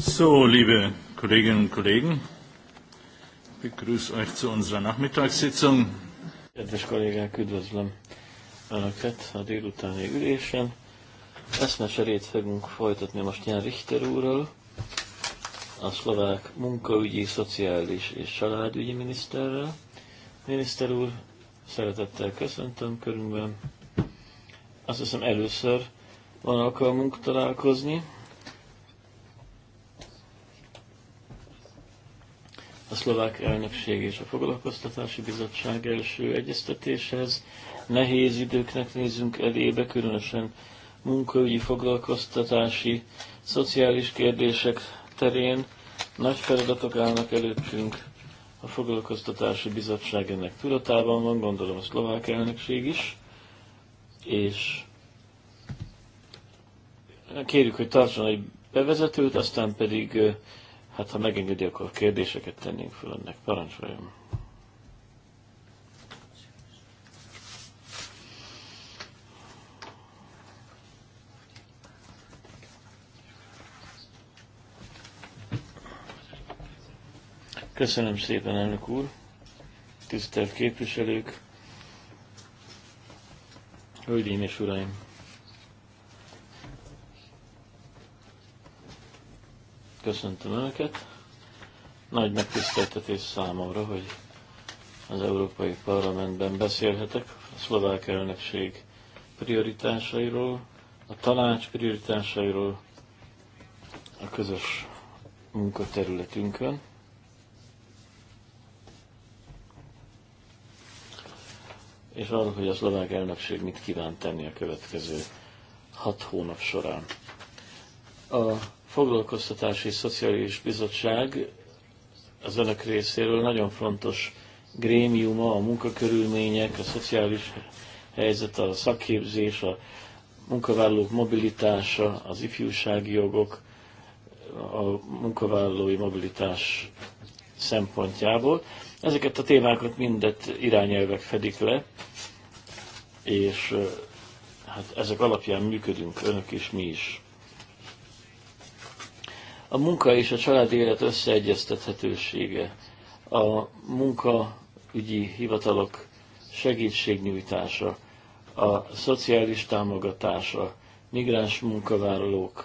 So, liebe Kolleginnen und Kollegen, ich begrüße euch zu unserer Nachmittagssitzung. Kedves kollégák, üdvözlöm Önöket a délutáni ülésen. Eszmeserét fogunk folytatni most ilyen Richter úrral, a szlovák munkaügyi, szociális és családügyi miniszterrel. Miniszter úr, szeretettel köszöntöm körünkben. Azt hiszem először van alkalmunk találkozni, szlovák elnökség és a foglalkoztatási bizottság első egyeztetéshez. Nehéz időknek nézünk elébe, különösen munkaügyi, foglalkoztatási, szociális kérdések terén. Nagy feladatok állnak előttünk. A foglalkoztatási bizottság ennek tudatában van, gondolom a szlovák elnökség is, és kérjük, hogy tartson egy bevezetőt, aztán pedig Hát ha megengedi, akkor kérdéseket tennénk föl önnek. Parancsoljon! Köszönöm szépen, elnök úr! Tisztelt képviselők! Hölgyeim és uraim! köszöntöm Önöket. Nagy megtiszteltetés számomra, hogy az Európai Parlamentben beszélhetek a szlovák elnökség prioritásairól, a tanács prioritásairól, a közös munkaterületünkön. és arról, hogy a szlovák elnökség mit kíván tenni a következő hat hónap során. A Foglalkoztatási Szociális Bizottság az önök részéről nagyon fontos grémiuma, a munkakörülmények, a szociális helyzet, a szakképzés, a munkavállalók mobilitása, az ifjúsági jogok, a munkavállalói mobilitás szempontjából. Ezeket a témákat mindet irányelvek fedik le, és hát ezek alapján működünk önök és mi is a munka és a családi élet összeegyeztethetősége, a munkaügyi hivatalok segítségnyújtása, a szociális támogatása, migráns munkavállalók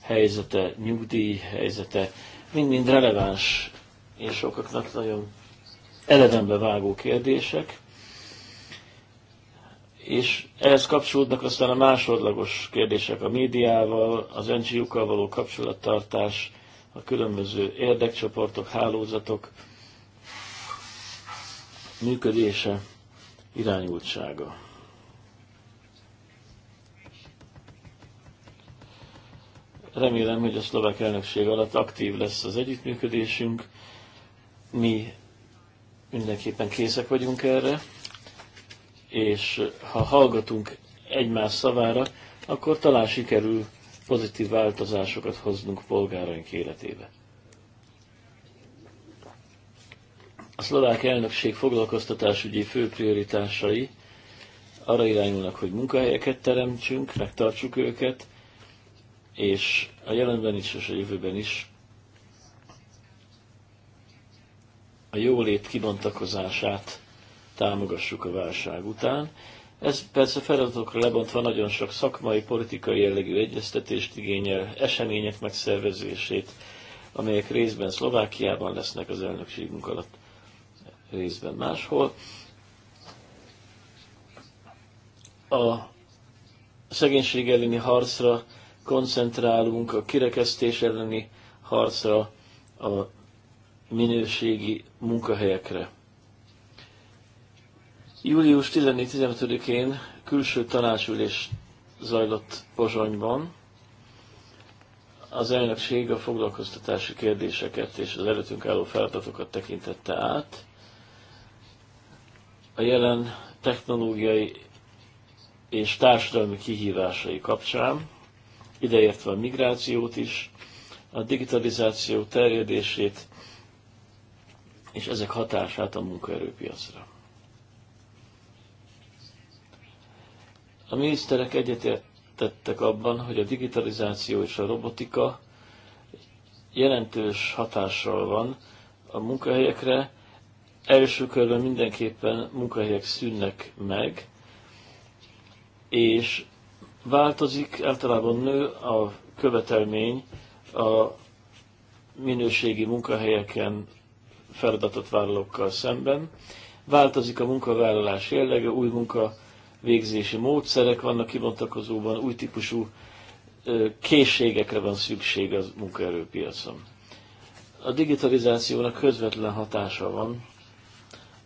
helyzete, nyugdíj helyzete, mind-mind releváns és sokaknak nagyon elevenbe vágó kérdések, és ehhez kapcsolódnak aztán a másodlagos kérdések, a médiával, az NGO-kkal való kapcsolattartás, a különböző érdekcsoportok, hálózatok működése, irányultsága. Remélem, hogy a szlovák elnökség alatt aktív lesz az együttműködésünk. Mi mindenképpen készek vagyunk erre és ha hallgatunk egymás szavára, akkor talán sikerül pozitív változásokat hoznunk polgáraink életébe. A szlovák elnökség foglalkoztatásügyi fő prioritásai arra irányulnak, hogy munkahelyeket teremtsünk, megtartsuk őket, és a jelenben is és a jövőben is a jólét kibontakozását támogassuk a válság után. Ez persze feladatokra lebontva nagyon sok szakmai, politikai jellegű egyeztetést igényel, események megszervezését, amelyek részben Szlovákiában lesznek az elnökségünk alatt, részben máshol. A szegénység elleni harcra koncentrálunk, a kirekesztés elleni harcra, a minőségi munkahelyekre. Július 14-15-én külső tanácsülés zajlott Pozsonyban. Az elnökség a foglalkoztatási kérdéseket és az előttünk álló feladatokat tekintette át. A jelen technológiai és társadalmi kihívásai kapcsán, ideértve a migrációt is, a digitalizáció terjedését és ezek hatását a munkaerőpiacra. A miniszterek egyetértettek abban, hogy a digitalizáció és a robotika jelentős hatással van a munkahelyekre. Első körben mindenképpen munkahelyek szűnnek meg, és változik, általában nő a követelmény a minőségi munkahelyeken feladatot vállalókkal szemben. Változik a munkavállalás jellege, új munka végzési módszerek vannak kibontakozóban, új típusú készségekre van szükség az munkaerőpiacon. A digitalizációnak közvetlen hatása van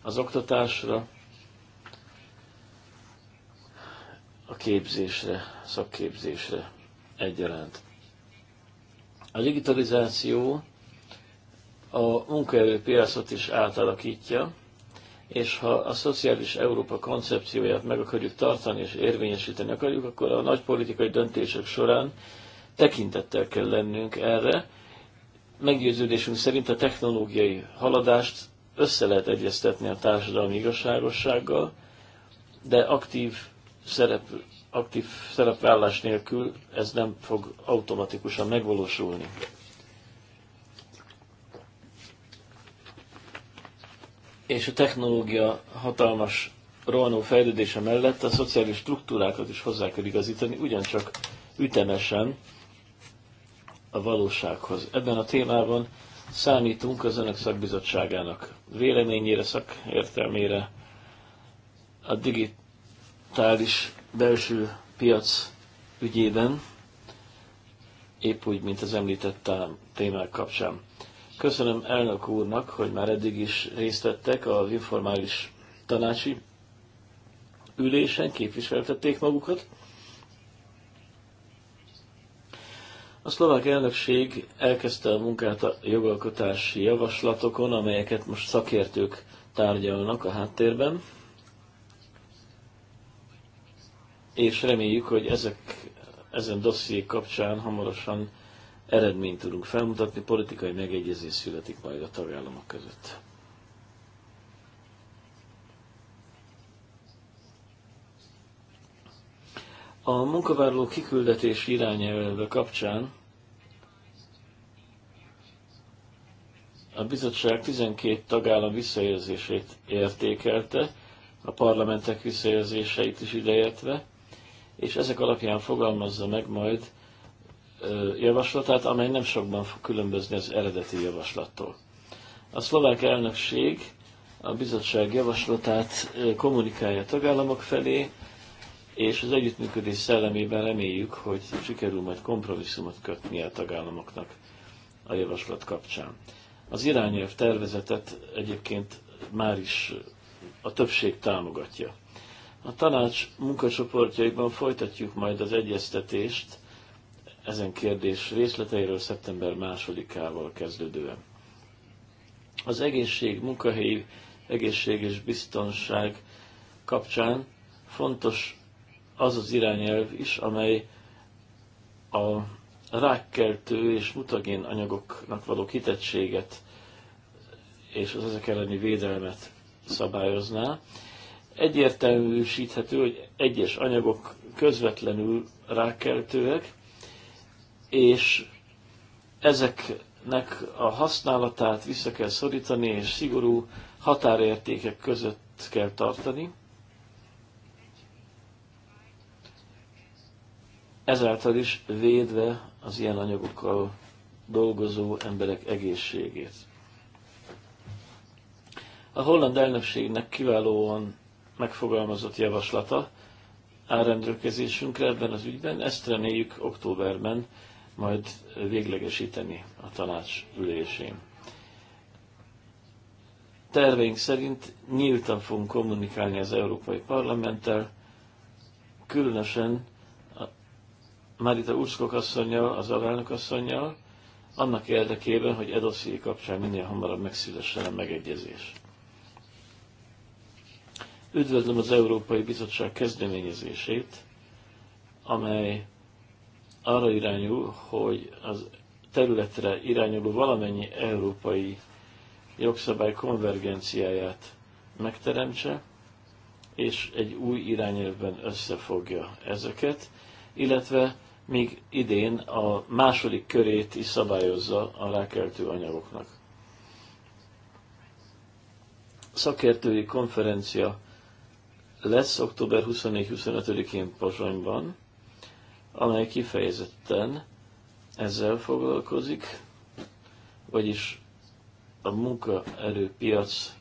az oktatásra, a képzésre, szakképzésre egyaránt. A digitalizáció a munkaerőpiacot is átalakítja, és ha a szociális Európa koncepcióját meg akarjuk tartani és érvényesíteni akarjuk, akkor a nagy politikai döntések során tekintettel kell lennünk erre. Meggyőződésünk szerint a technológiai haladást össze lehet egyeztetni a társadalmi igazságossággal, de aktív szerep, aktív szerepvállás nélkül ez nem fog automatikusan megvalósulni. és a technológia hatalmas rohanó fejlődése mellett a szociális struktúrákat is hozzá kell igazítani, ugyancsak ütemesen a valósághoz. Ebben a témában számítunk az Önök szakbizottságának véleményére, szakértelmére, a digitális belső piac ügyében, épp úgy, mint az említett témák kapcsán. Köszönöm elnök úrnak, hogy már eddig is részt vettek az informális tanácsi ülésen, képviseltették magukat. A szlovák elnökség elkezdte a munkát a jogalkotási javaslatokon, amelyeket most szakértők tárgyalnak a háttérben, és reméljük, hogy ezek, ezen dossziék kapcsán hamarosan eredményt tudunk felmutatni, politikai megegyezés születik majd a tagállamok között. A munkavállaló kiküldetés irányelve kapcsán a bizottság 12 tagállam visszajelzését értékelte, a parlamentek visszajelzéseit is ideértve, és ezek alapján fogalmazza meg majd javaslatát, amely nem sokban fog különbözni az eredeti javaslattól. A szlovák elnökség a bizottság javaslatát kommunikálja a tagállamok felé, és az együttműködés szellemében reméljük, hogy sikerül majd kompromisszumot kötni a tagállamoknak a javaslat kapcsán. Az irányelv tervezetet egyébként már is a többség támogatja. A tanács munkacsoportjaiban folytatjuk majd az egyeztetést ezen kérdés részleteiről szeptember másodikával kezdődően. Az egészség, munkahelyi egészség és biztonság kapcsán fontos az az irányelv is, amely a rákkeltő és mutagén anyagoknak való kitettséget és az ezek elleni védelmet szabályozná. Egyértelműsíthető, hogy egyes anyagok közvetlenül rákkeltőek, és ezeknek a használatát vissza kell szorítani, és szigorú határértékek között kell tartani. Ezáltal is védve az ilyen anyagokkal dolgozó emberek egészségét. A holland elnökségnek kiválóan megfogalmazott javaslata áll rendelkezésünkre ebben az ügyben, ezt reméljük októberben majd véglegesíteni a tanács ülésén. Terveink szerint nyíltan fogunk kommunikálni az Európai Parlamenttel, különösen Marita Urszkok asszonyjal, az alelnök asszonyjal, annak érdekében, hogy edosszié kapcsán minél hamarabb megszülessen a megegyezés. Üdvözlöm az Európai Bizottság kezdeményezését, amely arra irányul, hogy az területre irányuló valamennyi európai jogszabály konvergenciáját megteremtse, és egy új irányelvben összefogja ezeket, illetve még idén a második körét is szabályozza a rákeltő anyagoknak. Szakértői konferencia lesz október 24-25-én Pozsonyban, amely kifejezetten ezzel foglalkozik, vagyis a munkaerőpiac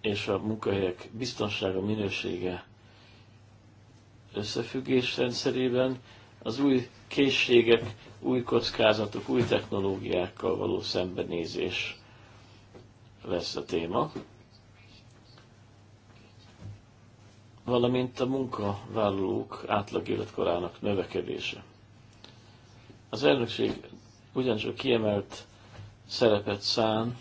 és a munkahelyek biztonsága, minősége összefüggés rendszerében az új készségek, új kockázatok, új technológiákkal való szembenézés lesz a téma. valamint a munkavállalók átlag életkorának növekedése. Az elnökség ugyancsak kiemelt szerepet szán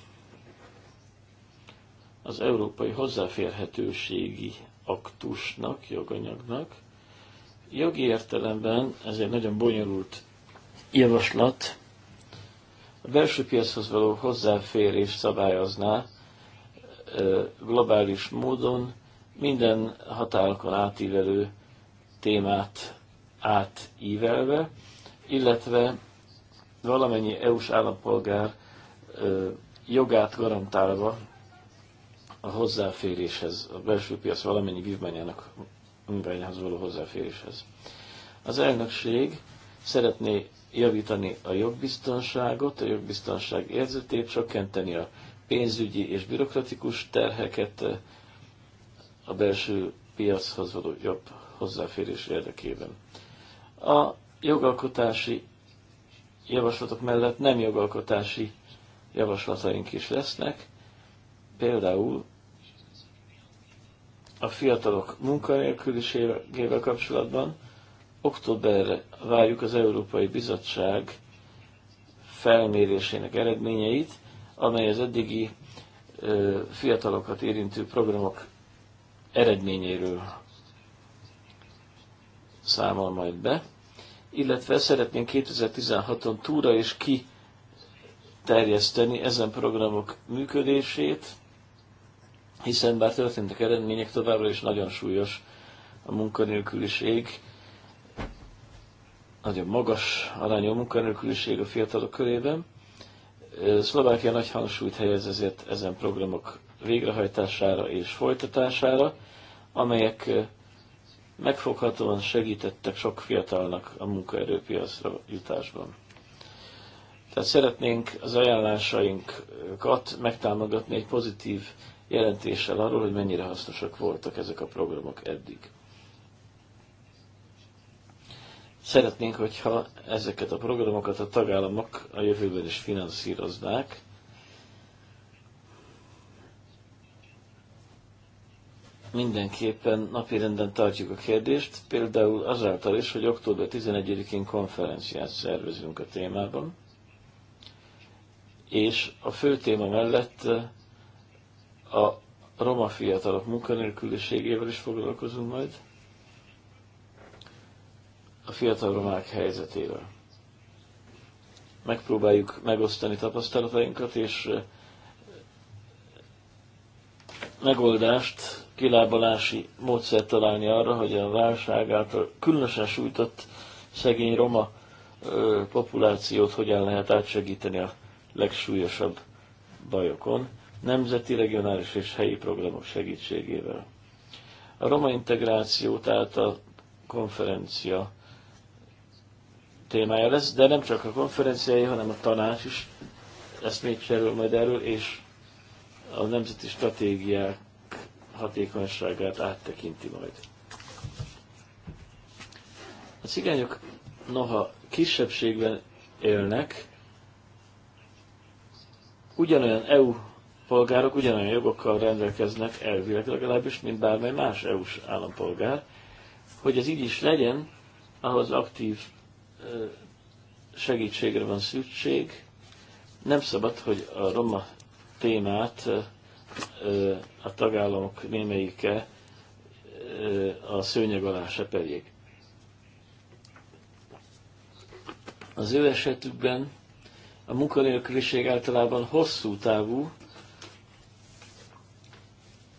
az európai hozzáférhetőségi aktusnak, joganyagnak. Jogi értelemben ez egy nagyon bonyolult javaslat. A belső piachoz való hozzáférés szabályozná globális módon minden határokon átívelő témát átívelve, illetve valamennyi EU-s állampolgár jogát garantálva a hozzáféréshez, a belső piac valamennyi vívmányának vívmányához való hozzáféréshez. Az elnökség szeretné javítani a jogbiztonságot, a jogbiztonság érzetét, csökkenteni a pénzügyi és bürokratikus terheket, a belső piachoz való jobb hozzáférés érdekében. A jogalkotási javaslatok mellett nem jogalkotási javaslataink is lesznek, például a fiatalok munkanélküliségével kapcsolatban októberre várjuk az Európai Bizottság felmérésének eredményeit, amely az eddigi fiatalokat érintő programok eredményéről számol majd be, illetve szeretnénk 2016-on túra és ki terjeszteni ezen programok működését, hiszen bár történtek eredmények, továbbra is nagyon súlyos a munkanélküliség, nagyon magas arányú a munkanélküliség a fiatalok körében. Szlovákia nagy hangsúlyt helyez ezért ezen programok végrehajtására és folytatására, amelyek megfoghatóan segítettek sok fiatalnak a munkaerőpiacra jutásban. Tehát szeretnénk az ajánlásainkat megtámogatni egy pozitív jelentéssel arról, hogy mennyire hasznosak voltak ezek a programok eddig. Szeretnénk, hogyha ezeket a programokat a tagállamok a jövőben is finanszíroznák, mindenképpen napirenden tartjuk a kérdést, például azáltal is, hogy október 11-én konferenciát szervezünk a témában, és a fő téma mellett eh, a roma fiatalok munkanélküliségével is foglalkozunk majd, a fiatal romák helyzetével. Megpróbáljuk megosztani tapasztalatainkat, és eh, megoldást kilábalási módszert találni arra, hogy a válság által különösen sújtott szegény roma ö, populációt hogyan lehet átsegíteni a legsúlyosabb bajokon, nemzeti, regionális és helyi programok segítségével. A roma integráció tehát a konferencia témája lesz, de nem csak a konferenciai, hanem a tanács is ezt még cserül majd erről, és a nemzeti stratégiák hatékonyságát áttekinti majd. A cigányok noha kisebbségben élnek, ugyanolyan EU polgárok ugyanolyan jogokkal rendelkeznek elvileg legalábbis, mint bármely más EU-s állampolgár. Hogy ez így is legyen, ahhoz aktív segítségre van szükség. Nem szabad, hogy a roma témát a tagállamok némelyike a szőnyeg alá seperjék. Az ő esetükben a munkanélküliség általában hosszú távú,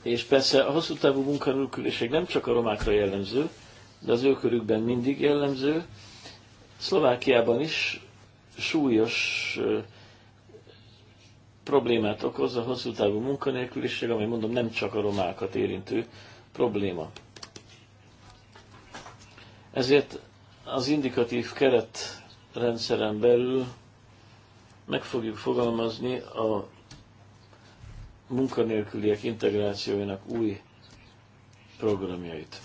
és persze a hosszú távú munkanélküliség nem csak a romákra jellemző, de az ő körükben mindig jellemző. Szlovákiában is súlyos problémát okoz a hosszú távú munkanélküliség, amely mondom nem csak a romákat érintő probléma. Ezért az indikatív keretrendszeren belül meg fogjuk fogalmazni a munkanélküliek integrációjának új programjait.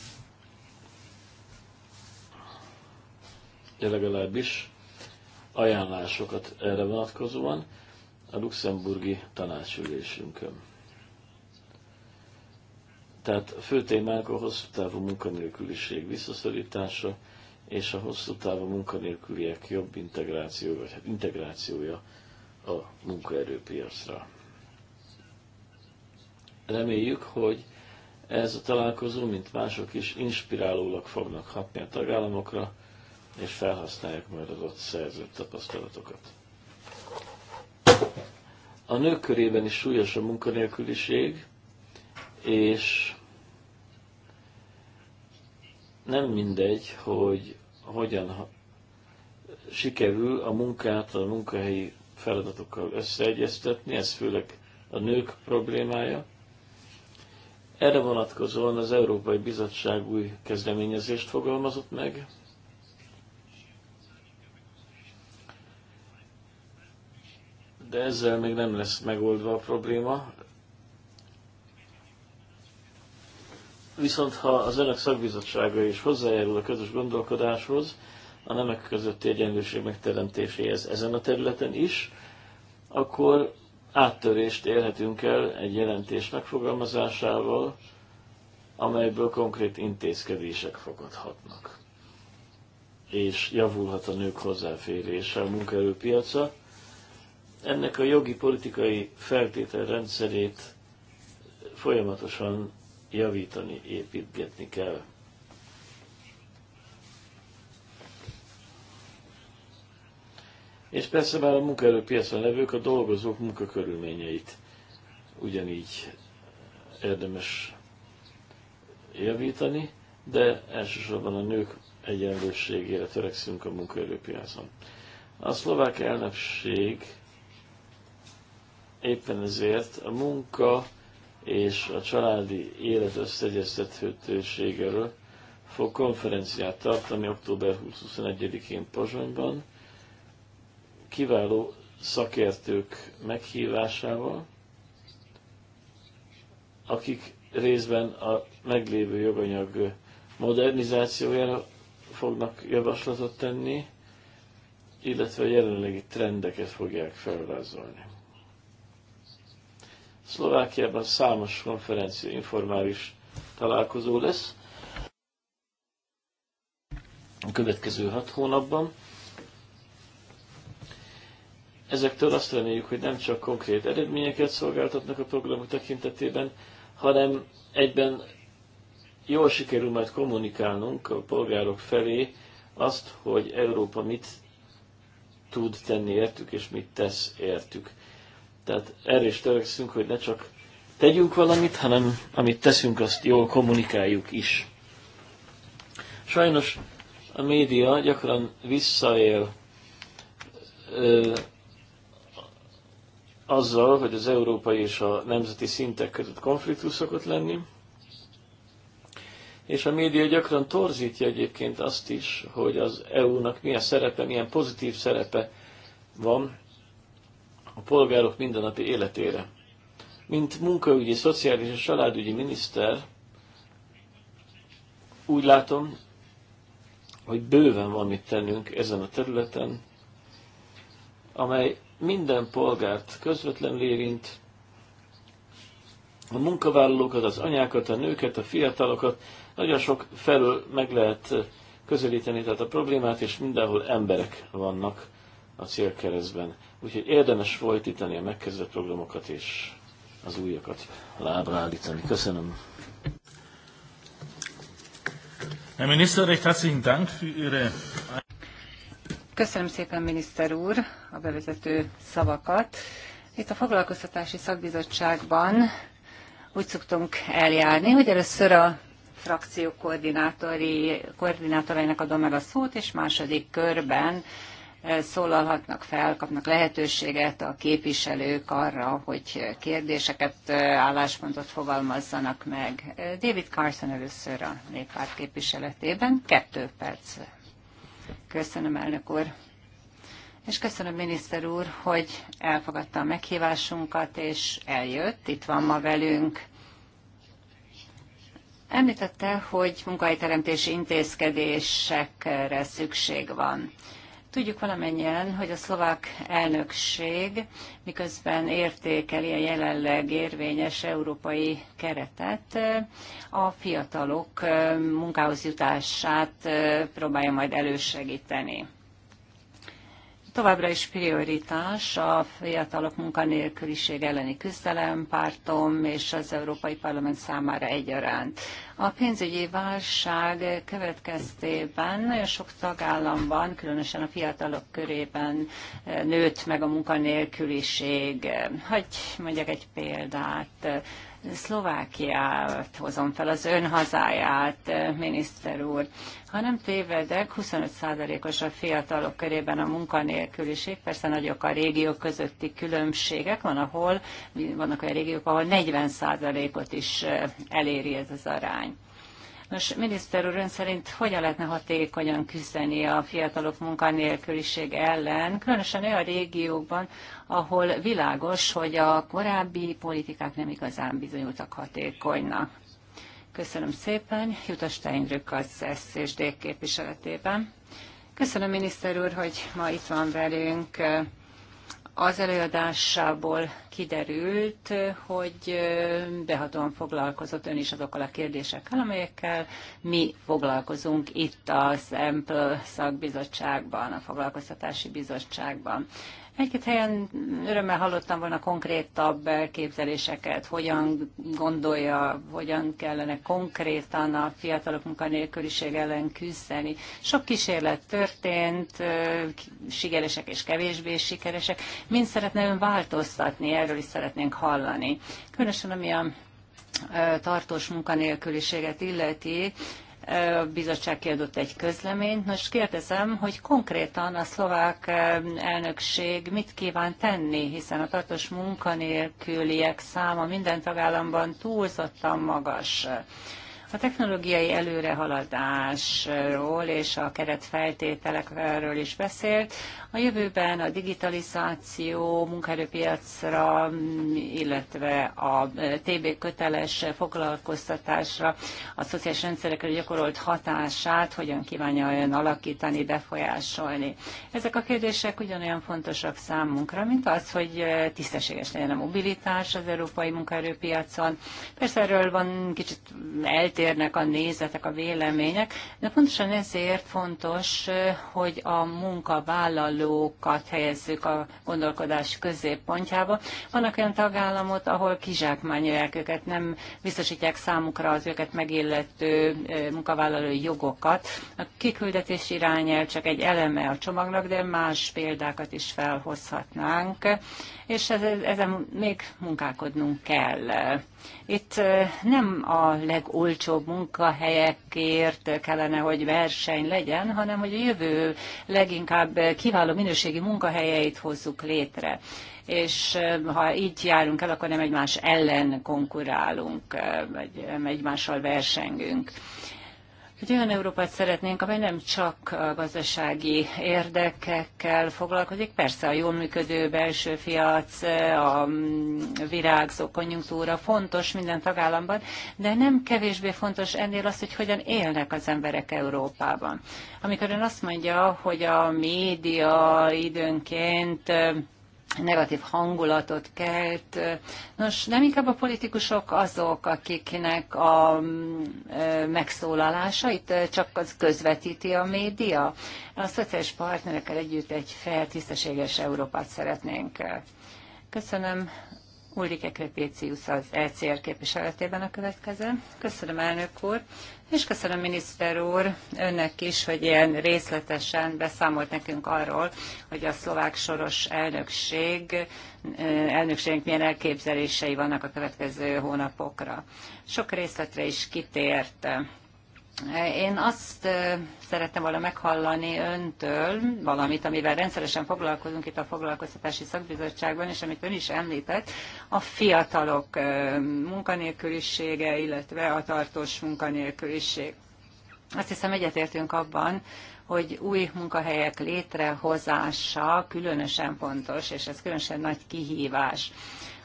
De legalábbis ajánlásokat erre vonatkozóan a luxemburgi tanácsülésünkön. Tehát a fő témánk a hosszú távú munkanélküliség visszaszorítása és a hosszú távú munkanélküliek jobb integrációja, vagy hát integrációja a munkaerőpiacra. Reméljük, hogy ez a találkozó, mint mások is, inspirálólag fognak hatni a tagállamokra, és felhasználják majd az ott szerzett tapasztalatokat. A nők körében is súlyos a munkanélküliség, és nem mindegy, hogy hogyan sikerül a munkát a munkahelyi feladatokkal összeegyeztetni, ez főleg a nők problémája. Erre vonatkozóan az Európai Bizottság új kezdeményezést fogalmazott meg, de ezzel még nem lesz megoldva a probléma. Viszont ha az önök szakbizottsága is hozzájárul a közös gondolkodáshoz, a nemek közötti egyenlőség megteremtéséhez ezen a területen is, akkor áttörést élhetünk el egy jelentés megfogalmazásával, amelyből konkrét intézkedések fogadhatnak. És javulhat a nők hozzáférése a munkaerőpiacra, ennek a jogi politikai feltételrendszerét folyamatosan javítani, építgetni kell. És persze már a munkaerőpiacon levők a dolgozók munkakörülményeit ugyanígy érdemes javítani, de elsősorban a nők egyenlőségére törekszünk a munkaerőpiacon. A szlovák elnökség éppen ezért a munka és a családi élet összegyeztethetőségéről fog konferenciát tartani október 20-21-én Pozsonyban, kiváló szakértők meghívásával, akik részben a meglévő joganyag modernizációjára fognak javaslatot tenni, illetve a jelenlegi trendeket fogják felvázolni. Szlovákiában számos konferencia, informális találkozó lesz a következő hat hónapban. Ezektől azt reméljük, hogy nem csak konkrét eredményeket szolgáltatnak a programok tekintetében, hanem egyben jól sikerül majd kommunikálnunk a polgárok felé azt, hogy Európa mit tud tenni értük, és mit tesz értük. Tehát erre is törekszünk, hogy ne csak tegyünk valamit, hanem amit teszünk, azt jól kommunikáljuk is. Sajnos a média gyakran visszaél ö, azzal, hogy az európai és a nemzeti szintek között konfliktus szokott lenni, és a média gyakran torzítja egyébként azt is, hogy az EU-nak milyen szerepe, milyen pozitív szerepe van a polgárok mindennapi életére. Mint munkaügyi, szociális és családügyi miniszter úgy látom, hogy bőven van mit tennünk ezen a területen, amely minden polgárt közvetlenül érint, a munkavállalókat, az anyákat, a nőket, a fiatalokat, nagyon sok felől meg lehet közelíteni, tehát a problémát, és mindenhol emberek vannak a célkeresztben. Úgyhogy érdemes folytítani a megkezdett programokat és az újakat lábra állítani. Köszönöm. Köszönöm szépen, miniszter úr, a bevezető szavakat. Itt a foglalkoztatási szakbizottságban úgy szoktunk eljárni, hogy először a frakció koordinátori, koordinátorainak adom meg a szót, és második körben szólalhatnak fel, kapnak lehetőséget a képviselők arra, hogy kérdéseket, álláspontot fogalmazzanak meg. David Carson először a néppárt képviseletében, kettő perc. Köszönöm, elnök úr. És köszönöm, miniszter úr, hogy elfogadta a meghívásunkat, és eljött, itt van ma velünk. Említette, hogy munkahelyteremtési intézkedésekre szükség van. Tudjuk valamennyien, hogy a szlovák elnökség miközben értékeli a jelenleg érvényes európai keretet, a fiatalok munkához jutását eh, próbálja majd elősegíteni. Továbbra is prioritás a fiatalok munkanélküliség elleni küzdelem, pártom és az Európai Parlament számára egyaránt. A pénzügyi válság következtében nagyon sok tagállamban, különösen a fiatalok körében eh, nőtt meg a munkanélküliség. Hogy eh, mondjak egy példát, Szlovákiát hozom fel, az ön hazáját, miniszter úr. Ha nem tévedek, 25%-os a fiatalok körében a munkanélküliség, persze nagyok a régiók közötti különbségek, van, ahol vannak olyan régiók, ahol 40%-ot is eléri ez az arány. Nos, miniszter úr, ön szerint hogyan lehetne hatékonyan küzdeni a fiatalok munkanélküliség ellen, különösen olyan régiókban, ahol világos, hogy a korábbi politikák nem igazán bizonyultak hatékonynak. Köszönöm szépen, Jutas Steindrück az SZSD képviseletében. Köszönöm, miniszter úr, hogy ma itt van velünk az előadásából kiderült, hogy behatóan foglalkozott ön is azokkal a kérdésekkel, amelyekkel mi foglalkozunk itt az EMPL szakbizottságban, a foglalkoztatási bizottságban. Egy-két helyen örömmel hallottam volna konkrétabb elképzeléseket, hogyan gondolja, hogyan kellene konkrétan a fiatalok munkanélküliség ellen küzdeni. Sok kísérlet történt, sikeresek és kevésbé sikeresek. Mind szeretne ön változtatni, erről is szeretnénk hallani. Különösen ami a tartós munkanélküliséget illeti, a bizottság kiadott egy közleményt. Most kérdezem, hogy konkrétan a szlovák elnökség mit kíván tenni, hiszen a tartós munkanélküliek száma minden tagállamban túlzottan magas. A technológiai előrehaladásról és a keretfeltételekről is beszélt. A jövőben a digitalizáció munkaerőpiacra, illetve a TB köteles foglalkoztatásra, a szociális rendszerekre gyakorolt hatását hogyan kívánja olyan alakítani, befolyásolni. Ezek a kérdések ugyanolyan fontosak számunkra, mint az, hogy tisztességes legyen a mobilitás az európai munkaerőpiacon. Persze erről van kicsit eltérő eltérnek a nézetek, a vélemények, de pontosan ezért fontos, hogy a munkavállalókat helyezzük a gondolkodás középpontjába. Vannak olyan tagállamot, ahol kizsákmányolják őket, nem biztosítják számukra az őket megillető munkavállalói jogokat. A kiküldetés irányel csak egy eleme a csomagnak, de más példákat is felhozhatnánk, és ezen még munkálkodnunk kell. Itt nem a legolcsóbb munkahelyekért kellene, hogy verseny legyen, hanem hogy a jövő leginkább kiváló minőségi munkahelyeit hozzuk létre. És ha így járunk el, akkor nem egymás ellen konkurálunk, vagy egymással versengünk hogy olyan Európát szeretnénk, amely nem csak a gazdasági érdekekkel foglalkozik, persze a jól működő belső fiac, a virágzó konjunktúra fontos minden tagállamban, de nem kevésbé fontos ennél az, hogy hogyan élnek az emberek Európában. Amikor ön azt mondja, hogy a média időnként negatív hangulatot kelt. Nos, nem inkább a politikusok azok, akiknek a megszólalásait csak az közvetíti a média. A szociális partnerekkel együtt egy fel, tisztességes Európát szeretnénk. Köszönöm. Ulrike Krepécius az ECR képviseletében a következő. Köszönöm, elnök úr. És köszönöm, miniszter úr, önnek is, hogy ilyen részletesen beszámolt nekünk arról, hogy a szlovák soros elnökség, eh, elnökségünk milyen elképzelései vannak a következő hónapokra. Sok részletre is kitért. Én azt szerettem volna meghallani öntől valamit, amivel rendszeresen foglalkozunk itt a Foglalkoztatási Szakbizottságban, és amit ön is említett, a fiatalok munkanélkülisége, illetve a tartós munkanélküliség. Azt hiszem egyetértünk abban, hogy új munkahelyek létrehozása különösen fontos, és ez különösen nagy kihívás.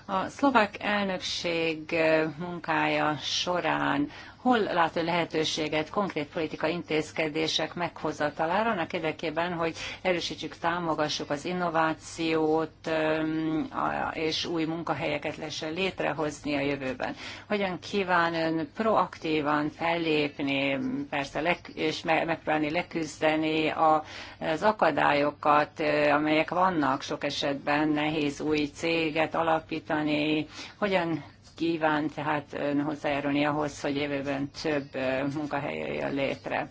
A szlovák elnökség munkája során hol lát ön lehetőséget konkrét politikai intézkedések meghozatalára, annak érdekében, hogy erősítsük, támogassuk az innovációt és új munkahelyeket lehessen létrehozni a jövőben. Hogyan kíván ön proaktívan fellépni, persze le, és megpróbálni leküzdeni a, az akadályokat, amelyek vannak sok esetben, nehéz új céget alapítani, hogyan kíván tehát ön hozzájárulni ahhoz, hogy jövőben több munkahely jön létre.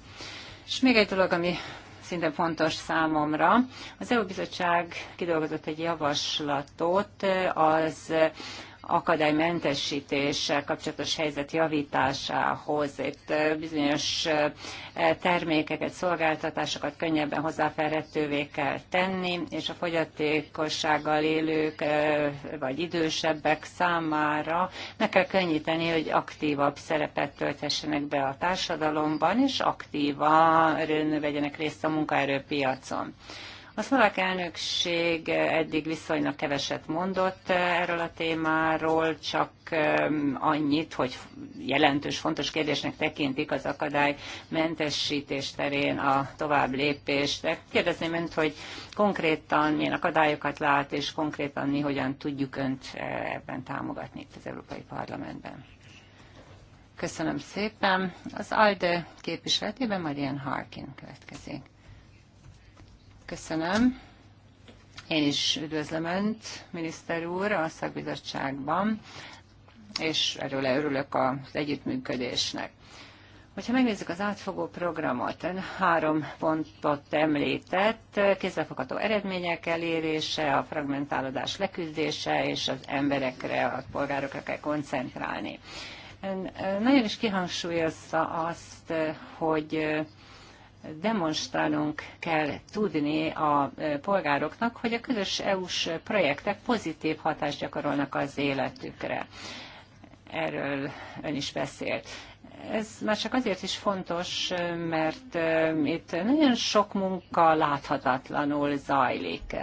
És még egy dolog, ami szinte fontos számomra. Az EU bizottság kidolgozott egy javaslatot az akadálymentesítéssel kapcsolatos helyzet javításához. Itt bizonyos termékeket, szolgáltatásokat könnyebben hozzáférhetővé kell tenni, és a fogyatékossággal élők vagy idősebbek számára meg kell könnyíteni, hogy aktívabb szerepet tölthessenek be a társadalomban, és aktívan vegyenek részt a munkaerőpiacon. A szlovák elnökség eddig viszonylag keveset mondott erről a témáról, csak annyit, hogy jelentős, fontos kérdésnek tekintik az akadály mentesítés terén a tovább lépést. De kérdezném önt, hogy konkrétan milyen akadályokat lát, és konkrétan mi hogyan tudjuk önt ebben támogatni itt az Európai Parlamentben. Köszönöm szépen. Az ALDE képviseletében Marian Harkin következik. Köszönöm. Én is üdvözlöm Önt, miniszter úr, a szakbizottságban, és erről örülök az együttműködésnek. Hogyha megnézzük az átfogó programot, ön három pontot említett, kézzelfogható eredmények elérése, a fragmentálódás leküzdése és az emberekre, a polgárokra kell koncentrálni. Ön nagyon is kihangsúlyozza azt, hogy demonstrálnunk kell tudni a e, polgároknak, hogy a közös EU-s projektek pozitív hatást gyakorolnak az életükre. Erről ön is beszélt. Ez már csak azért is fontos, e, mert e, itt nagyon sok munka láthatatlanul zajlik.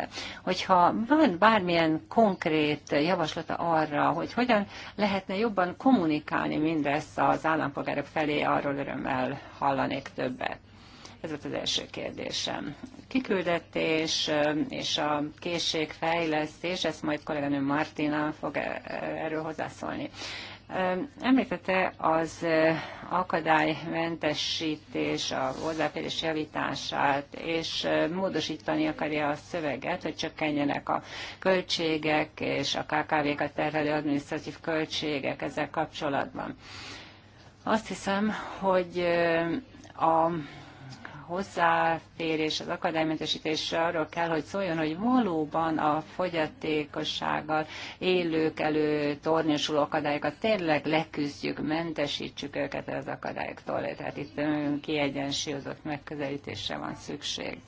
Hogyha van bármilyen konkrét javaslata arra, hogy hogyan lehetne jobban kommunikálni mindezt az állampolgárok felé, arról örömmel hallanék többet. Ez volt az első kérdésem. Kiküldetés és a készségfejlesztés, ezt majd kolléganő Martina fog erről hozzászólni. Említette az akadálymentesítés, a hozzáférés javítását, és módosítani akarja a szöveget, hogy csökkenjenek a költségek és a KKV-kat terhelő adminisztratív költségek ezzel kapcsolatban. Azt hiszem, hogy a hozzáférés, az akadálymentesítés arról kell, hogy szóljon, hogy valóban a fogyatékossággal élők elő tornyosuló akadályokat tényleg leküzdjük, mentesítsük őket az akadályoktól. Tehát itt kiegyensúlyozott megközelítésre van szükség.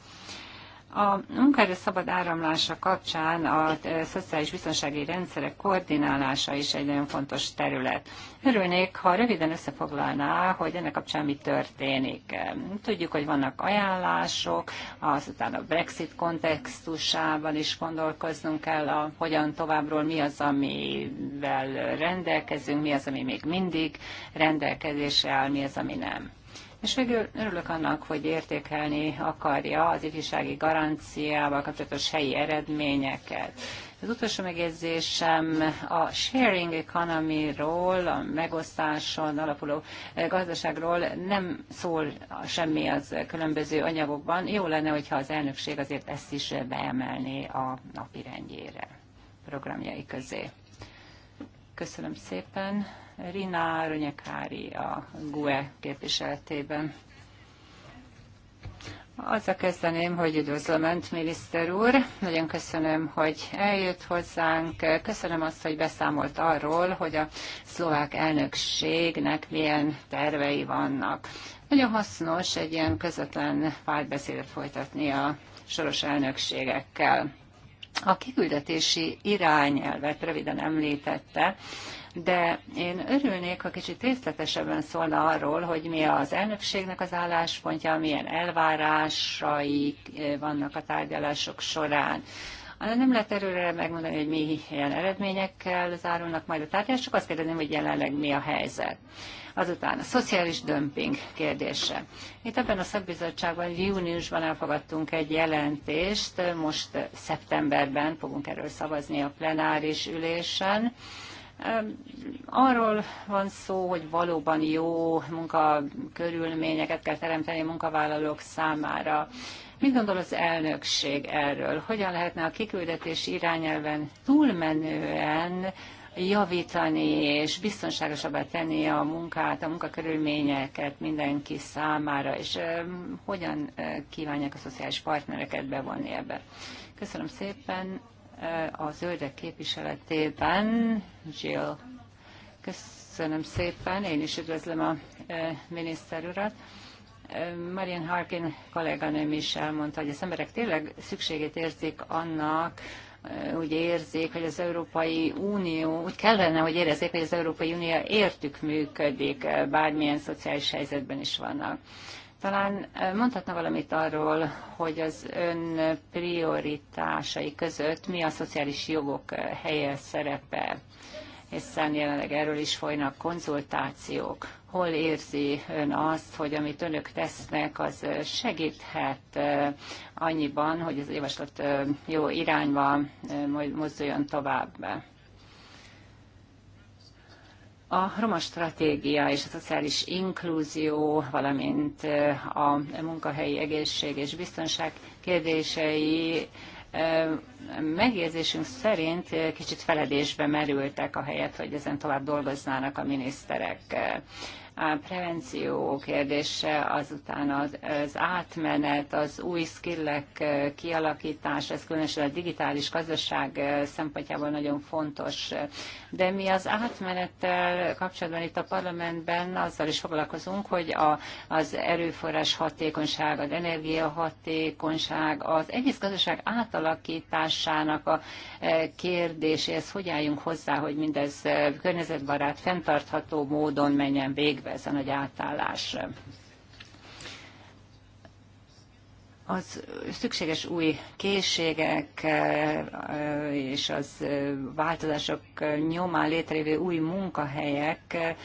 A munkaerő szabad áramlása kapcsán a e, szociális biztonsági rendszerek koordinálása is egy nagyon fontos terület. Örülnék, ha röviden összefoglalná, hogy ennek kapcsán mi történik. Tudjuk, hogy vannak ajánlások, azután a Brexit kontextusában is gondolkoznunk kell, a, hogyan továbbról mi az, amivel rendelkezünk, mi az, ami még mindig rendelkezésre áll, mi az, ami nem. És végül örülök annak, hogy értékelni akarja az ifjúsági garanciával kapcsolatos helyi eredményeket. Az utolsó megjegyzésem a sharing economy-ról, a megosztáson alapuló eh, gazdaságról nem szól semmi az különböző anyagokban. Jó lenne, hogyha az elnökség azért ezt is beemelné a napi rendjére programjai közé. Köszönöm szépen. Rina Rönyekhári a GUE képviseletében. Azzal kezdeném, hogy üdvözlöm Önt, miniszter úr. Nagyon köszönöm, hogy eljött hozzánk. Köszönöm azt, hogy beszámolt arról, hogy a szlovák elnökségnek milyen tervei vannak. Nagyon hasznos egy ilyen közvetlen párbeszédet folytatni a soros elnökségekkel. A kiküldetési irányelvet röviden említette, de én örülnék, ha kicsit részletesebben szólna arról, hogy mi az elnökségnek az álláspontja, milyen elvárásai eh, vannak a tárgyalások során. Nem lehet erőre megmondani, hogy milyen eredményekkel zárulnak majd a tárgyalások, azt kérdezem, hogy jelenleg mi a helyzet. Azután a szociális dömping kérdése. Itt ebben a szakbizottságban júniusban elfogadtunk egy jelentést, most szeptemberben fogunk erről szavazni a plenáris ülésen. Arról van szó, hogy valóban jó munkakörülményeket kell teremteni a munkavállalók számára. Mit gondol az elnökség erről? Hogyan lehetne a kiküldetés irányelven túlmenően javítani és biztonságosabbá tenni a munkát, a munkakörülményeket mindenki számára, és hogyan kívánják a szociális partnereket bevonni ebbe. Köszönöm szépen a zöldek képviseletében, Jill. Köszönöm szépen, én is üdvözlöm a miniszter urat. Marian Harkin kolléganőm is elmondta, hogy az emberek tényleg szükségét érzik annak, úgy érzik, hogy az Európai Unió, úgy kellene, hogy érezzék, hogy az Európai Unió értük működik, bármilyen szociális helyzetben is vannak. Talán mondhatna valamit arról, hogy az ön prioritásai között mi a szociális jogok helye szerepe, hiszen jelenleg erről is folynak konzultációk hol érzi ön azt, hogy amit önök tesznek, az segíthet annyiban, hogy az javaslat jó irányba mozduljon tovább. A roma stratégia és a szociális inklúzió, valamint a munkahelyi egészség és biztonság kérdései megérzésünk szerint kicsit feledésbe merültek a helyet, hogy ezen tovább dolgoznának a miniszterek a prevenció kérdése, azután az, az átmenet, az új skillek kialakítása, ez különösen a digitális gazdaság szempontjából nagyon fontos. De mi az átmenettel kapcsolatban itt a parlamentben azzal is foglalkozunk, hogy a, az erőforrás hatékonyság, az energia hatékonyság, az egész gazdaság átalakításának a kérdéséhez hogy álljunk hozzá, hogy mindez környezetbarát, fenntartható módon menjen végbe be ez a nagy átállás. az szükséges új készségek eh, és az eh, változások nyomán létrejövő új munkahelyek eh,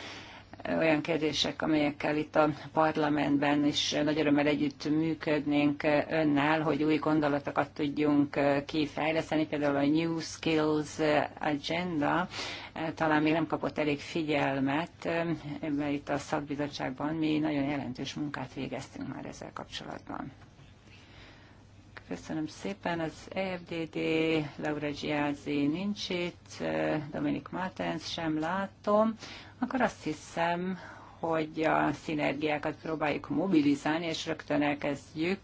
olyan kérdések, amelyekkel itt a parlamentben is nagy örömmel együtt működnénk önnel, hogy új gondolatokat tudjunk kifejleszteni, például a New Skills Agenda talán még nem kapott elég figyelmet, mert itt a szakbizottságban mi nagyon jelentős munkát végeztünk már ezzel kapcsolatban. Köszönöm szépen. Az EFDD, Laura Giazzi nincs itt, Dominik Martens sem látom akkor azt hiszem, hogy a szinergiákat próbáljuk mobilizálni, és rögtön elkezdjük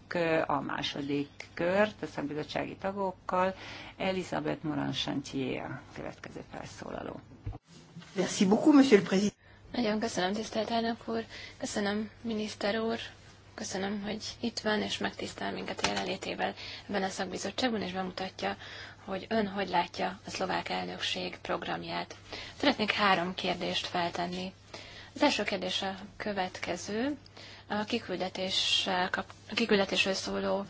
a második kört a szakbizottsági tagokkal. Elisabeth Moran Chantier a következő felszólaló. Merci beaucoup, monsieur le président. Nagyon köszönöm, tisztelt elnök úr, köszönöm, miniszter úr, köszönöm, hogy itt van és megtisztel minket jelenlétével ebben a szakbizottságban, és bemutatja hogy ön hogy látja a szlovák elnökség programját. Szeretnék három kérdést feltenni. Az első kérdés a következő. A kiküldetéssel kap, a kiküldetésről szóló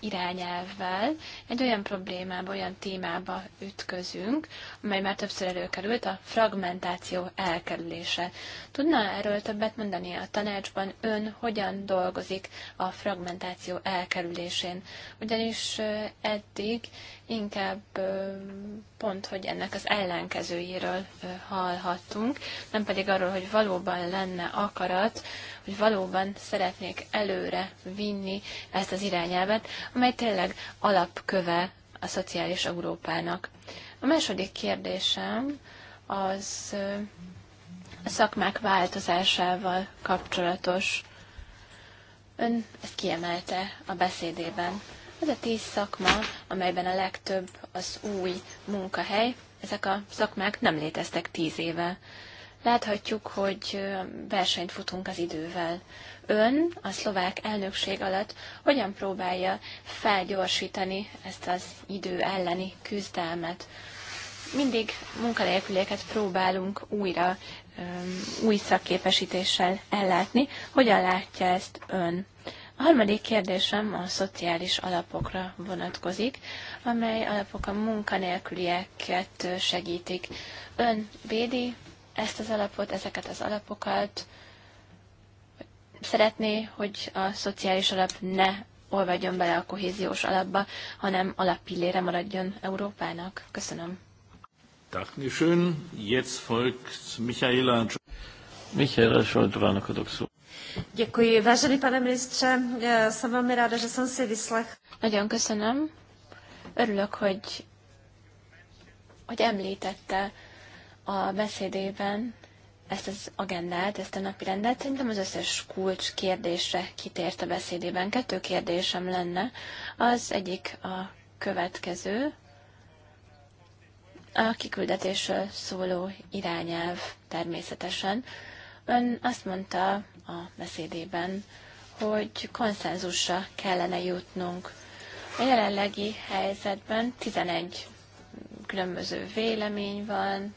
irányelvvel egy olyan problémába, olyan témába ütközünk, amely már többször előkerült, a fragmentáció elkerülése. Tudna erről többet mondani a tanácsban ön, hogyan dolgozik a fragmentáció elkerülésén? Ugyanis eddig inkább pont, hogy ennek az ellenkezőjéről hallhattunk, nem pedig arról, hogy valóban lenne akarat, hogy valóban szeretnék előre vinni ezt az irányelvet, amely tényleg alapköve a szociális Európának. A második kérdésem az a szakmák változásával kapcsolatos. Ön ezt kiemelte a beszédében. Az a tíz szakma, amelyben a legtöbb az új munkahely, ezek a szakmák nem léteztek tíz éve láthatjuk, hogy versenyt futunk az idővel. Ön a szlovák elnökség alatt hogyan próbálja felgyorsítani ezt az idő elleni küzdelmet? Mindig munkanélkülieket próbálunk újra új szakképesítéssel ellátni. Hogyan látja ezt ön? A harmadik kérdésem a szociális alapokra vonatkozik, amely alapok a munkanélkülieket segítik. Ön védi ezt az alapot, ezeket az alapokat, szeretné, hogy a szociális alap ne olvadjon bele a kohéziós alapba, hanem alappillére maradjon Európának. Köszönöm. Dankeschön. Jetzt folgt Michaela. Michaela Šojdrovának adok szó. Děkuji, vážený pane ministře, jsem velmi ráda, že jsem si vyslech. Nagyon köszönöm. Örülök, hogy, hogy említette a beszédében ezt az agendát, ezt a napi rendet, szerintem az összes kulcs kérdésre kitért a beszédében. Kettő kérdésem lenne. Az egyik a következő, a kiküldetésről szóló irányelv természetesen. Ön azt mondta a beszédében, hogy konszenzusra kellene jutnunk. A jelenlegi helyzetben 11 különböző vélemény van,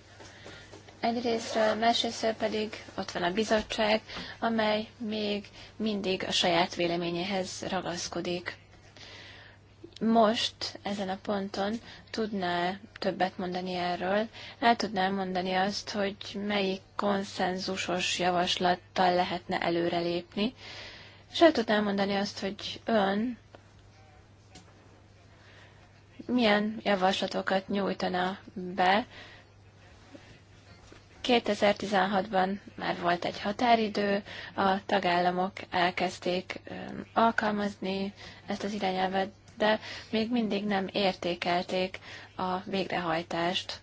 egyrésztről, másrésztről pedig ott van a bizottság, amely még mindig a saját véleményéhez ragaszkodik. Most, ezen a ponton tudná többet mondani erről? El tudná mondani azt, hogy melyik konszenzusos javaslattal lehetne előrelépni? És el tudná mondani azt, hogy ön milyen javaslatokat nyújtana be 2016-ban már volt egy határidő, a tagállamok elkezdték alkalmazni ezt az irányelvet, de még mindig nem értékelték a végrehajtást.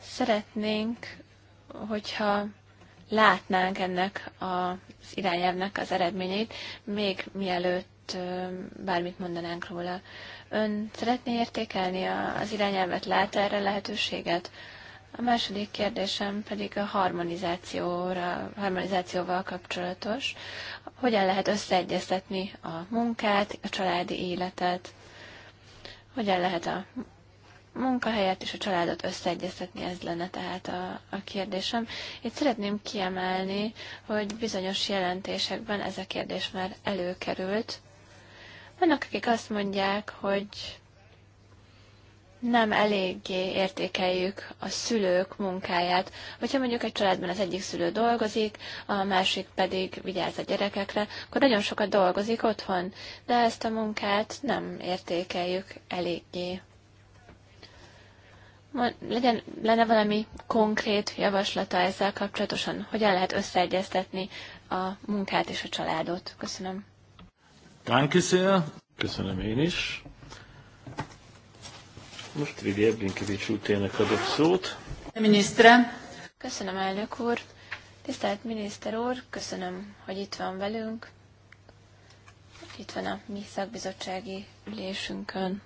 Szeretnénk, hogyha látnánk ennek az irányelvnek az eredményét, még mielőtt bármit mondanánk róla. Ön szeretné értékelni az irányelvet, lát erre lehetőséget? A második kérdésem pedig a harmonizációra, harmonizációval kapcsolatos. Hogyan lehet összeegyeztetni a munkát, a családi életet? Hogyan lehet a munkahelyet és a családot összeegyeztetni, ez lenne tehát a, a kérdésem. Itt szeretném kiemelni, hogy bizonyos jelentésekben ez a kérdés már előkerült. Vannak, akik azt mondják, hogy nem eléggé értékeljük a szülők munkáját. Hogyha mondjuk egy családban az egyik szülő dolgozik, a másik pedig vigyáz a gyerekekre, akkor nagyon sokat dolgozik otthon, de ezt a munkát nem értékeljük eléggé. Legyen, lenne valami konkrét javaslata ezzel kapcsolatosan? Hogyan lehet összeegyeztetni a munkát és a családot? Köszönöm. Danke sehr. Köszönöm én is. Most Vigér Ebrinkevics útének adok szót. Minisztre! Köszönöm, elnök úr! Tisztelt miniszter úr, köszönöm, hogy itt van velünk. Itt van a mi szakbizottsági ülésünkön.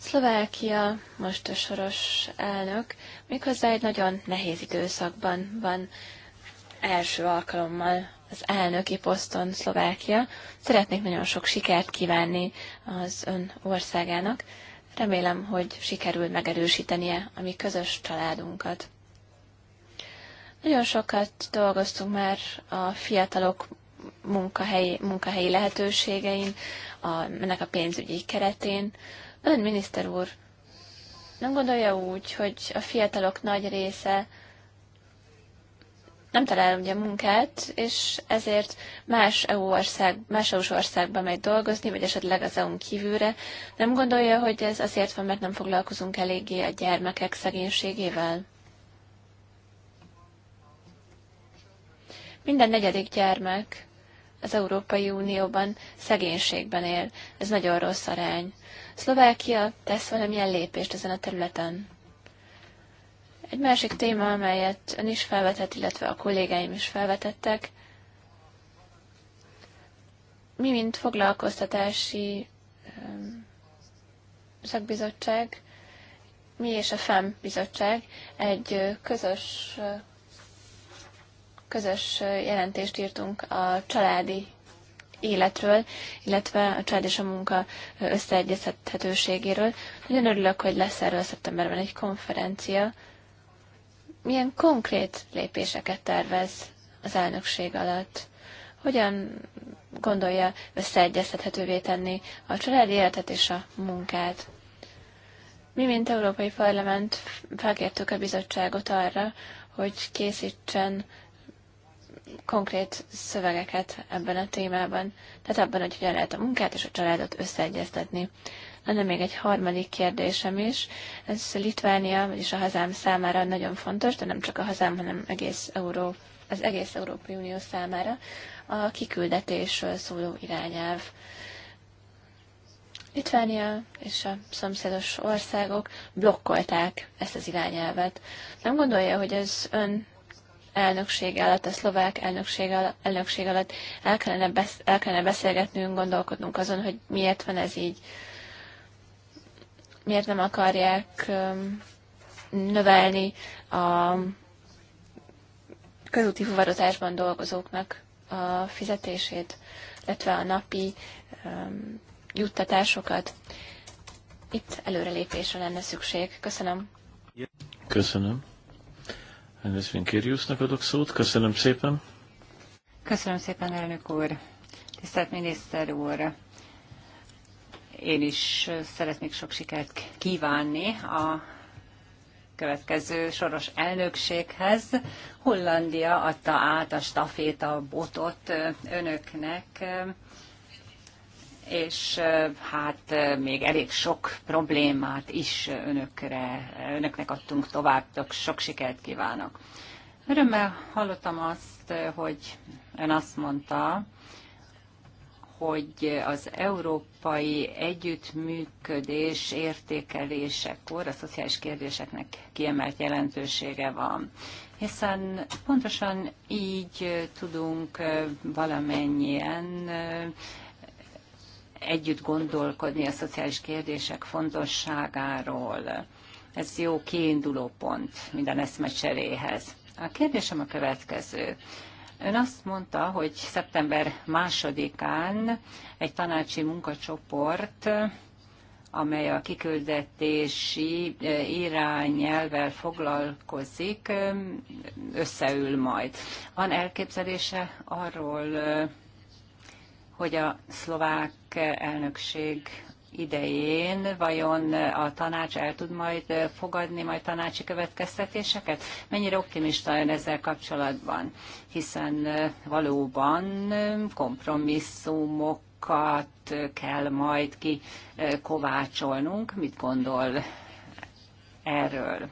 Szlovákia most a soros elnök, méghozzá egy nagyon nehéz időszakban van első alkalommal az elnöki poszton Szlovákia. Szeretnék nagyon sok sikert kívánni az ön országának. Remélem, hogy sikerül megerősítenie a mi közös családunkat. Nagyon sokat dolgoztunk már a fiatalok munkahelyi, munkahelyi lehetőségein, a, ennek a pénzügyi keretén. Ön, miniszter úr, nem gondolja úgy, hogy a fiatalok nagy része nem talál ugye munkát, és ezért más, EU ország, más EU-s országba megy dolgozni, vagy esetleg az EU-n kívülre. Nem gondolja, hogy ez azért van, mert nem foglalkozunk eléggé a gyermekek szegénységével? Minden negyedik gyermek az Európai Unióban szegénységben él. Ez nagyon rossz arány. Szlovákia tesz valamilyen lépést ezen a területen. Egy másik téma, amelyet ön is felvetett, illetve a kollégáim is felvetettek, mi, mint foglalkoztatási szakbizottság, mi és a FEM bizottság egy közös, közös jelentést írtunk a családi életről, illetve a család és a munka összeegyezhetőségéről. Nagyon örülök, hogy lesz erről szeptemberben egy konferencia, milyen konkrét lépéseket tervez az elnökség alatt? Hogyan gondolja összeegyeztethetővé tenni a családi életet és a munkát? Mi, mint Európai Parlament felkértük a bizottságot arra, hogy készítsen konkrét szövegeket ebben a témában, tehát abban, hogy hogyan lehet a munkát és a családot összeegyeztetni. Lenne még egy harmadik kérdésem is. Ez Litvánia, vagyis a hazám számára nagyon fontos, de nem csak a hazám, hanem egész Euró, az egész Európai Unió számára a kiküldetésről szóló irányelv. Litvánia és a szomszédos országok blokkolták ezt az irányelvet. Nem gondolja, hogy ez ön elnökség alatt, a szlovák elnökség alatt, elnökség alatt el, kellene besz, el kellene beszélgetnünk, gondolkodnunk azon, hogy miért van ez így miért nem akarják növelni a közúti fuvarozásban dolgozóknak a fizetését, illetve a napi juttatásokat. Itt előrelépésre lenne szükség. Köszönöm. Köszönöm. Ennész Kériusznak adok szót. Köszönöm szépen. Köszönöm szépen, elnök úr. Tisztelt miniszter úr. Én is szeretnék sok sikert kívánni a következő soros elnökséghez. Hollandia adta át a staféta botot önöknek, és hát még elég sok problémát is önökre, önöknek adtunk tovább, sok sikert kívánok. Örömmel hallottam azt, hogy ön azt mondta, hogy az európai együttműködés értékelésekor a szociális kérdéseknek kiemelt jelentősége van. Hiszen pontosan így tudunk valamennyien együtt gondolkodni a szociális kérdések fontosságáról. Ez jó kiinduló pont minden eszmecseréhez. A kérdésem a következő. Ön azt mondta, hogy szeptember másodikán egy tanácsi munkacsoport, amely a kiküldetési eh, irányelvel foglalkozik, eh, összeül majd. Van elképzelése arról, eh, hogy a szlovák elnökség idején vajon a tanács el tud majd fogadni majd tanácsi következtetéseket? Mennyire optimista ön ezzel kapcsolatban? Hiszen valóban kompromisszumokat kell majd ki kovácsolnunk. Mit gondol erről?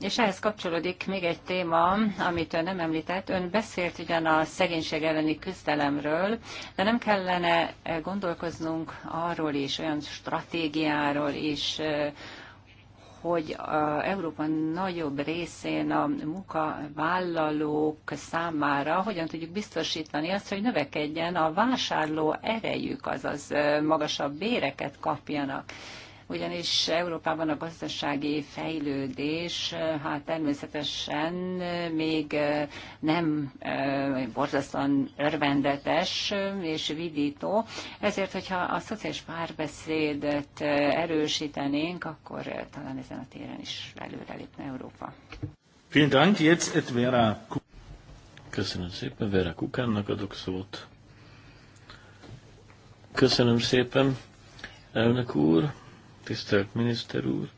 És ehhez kapcsolódik még egy téma, amit ön nem említett. Ön beszélt ugyan a szegénység elleni küzdelemről, de nem kellene eh, gondolkoznunk arról is, olyan stratégiáról is, eh, hogy a Európa nagyobb részén a munkavállalók számára hogyan tudjuk biztosítani azt, hogy növekedjen a vásárló erejük, azaz eh, magasabb béreket kapjanak ugyanis Európában a gazdasági fejlődés hát természetesen még nem borzasztóan örvendetes és vidító, ezért, hogyha a szociális párbeszédet erősítenénk, akkor talán ezen a téren is előrelépne Európa. Vielen Dank, jetzt et Vera Köszönöm szépen, Vera Kukánnak adok szót. Köszönöm szépen, elnök úr tisztelt miniszter úr!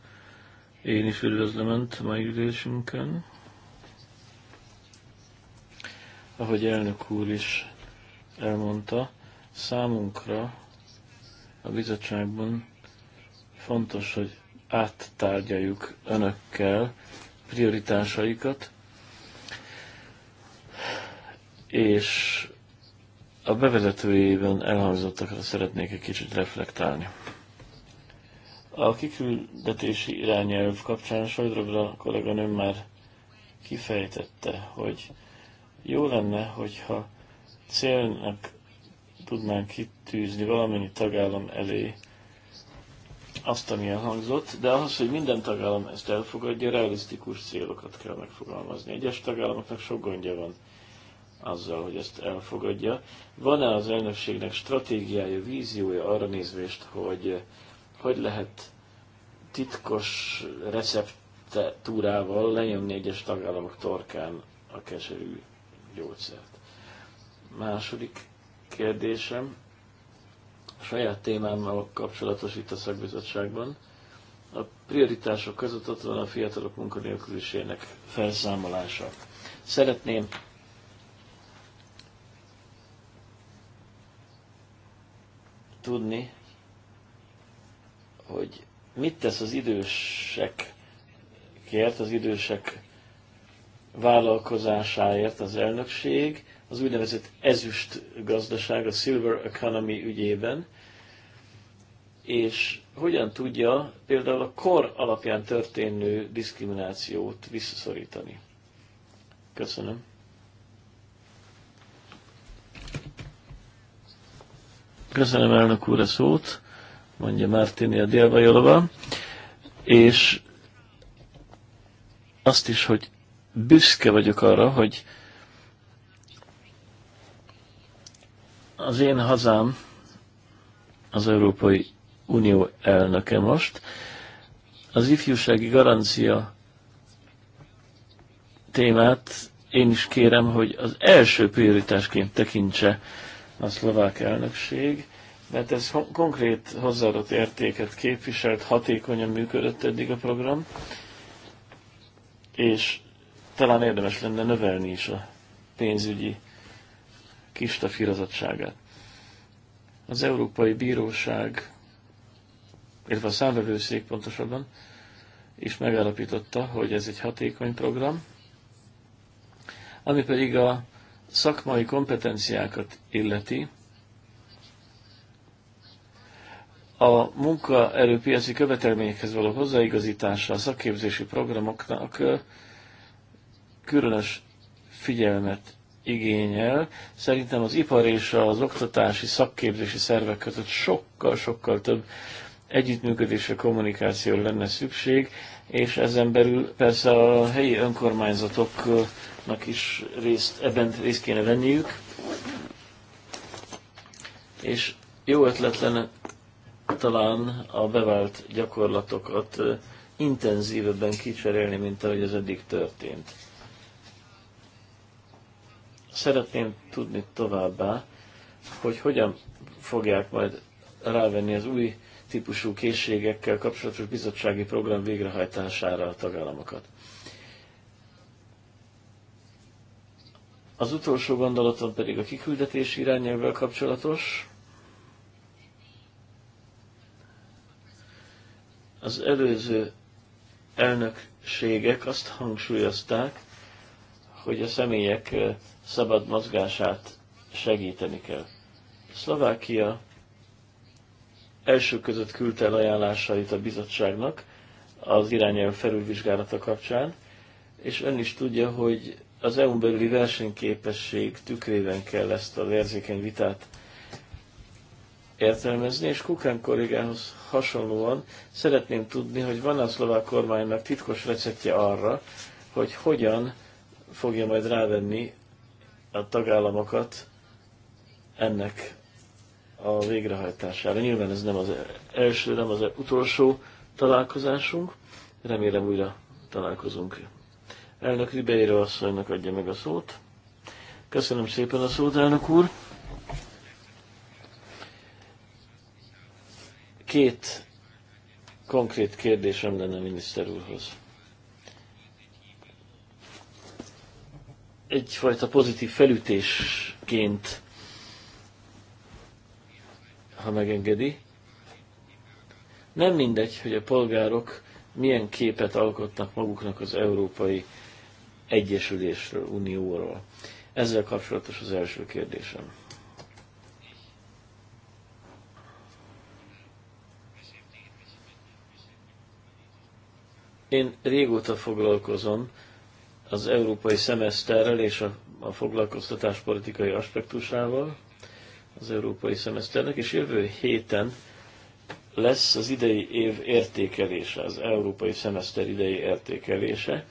Én is üdvözlöm Önt mai ülésünkön. Ahogy elnök úr is elmondta, számunkra a bizottságban fontos, hogy áttárgyaljuk Önökkel prioritásaikat, és a bevezetőjében elhangzottakra szeretnék egy kicsit reflektálni. A kiküldetési irányelv kapcsán Sajdrobra kolléganőm már kifejtette, hogy jó lenne, hogyha célnak tudnánk kitűzni valamennyi tagállam elé azt, ami elhangzott, de ahhoz, hogy minden tagállam ezt elfogadja, realisztikus célokat kell megfogalmazni. Egyes tagállamoknak sok gondja van azzal, hogy ezt elfogadja. Van-e az elnökségnek stratégiája, víziója arra nézvést, hogy hogy lehet titkos receptúrával lenyomni egyes tagállamok torkán a keserű gyógyszert. Második kérdésem, a saját témámmal kapcsolatos itt a szakbizottságban. A prioritások között ott van a fiatalok munkanélkülisének felszámolása. Szeretném tudni, hogy mit tesz az idősekért, az idősek vállalkozásáért az elnökség, az úgynevezett ezüst gazdaság, a Silver Economy ügyében, és hogyan tudja például a kor alapján történő diszkriminációt visszaszorítani. Köszönöm. Köszönöm elnök úr a szót mondja Martini a Délvajolova, és azt is, hogy büszke vagyok arra, hogy az én hazám az Európai Unió elnöke most, az ifjúsági garancia témát én is kérem, hogy az első prioritásként tekintse a szlovák elnökség, mert ez konkrét hozzáadott értéket képviselt, hatékonyan működött eddig a program, és talán érdemes lenne növelni is a pénzügyi kistafírozottságát. Az Európai Bíróság, illetve a számvevőszék pontosabban, is megállapította, hogy ez egy hatékony program, ami pedig a szakmai kompetenciákat illeti, a munkaerőpiaci követelményekhez való hozzáigazítása a szakképzési programoknak különös figyelmet igényel. Szerintem az ipar és az oktatási szakképzési szervek között sokkal-sokkal több együttműködésre, kommunikációra lenne szükség, és ezen belül persze a helyi önkormányzatoknak is részt, ebben részt kéne venniük. És jó ötlet lenne talán a bevált gyakorlatokat intenzívebben kicserélni, mint ahogy ez eddig történt. Szeretném tudni továbbá, hogy hogyan fogják majd rávenni az új típusú készségekkel kapcsolatos bizottsági program végrehajtására a tagállamokat. Az utolsó gondolatom pedig a kiküldetés irányelvvel kapcsolatos. Az előző elnökségek azt hangsúlyozták, hogy a személyek szabad mozgását segíteni kell. Szlovákia első között küldte el ajánlásait a bizottságnak az irányelv felülvizsgálata kapcsán, és ön is tudja, hogy az EU-n belüli versenyképesség tükrében kell ezt az érzékeny vitát értelmezni, és Kukán kollégához hasonlóan szeretném tudni, hogy van-e a szlovák kormánynak titkos receptje arra, hogy hogyan fogja majd rávenni a tagállamokat ennek a végrehajtására. Nyilván ez nem az első, nem az utolsó találkozásunk. Remélem újra találkozunk. Elnök Ribeiro asszonynak adja meg a szót. Köszönöm szépen a szót, elnök úr! Két konkrét kérdésem lenne miniszter úrhoz. Egyfajta pozitív felütésként, ha megengedi. Nem mindegy, hogy a polgárok milyen képet alkotnak maguknak az Európai Egyesülésről, Unióról. Ezzel kapcsolatos az első kérdésem. Én régóta foglalkozom az európai szemeszterrel és a, a foglalkoztatás politikai aspektusával az európai szemeszternek, és jövő héten lesz az idei év értékelése, az európai szemeszter idei értékelése,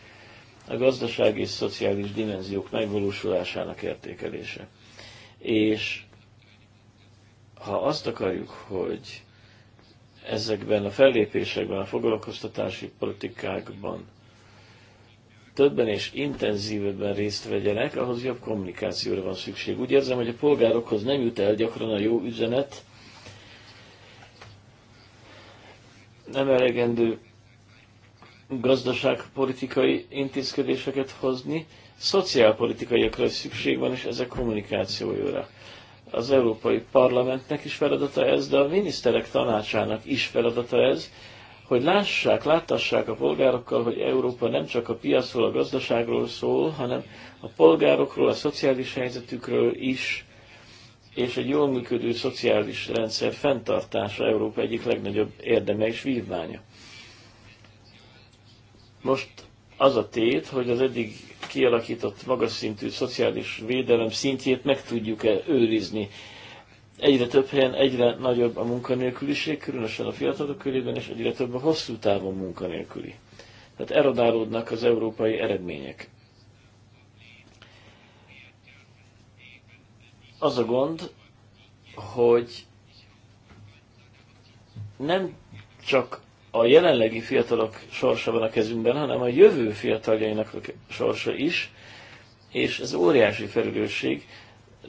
a gazdasági és szociális dimenziók megvalósulásának értékelése. És ha azt akarjuk, hogy ezekben a fellépésekben, a foglalkoztatási politikákban többen és intenzívebben részt vegyenek, ahhoz jobb kommunikációra van szükség. Úgy érzem, hogy a polgárokhoz nem jut el gyakran a jó üzenet, nem elegendő gazdaságpolitikai intézkedéseket hozni, szociálpolitikaiakra szükség van, és ezek kommunikációjára az Európai Parlamentnek is feladata ez, de a miniszterek tanácsának is feladata ez, hogy lássák, láttassák a polgárokkal, hogy Európa nem csak a piacról, a gazdaságról szól, hanem a polgárokról, a szociális helyzetükről is, és egy jól működő szociális rendszer fenntartása Európa egyik legnagyobb érdeme és vívmánya. Most az a tét, hogy az eddig kialakított magas szintű szociális védelem szintjét meg tudjuk-e őrizni. Egyre több helyen egyre nagyobb a munkanélküliség, különösen a fiatalok körében, és egyre több a hosszú távon munkanélküli. Tehát erodálódnak az európai eredmények. Az a gond, hogy nem csak a jelenlegi fiatalok sorsa van a kezünkben, hanem a jövő fiataljainak a sorsa is, és ez óriási felelősség.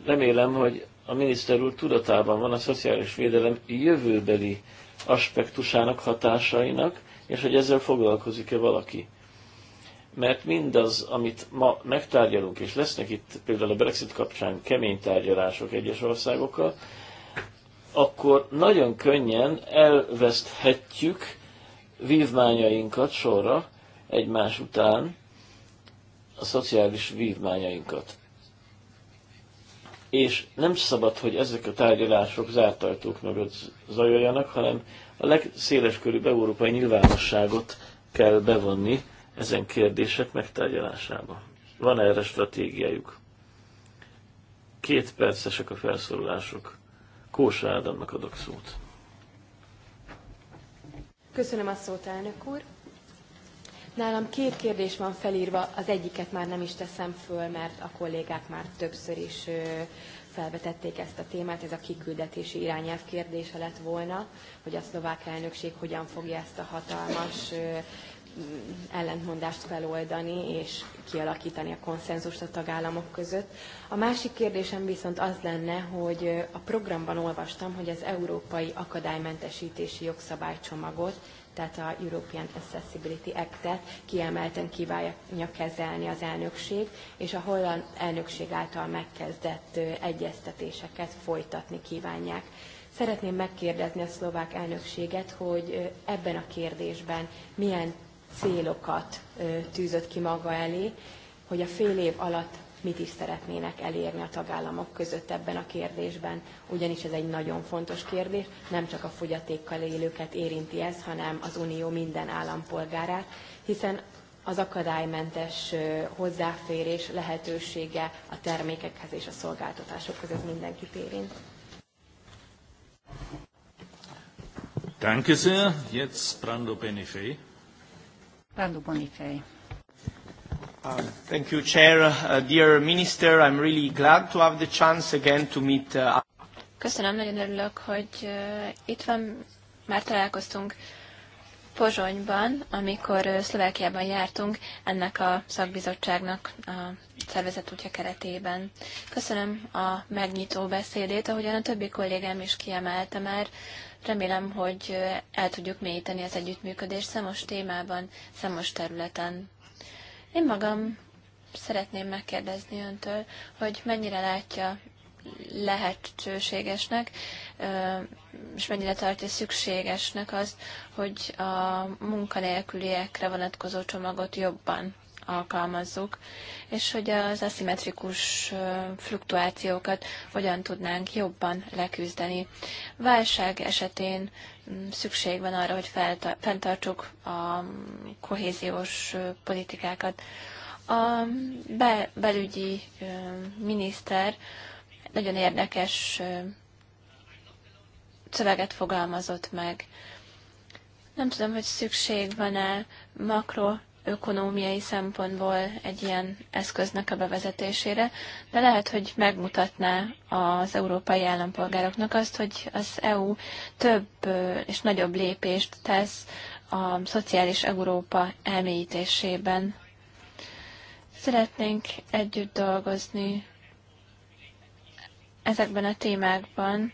Remélem, hogy a miniszter úr tudatában van a szociális védelem jövőbeli aspektusának, hatásainak, és hogy ezzel foglalkozik-e valaki. Mert mindaz, amit ma megtárgyalunk, és lesznek itt például a Brexit kapcsán kemény tárgyalások egyes országokkal, akkor nagyon könnyen elveszthetjük vívmányainkat sorra egymás után, a szociális vívmányainkat. És nem szabad, hogy ezek a tárgyalások zárt ajtók mögött zajoljanak, hanem a legszéles körű európai nyilvánosságot kell bevonni ezen kérdések megtárgyalásába. Van erre stratégiájuk. Két percesek a felszólalások. Kósa Ádámnak adok szót. Köszönöm a szót, elnök úr. Nálam két kérdés van felírva, az egyiket már nem is teszem föl, mert a kollégák már többször is felvetették ezt a témát, ez a kiküldetési irányelv kérdése lett volna, hogy a szlovák elnökség hogyan fogja ezt a hatalmas ellentmondást feloldani és kialakítani a konszenzust a tagállamok között. A másik kérdésem viszont az lenne, hogy a programban olvastam, hogy az európai akadálymentesítési jogszabálycsomagot, tehát a European Accessibility Act-et kiemelten kívánja kezelni az elnökség, és a holland elnökség által megkezdett egyeztetéseket folytatni kívánják. Szeretném megkérdezni a szlovák elnökséget, hogy ebben a kérdésben milyen célokat tűzött ki maga elé, hogy a fél év alatt mit is szeretnének elérni a tagállamok között ebben a kérdésben, ugyanis ez egy nagyon fontos kérdés, nem csak a fogyatékkal élőket érinti ez, hanem az Unió minden állampolgárát, hiszen az akadálymentes hozzáférés lehetősége a termékekhez és a szolgáltatások között mindenkit érint. Danke sehr. Jetzt Brando Benefey. Rándó Bonifej. Uh, um, thank you, Chair. Uh, dear Minister, I'm really glad to have the chance again to meet. Uh... Köszönöm, nagyon örülök, hogy uh, itt van, már találkoztunk Pozsonyban, amikor uh, Szlovákiában jártunk ennek a szakbizottságnak a szervezet útja keretében. Köszönöm a megnyitó beszédét, ahogyan a többi kollégám is kiemelte már, Remélem, hogy el tudjuk mélyíteni az együttműködést számos témában, számos területen. Én magam szeretném megkérdezni öntől, hogy mennyire látja lehetőségesnek, és mennyire tartja szükségesnek azt, hogy a munkanélküliekre vonatkozó csomagot jobban alkalmazzuk, és hogy az aszimmetrikus fluktuációkat hogyan tudnánk jobban leküzdeni. Válság esetén szükség van arra, hogy fenntartsuk a kohéziós politikákat. A belügyi miniszter nagyon érdekes szöveget fogalmazott meg. Nem tudom, hogy szükség van-e makro ökonómiai szempontból egy ilyen eszköznek a bevezetésére, de lehet, hogy megmutatná az európai állampolgároknak azt, hogy az EU több és nagyobb lépést tesz a szociális Európa elmélyítésében. Szeretnénk együtt dolgozni ezekben a témákban,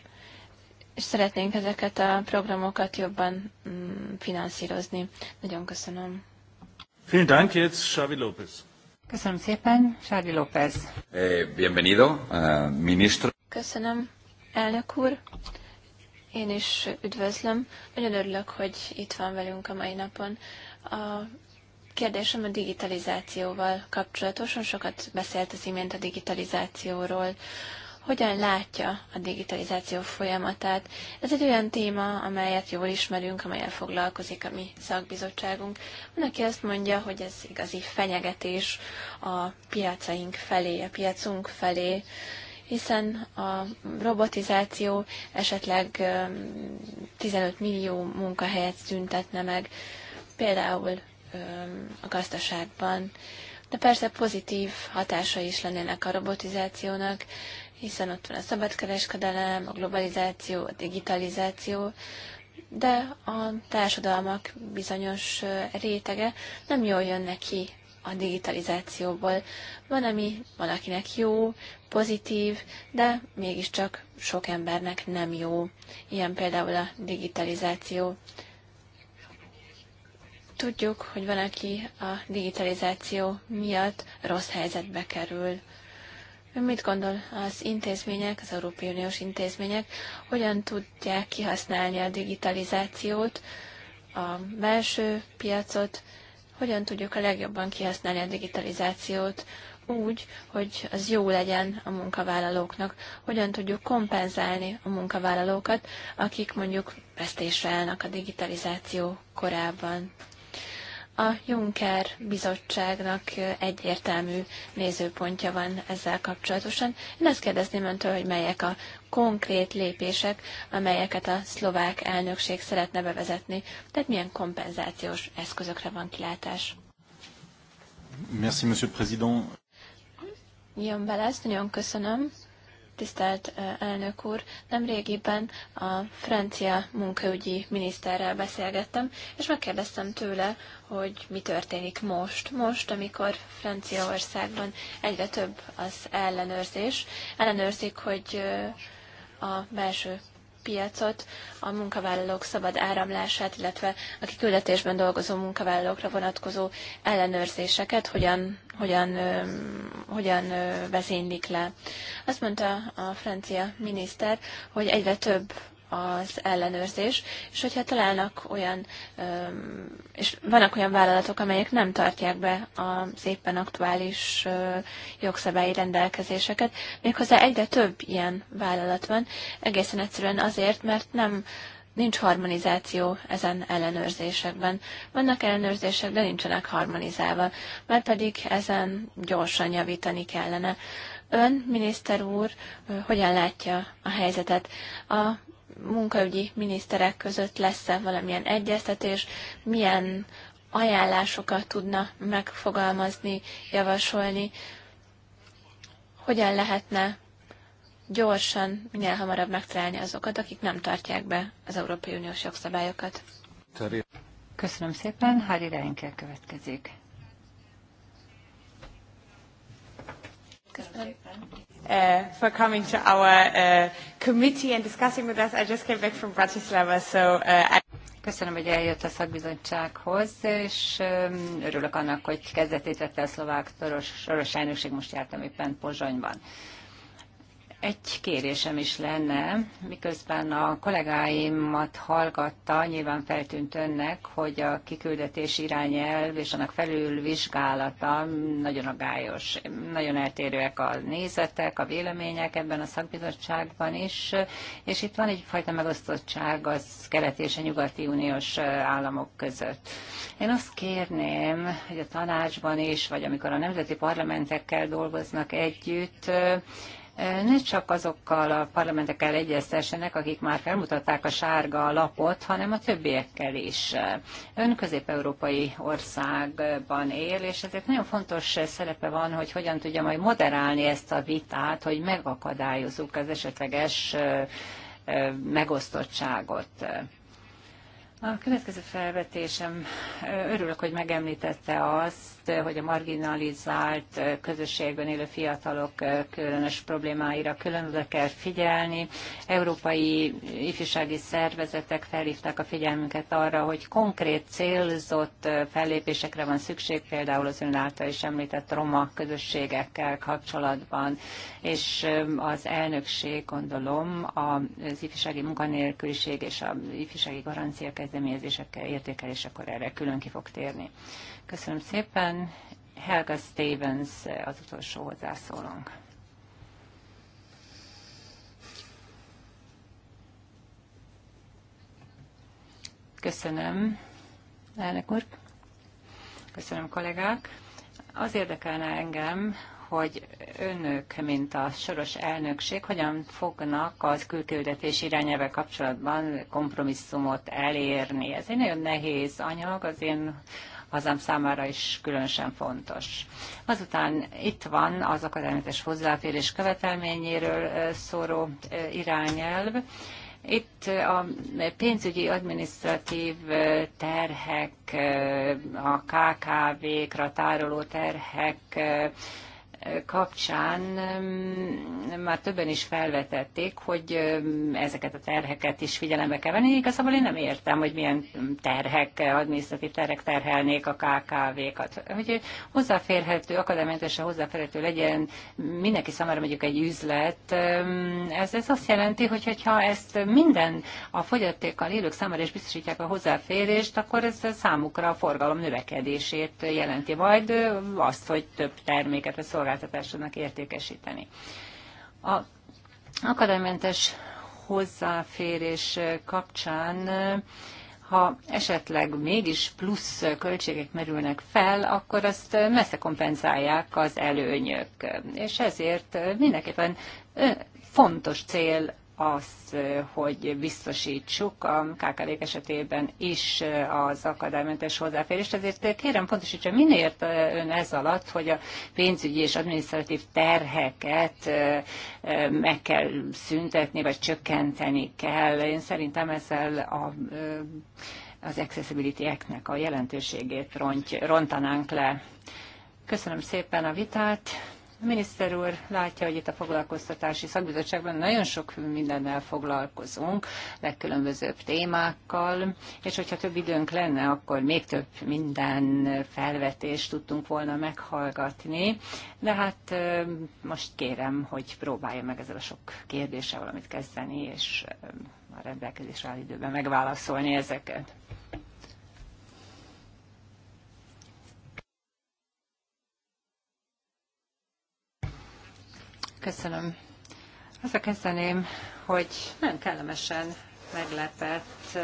és szeretnénk ezeket a programokat jobban mm, finanszírozni. Nagyon köszönöm. Vielen Dank, jetzt Xavi López. Köszönöm szépen, Xavi López. Eh, bienvenido, uh, ministro. Köszönöm, elnök úr. Én is üdvözlöm. Nagyon örülök, hogy itt van velünk a mai napon. A kérdésem a digitalizációval kapcsolatosan. Sokat beszélt az imént a digitalizációról hogyan látja a digitalizáció folyamatát. Ez egy olyan téma, amelyet jól ismerünk, amelyel foglalkozik a mi szakbizottságunk. Van, aki azt mondja, hogy ez igazi fenyegetés a piacaink felé, a piacunk felé, hiszen a robotizáció esetleg 15 millió munkahelyet szüntetne meg, például a gazdaságban. De persze pozitív hatása is lennének a robotizációnak, hiszen ott van a szabadkereskedelem, a globalizáció, a digitalizáció, de a társadalmak bizonyos rétege nem jól jön neki a digitalizációból. Van, ami valakinek jó, pozitív, de mégiscsak sok embernek nem jó. Ilyen például a digitalizáció. Tudjuk, hogy van, aki a digitalizáció miatt rossz helyzetbe kerül. Ön mit gondol az intézmények, az Európai Uniós intézmények, hogyan tudják kihasználni a digitalizációt, a belső piacot, hogyan tudjuk a legjobban kihasználni a digitalizációt úgy, hogy az jó legyen a munkavállalóknak, hogyan tudjuk kompenzálni a munkavállalókat, akik mondjuk vesztésre állnak a digitalizáció korában. A Juncker bizottságnak egyértelmű nézőpontja van ezzel kapcsolatosan. Én azt kérdezném öntől, hogy melyek a konkrét lépések, amelyeket a szlovák elnökség szeretne bevezetni, tehát milyen kompenzációs eszközökre van kilátás. Merci, Monsieur le Président. Jön bele, ezt nagyon köszönöm. Tisztelt elnök úr, nemrégiben a francia munkaügyi miniszterrel beszélgettem, és megkérdeztem tőle, hogy mi történik most. Most, amikor Franciaországban egyre több az ellenőrzés, ellenőrzik, hogy a belső piacot, a munkavállalók szabad áramlását, illetve a kiküldetésben dolgozó munkavállalókra vonatkozó ellenőrzéseket hogyan, hogyan, hogyan vezénylik le. Azt mondta a francia miniszter, hogy egyre több az ellenőrzés, és hogyha találnak olyan, és vannak olyan vállalatok, amelyek nem tartják be az éppen aktuális jogszabályi rendelkezéseket, méghozzá egyre több ilyen vállalat van, egészen egyszerűen azért, mert nem nincs harmonizáció ezen ellenőrzésekben. Vannak ellenőrzések, de nincsenek harmonizálva, mert pedig ezen gyorsan javítani kellene. Ön, miniszter úr, hogyan látja a helyzetet? A munkaügyi miniszterek között lesz-e valamilyen egyeztetés, milyen ajánlásokat tudna megfogalmazni, javasolni, hogyan lehetne gyorsan, minél hamarabb megtalálni azokat, akik nem tartják be az Európai Uniós jogszabályokat. Köszönöm szépen, Hári Reinke következik. Köszönöm uh, for coming to our uh, committee and discussing with us. I just came back from Bratislava, so uh, I Köszönöm, hogy eljött a szakbizottsághoz, és um, örülök annak, hogy kezdetét vette a szlovák soros elnökség, most jártam éppen Pozsonyban. Egy kérésem is lenne, miközben a kollégáimat hallgatta, nyilván feltűnt önnek, hogy a kiküldetés irányelv és annak felülvizsgálata nagyon agályos, nagyon eltérőek a nézetek, a vélemények ebben a szakbizottságban is, és itt van egyfajta megosztottság az kelet és a nyugati uniós államok között. Én azt kérném, hogy a tanácsban is, vagy amikor a nemzeti parlamentekkel dolgoznak együtt, E, ne csak azokkal a parlamentekkel egyeztessenek, akik már felmutatták a sárga lapot, hanem a többiekkel is. E, ön közép-európai országban él, és ezért nagyon fontos szerepe van, hogy hogyan tudja majd moderálni ezt a vitát, hogy megakadályozzuk az esetleges e, megosztottságot. A következő felvetésem, örülök, hogy megemlítette azt, hogy a marginalizált közösségben élő fiatalok különös problémáira külön oda kell figyelni. Európai ifjúsági szervezetek felhívták a figyelmünket arra, hogy konkrét célzott fellépésekre van szükség, például az ön által is említett roma közösségekkel kapcsolatban, és az elnökség, gondolom, az ifjúsági munkanélküliség és az ifjúsági garanciákat kezdeményezésekkel, értékelésekor erre külön ki fog térni. Köszönöm szépen. Helga Stevens az utolsó hozzászólónk. Köszönöm, elnök úr. Köszönöm, kollégák. Az érdekelne engem, hogy önök, mint a soros elnökség, hogyan fognak az külküldetés irányelve kapcsolatban kompromisszumot elérni. Ez egy nagyon nehéz anyag, az én hazám számára is különösen fontos. Azután itt van az akadályos hozzáférés követelményéről szóró irányelv. Itt a pénzügyi adminisztratív terhek, a KKV-kra tároló terhek kapcsán már többen is felvetették, hogy ezeket a terheket is figyelembe kell venni. Igazából én nem értem, hogy milyen terhek, adminisztratív terhek terhelnék a KKV-kat. Hogy hozzáférhető, akadálymentesen hozzáférhető legyen mindenki számára mondjuk egy üzlet, ez, ez azt jelenti, hogy ha ezt minden a fogyatékkal élők számára is biztosítják a hozzáférést, akkor ez számukra a forgalom növekedését jelenti majd azt, hogy több terméket vagy szolgáltatást tudnak értékesíteni. A akadálymentes hozzáférés kapcsán ha esetleg mégis plusz költségek merülnek fel, akkor azt messze kompenzálják az előnyök. És ezért mindenképpen fontos cél az, hogy biztosítsuk a kkv esetében is az akadálymentes hozzáférést. Ezért kérem pontosítsa, minért ön ez alatt, hogy a pénzügyi és adminisztratív terheket meg kell szüntetni, vagy csökkenteni kell. Én szerintem ezzel a az Accessibility eknek a jelentőségét ront, rontanánk le. Köszönöm szépen a vitát. A miniszter úr látja, hogy itt a foglalkoztatási szakbizottságban nagyon sok mindennel foglalkozunk, legkülönbözőbb témákkal, és hogyha több időnk lenne, akkor még több minden felvetést tudtunk volna meghallgatni, de hát most kérem, hogy próbálja meg ezzel a sok kérdéssel valamit kezdeni, és a rendelkezésre áll időben megválaszolni ezeket. Köszönöm. Azzal kezdeném, hogy nagyon kellemesen meglepett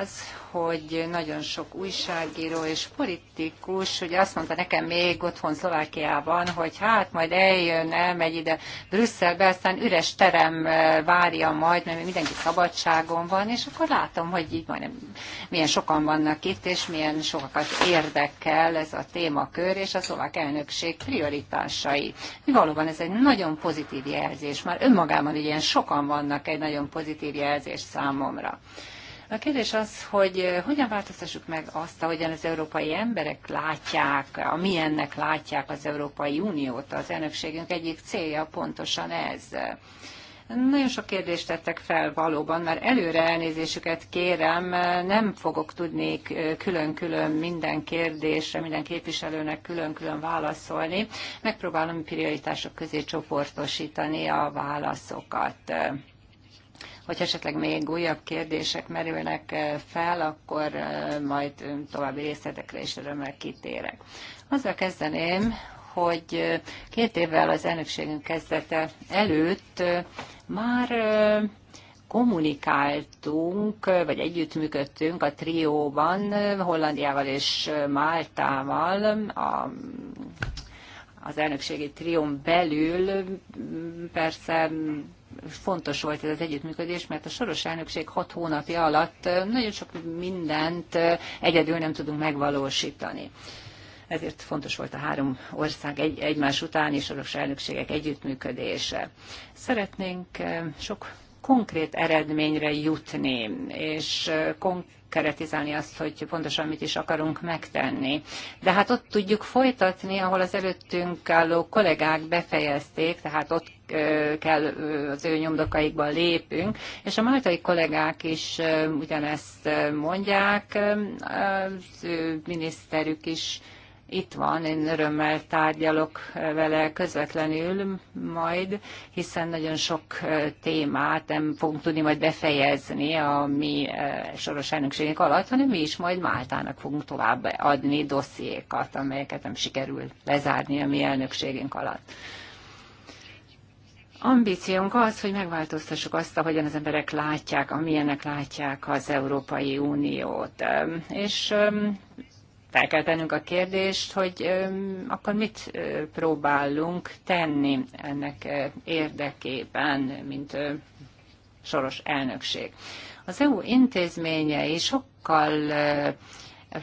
az, hogy nagyon sok újságíró és politikus, ugye azt mondta nekem még otthon Szlovákiában, hogy hát majd eljön, elmegy ide Brüsszelbe, aztán üres terem eh, várja majd, mert mindenki szabadságon van, és akkor látom, hogy így majdnem milyen sokan vannak itt, és milyen sokakat érdekel ez a témakör, és a szlovák elnökség prioritásai. Valóban ez egy nagyon pozitív jelzés, már önmagában ilyen sokan vannak egy nagyon pozitív jelzés számomra. A kérdés az, hogy eh, hogyan változtassuk meg azt, ahogyan az európai emberek látják, a milyennek látják az Európai Uniót. Az elnökségünk egyik célja pontosan ez. Nagyon sok kérdést tettek fel valóban, már előre elnézésüket kérem, nem fogok tudni eh, külön-külön minden kérdésre, minden képviselőnek külön-külön válaszolni. Megpróbálom prioritások közé csoportosítani a válaszokat. Hogy esetleg még újabb kérdések merülnek eh, fel, akkor eh, majd eh, további részletekre is örömmel kitérek. Azzal kezdeném, hogy két évvel az elnökségünk kezdete előtt már kommunikáltunk, vagy együttműködtünk a trióban Hollandiával és Máltával a az elnökségi trión belül mm, persze fontos volt ez az együttműködés, mert a soros elnökség hat hónapja alatt nagyon sok mindent egyedül nem tudunk megvalósítani. Ezért fontos volt a három ország egy, egymás és soros elnökségek együttműködése. Szeretnénk sok konkrét eredményre jutni, és konkrét keretizálni azt, hogy pontosan mit is akarunk megtenni. De hát ott tudjuk folytatni, ahol az előttünk álló kollégák befejezték, tehát ott kell az ő nyomdokaikba lépünk, és a máltai kollégák is ugyanezt mondják, az ő miniszterük is itt van, én örömmel tárgyalok vele közvetlenül majd, hiszen nagyon sok témát nem fogunk tudni majd befejezni a mi soros elnökségünk alatt, hanem mi is majd Máltának fogunk tovább adni dossziékat, amelyeket nem sikerül lezárni a mi elnökségünk alatt ambíciónk az, hogy megváltoztassuk azt, ahogyan az emberek látják, amilyenek látják az Európai Uniót. És fel kell tennünk a kérdést, hogy akkor mit próbálunk tenni ennek érdekében, mint soros elnökség. Az EU intézményei sokkal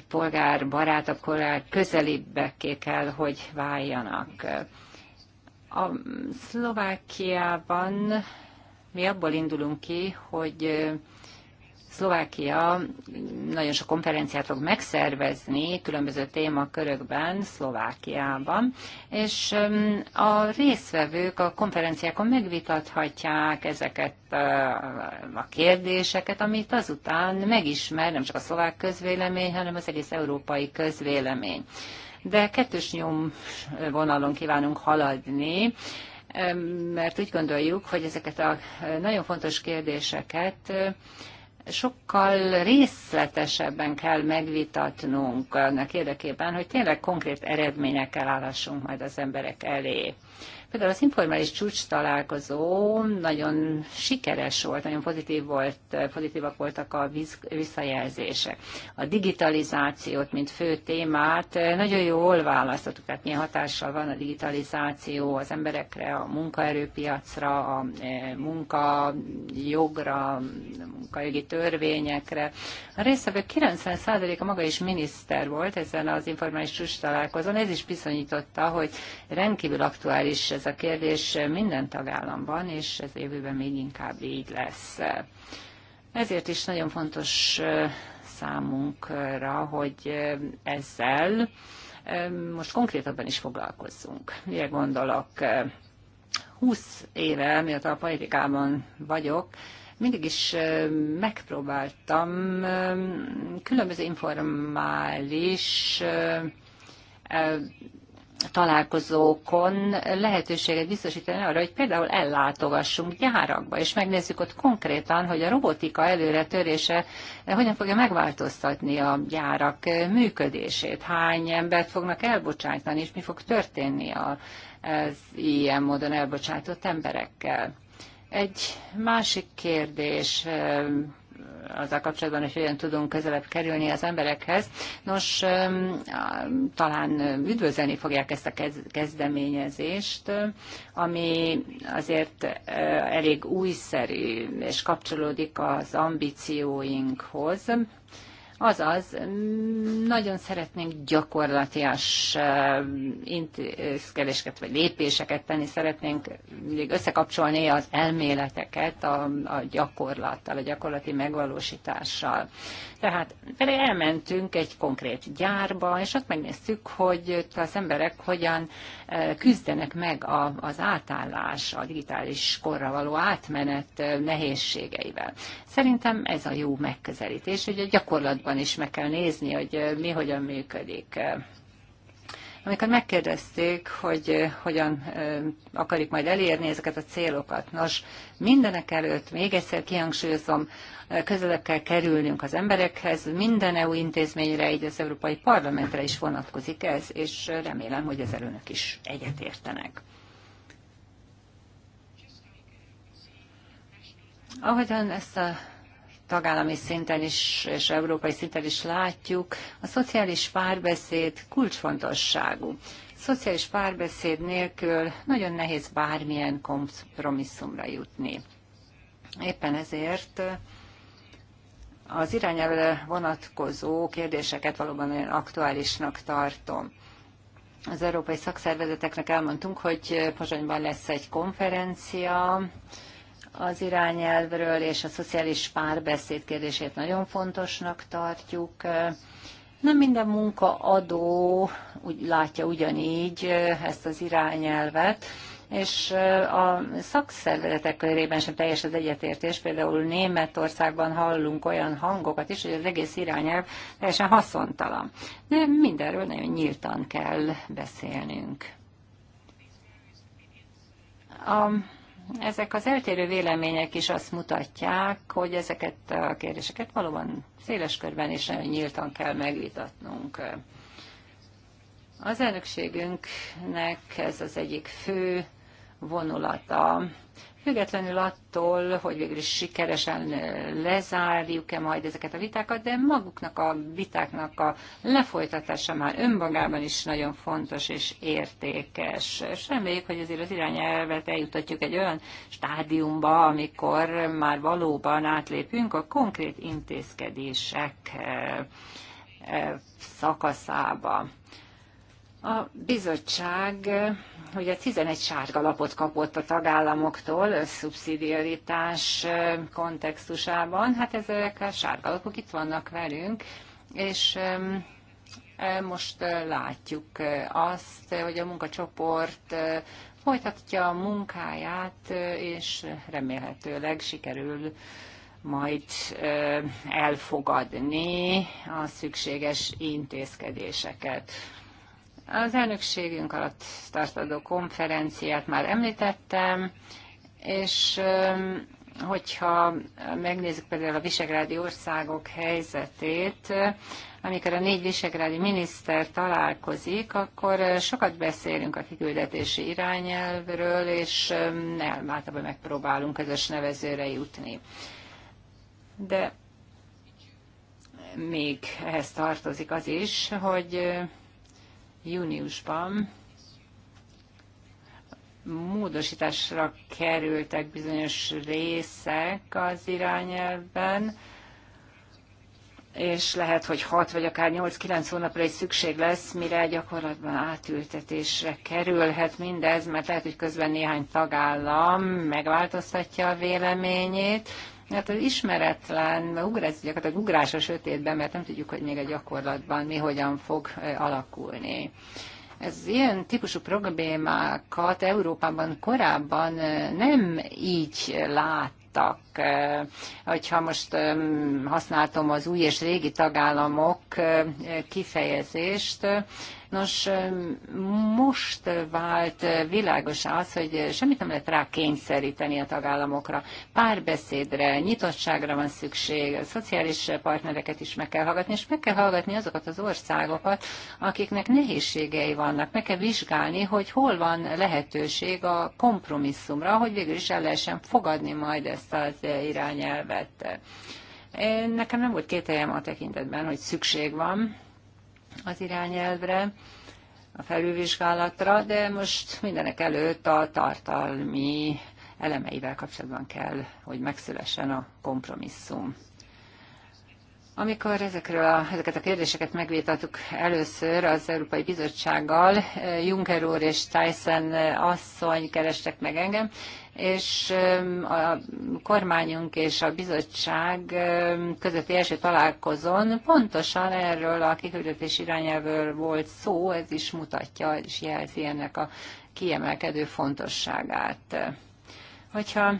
polgárbarátabb, polgár közelibbeké kell, hogy váljanak. A Szlovákiában mi abból indulunk ki, hogy Szlovákia nagyon sok konferenciát fog megszervezni különböző témakörökben Szlovákiában, és um, a résztvevők a konferenciákon megvitathatják ezeket uh, a kérdéseket, amit azután megismer nem csak a szlovák közvélemény, hanem az egész európai közvélemény. De kettős nyom vonalon kívánunk haladni, um, mert úgy gondoljuk, hogy ezeket a uh, nagyon fontos kérdéseket uh, sokkal részletesebben kell megvitatnunk annak érdekében, hogy tényleg konkrét eredményekkel állhassunk majd az emberek elé. Például az informális csúcs találkozó nagyon sikeres volt, nagyon pozitív volt, pozitívak voltak a visszajelzések. A digitalizációt, mint fő témát eh, nagyon jól választottuk, tehát milyen hatással van a digitalizáció az emberekre, a munkaerőpiacra, a eh, munka jogra, munkajogi törvényekre. A részvevők 90%-a maga is miniszter volt ezen az informális csúcs találkozón. Ez is bizonyította, hogy rendkívül aktuális ez a kérdés minden tagállamban, és ez évőben még inkább így lesz. Ezért is nagyon fontos számunkra, hogy ezzel most konkrétabban is foglalkozzunk. Mire gondolok? 20 éve, mióta a politikában vagyok, mindig is megpróbáltam különböző informális találkozókon lehetőséget biztosítani arra, hogy például ellátogassunk gyárakba, és megnézzük ott konkrétan, hogy a robotika előre törése hogyan fogja megváltoztatni a gyárak működését, hány embert fognak elbocsájtani, és mi fog történni az ilyen módon elbocsátott emberekkel. Egy másik kérdés, azzal kapcsolatban, hogy hogyan tudunk közelebb kerülni az emberekhez. Nos, talán üdvözölni fogják ezt a kezdeményezést, ami azért elég újszerű, és kapcsolódik az ambícióinkhoz. Azaz, nagyon szeretnénk gyakorlatias intézkedéseket vagy lépéseket tenni, szeretnénk még összekapcsolni az elméleteket a, a gyakorlattal, a gyakorlati megvalósítással. Tehát elmentünk egy konkrét gyárba, és ott megnéztük, hogy az emberek hogyan küzdenek meg a, az átállás, a digitális korra való átmenet nehézségeivel. Szerintem ez a jó megközelítés, hogy a gyakorlatban országokban is meg kell nézni, hogy mi hogyan működik. Amikor megkérdezték, hogy hogyan akarjuk majd elérni ezeket a célokat, nos, mindenek előtt, még egyszer kihangsúlyozom, közelebb kell kerülnünk az emberekhez, minden EU intézményre, így az Európai Parlamentre is vonatkozik ez, és remélem, hogy az előnök is egyetértenek. Ahogyan ezt a tagállami szinten is és európai szinten is látjuk, a szociális párbeszéd kulcsfontosságú. Szociális párbeszéd nélkül nagyon nehéz bármilyen kompromisszumra jutni. Éppen ezért az irányelvre vonatkozó kérdéseket valóban nagyon aktuálisnak tartom. Az európai szakszervezeteknek elmondtunk, hogy Pozsonyban lesz egy konferencia, az irányelvről, és a szociális párbeszéd kérdését nagyon fontosnak tartjuk. Nem minden munkaadó úgy látja ugyanígy ezt az irányelvet, és a szakszervezetek körében sem teljes az egyetértés. Például Németországban hallunk olyan hangokat is, hogy az egész irányelv teljesen haszontalan. De mindenről nagyon nyíltan kell beszélnünk. A ezek az eltérő vélemények is azt mutatják, hogy ezeket a kérdéseket valóban széles körben és nagyon nyíltan kell megvitatnunk. Az elnökségünknek ez az egyik fő vonulata, Függetlenül attól, hogy végül is sikeresen lezárjuk-e majd ezeket a vitákat, de maguknak a vitáknak a lefolytatása már önmagában is nagyon fontos és értékes. És reméljük, hogy azért az irányelvet eljutatjuk egy olyan stádiumba, amikor már valóban átlépünk a konkrét intézkedések szakaszába. A bizottság ugye eh, 11 sárga lapot kapott a tagállamoktól a szubszidiaritás eh, kontextusában. Hát ezek a sárga lapok itt vannak velünk, és eh, most látjuk azt, hogy a munkacsoport folytatja a munkáját, és remélhetőleg sikerül majd elfogadni a szükséges intézkedéseket. Az elnökségünk alatt tartadó konferenciát már említettem, és hogyha megnézzük például a visegrádi országok helyzetét, amikor a négy visegrádi miniszter találkozik, akkor sokat beszélünk a kiküldetési irányelvről, és nem, általában megpróbálunk közös nevezőre jutni. De még ehhez tartozik az is, hogy júniusban módosításra kerültek bizonyos részek az irányelvben, és lehet, hogy 6 vagy akár 8-9 hónapra is szükség lesz, mire gyakorlatban átültetésre kerülhet mindez, mert lehet, hogy közben néhány tagállam megváltoztatja a véleményét, hát az ismeretlen, ugrás, gyakorlatilag ugrás a sötétben, mert nem tudjuk, hogy még a gyakorlatban mi hogyan fog alakulni. Ez ilyen típusú problémákat Európában korábban nem így lát tak, Hogyha most használtam az új és régi tagállamok kifejezést, Nos, most vált világos az, hogy semmit nem lehet rá kényszeríteni a tagállamokra. Párbeszédre, nyitottságra van szükség, a szociális partnereket is meg kell hallgatni, és meg kell hallgatni azokat az országokat, akiknek nehézségei vannak. Meg kell vizsgálni, hogy hol van lehetőség a kompromisszumra, hogy végül is el lehessen fogadni majd ezt az irányelvet. Nekem nem volt kételjem a tekintetben, hogy szükség van az irányelvre, a felülvizsgálatra, de most mindenek előtt a tartalmi elemeivel kapcsolatban kell, hogy megszülessen a kompromisszum. Amikor ezekről a, ezeket a kérdéseket megvitattuk először az Európai Bizottsággal, eh, Juncker úr és Tyson eh, asszony kerestek meg engem, és eh, a kormányunk és a bizottság közötti első találkozón pontosan erről a kiküldetés irányelvről volt szó, ez is mutatja és jelzi ennek a kiemelkedő fontosságát. Hogyha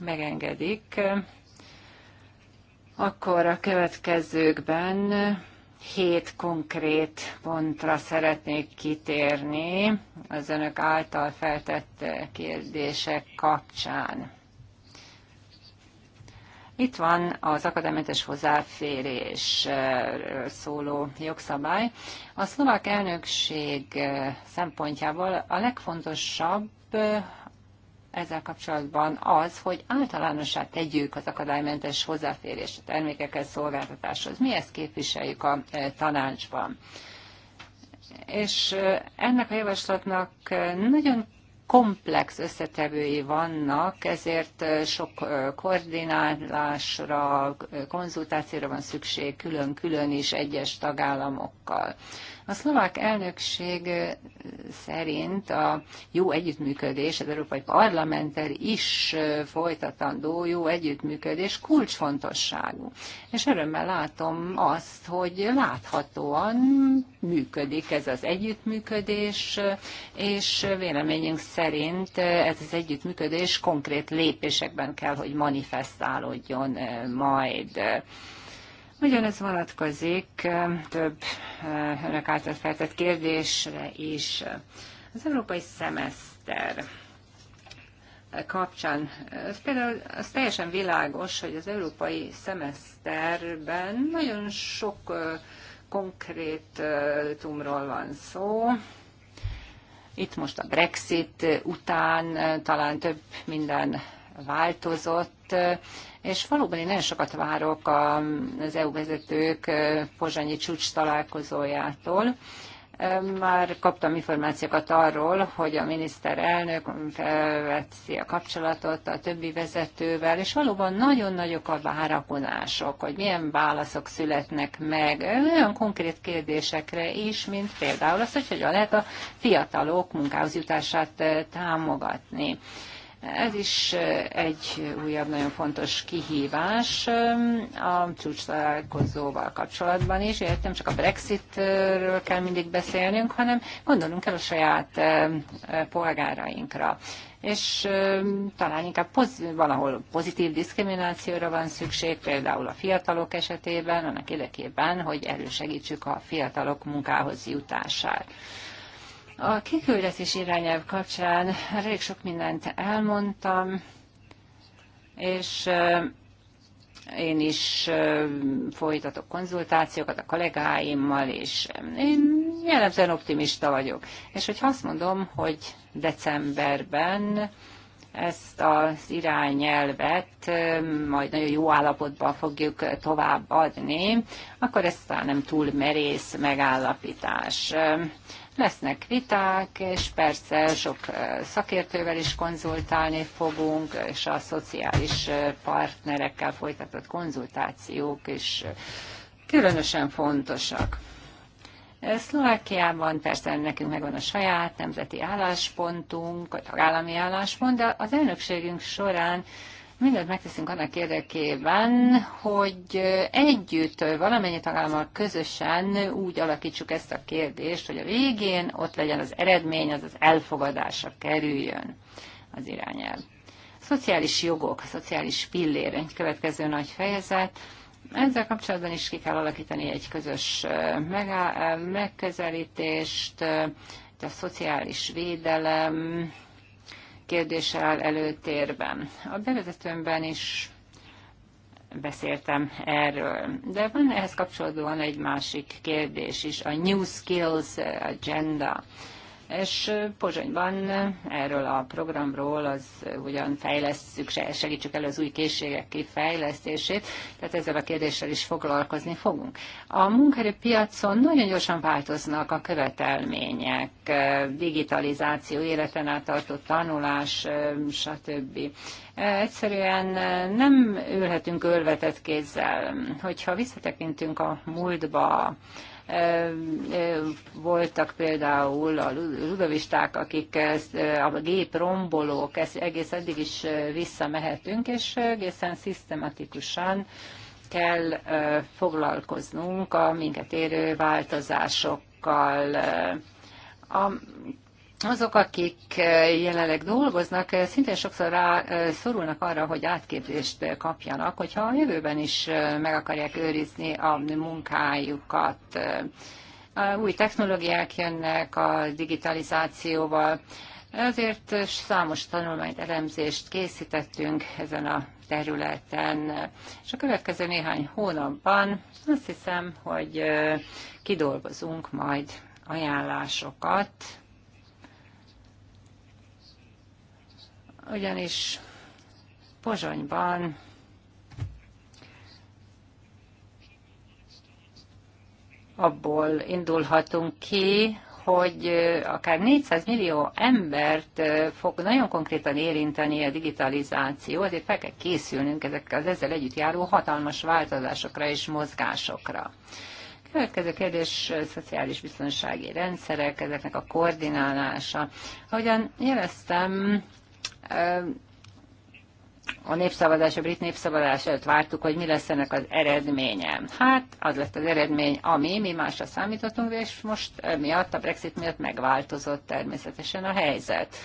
megengedik, akkor a következőkben hét konkrét pontra szeretnék kitérni az önök által feltett kérdések kapcsán. Itt van az akadémetes hozzáférésről szóló jogszabály. A szlovák elnökség szempontjából a legfontosabb ezzel kapcsolatban az, hogy általánosát tegyük az akadálymentes hozzáférés a termékekhez, szolgáltatáshoz. Mi ezt képviseljük a e, tanácsban. És e, ennek a javaslatnak e, nagyon komplex összetevői vannak, ezért sok koordinálásra, konzultációra van szükség külön-külön is egyes tagállamokkal. A szlovák elnökség szerint a jó együttműködés az Európai Parlamenter is folytatandó jó együttműködés kulcsfontosságú. És örömmel látom azt, hogy láthatóan működik ez az együttműködés, és véleményünk szerint ez az együttműködés konkrét lépésekben kell, hogy manifestálódjon majd. Ugyanez vonatkozik több önök által feltett kérdésre is. Az európai szemeszter kapcsán. Például az teljesen világos, hogy az európai szemeszterben nagyon sok konkrét tumról van szó. Itt most a Brexit után talán több minden változott, és valóban én nagyon sokat várok az EU vezetők pozsanyi csúcs találkozójától. Már kaptam információkat arról, hogy a miniszterelnök felveszi a kapcsolatot a többi vezetővel, és valóban nagyon nagyok a várakozások, hogy milyen válaszok születnek meg olyan konkrét kérdésekre is, mint például az, hogy hogyan lehet a fiatalok munkához jutását támogatni. Ez is egy újabb nagyon fontos kihívás a csúcs találkozóval kapcsolatban is, és nem csak a Brexitről kell mindig beszélnünk, hanem gondolunk kell a saját polgárainkra. És talán inkább poz, valahol pozitív diszkriminációra van szükség, például a fiatalok esetében, annak érdekében, hogy elősegítsük a fiatalok munkához jutását. A kiküldetés irányelv kapcsán elég sok mindent elmondtam, és én is folytatok konzultációkat a kollégáimmal, és én jellemzően optimista vagyok. És hogyha azt mondom, hogy decemberben ezt az irányelvet majd nagyon jó állapotban fogjuk továbbadni, akkor ez talán nem túl merész megállapítás. Lesznek viták, és persze sok szakértővel is konzultálni fogunk, és a szociális partnerekkel folytatott konzultációk is különösen fontosak. Szlovákiában persze nekünk megvan a saját nemzeti álláspontunk, a tagállami álláspont, de az elnökségünk során mindent megteszünk annak érdekében, hogy együtt valamennyi tagállammal közösen úgy alakítsuk ezt a kérdést, hogy a végén ott legyen az eredmény, az az elfogadásra kerüljön az irányel. Szociális jogok, a szociális pillér, egy következő nagy fejezet. Ezzel kapcsolatban is ki kell alakítani egy közös megközelítést, a szociális védelem, kérdése áll előtérben. A bevezetőmben is beszéltem erről. De van ehhez kapcsolódóan egy másik kérdés is, a New Skills Agenda és Pozsonyban erről a programról az ugyan fejlesztjük, segítsük el az új készségek kifejlesztését, tehát ezzel a kérdéssel is foglalkozni fogunk. A munkaerőpiacon nagyon gyorsan változnak a követelmények, digitalizáció, életen át tartott tanulás, stb. Egyszerűen nem ülhetünk ölvetett kézzel. Hogyha visszatekintünk a múltba, voltak például a ludovisták, akik a gép rombolók, ezt egész eddig is visszamehetünk, és egészen szisztematikusan kell foglalkoznunk a minket érő változásokkal. A azok, akik eh, jelenleg dolgoznak, eh, szintén sokszor rá eh, szorulnak arra, hogy átképzést kapjanak, hogyha a jövőben is meg akarják őrizni a munkájukat. Új technológiák jönnek a digitalizációval, ezért számos tanulmányt, elemzést készítettünk ezen a területen, és a következő néhány hónapban azt hiszem, hogy kidolgozunk majd ajánlásokat, ugyanis Pozsonyban abból indulhatunk ki, hogy akár 400 millió embert fog nagyon konkrétan érinteni a digitalizáció, azért fel kell készülnünk ezekkel az ezzel együtt járó hatalmas változásokra és mozgásokra. Következő kérdés, szociális biztonsági rendszerek, ezeknek a koordinálása. Ahogyan jeleztem, a népszavazás, a brit népszavazás előtt vártuk, hogy mi lesz ennek az eredménye. Hát, az lett az eredmény, ami mi másra számítottunk, és most miatt, a Brexit miatt megváltozott természetesen a helyzet.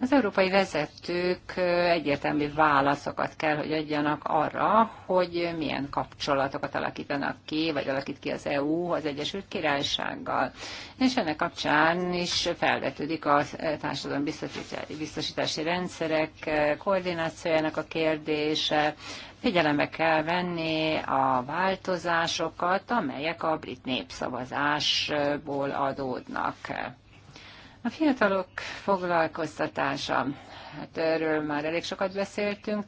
Az európai vezetők egyértelmű válaszokat kell, hogy adjanak arra, hogy milyen kapcsolatokat alakítanak ki, vagy alakít ki az EU az Egyesült Királysággal. És ennek kapcsán is felvetődik a társadalom biztosítási rendszerek koordinációjának a kérdése, figyelembe kell venni a változásokat, amelyek a brit népszavazásból adódnak. A fiatalok foglalkoztatása, hát erről már elég sokat beszéltünk.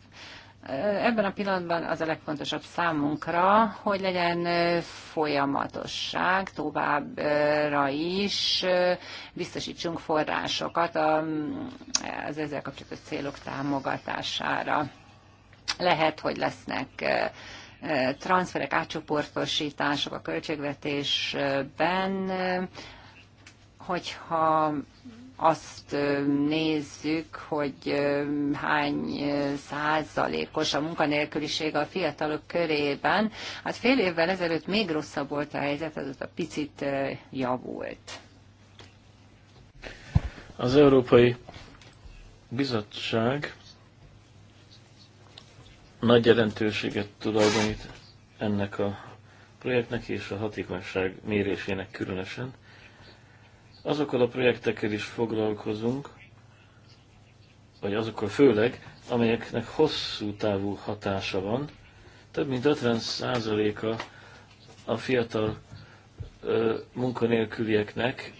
Ebben a pillanatban az a legfontosabb számunkra, hogy legyen folyamatosság továbbra is, biztosítsunk forrásokat az ezzel kapcsolatos célok támogatására. Lehet, hogy lesznek eh, eh, transferek, átcsoportosítások a költségvetésben, eh, hogyha azt nézzük, hogy hány százalékos a munkanélküliség a fiatalok körében, hát fél évvel ezelőtt még rosszabb volt a helyzet, az a picit javult. Az Európai Bizottság nagy jelentőséget tulajdonít ennek a projektnek és a hatékonyság mérésének különösen azokkal a projektekkel is foglalkozunk, vagy azokkal főleg, amelyeknek hosszú távú hatása van. Több mint 50%-a a fiatal ö, munkanélkülieknek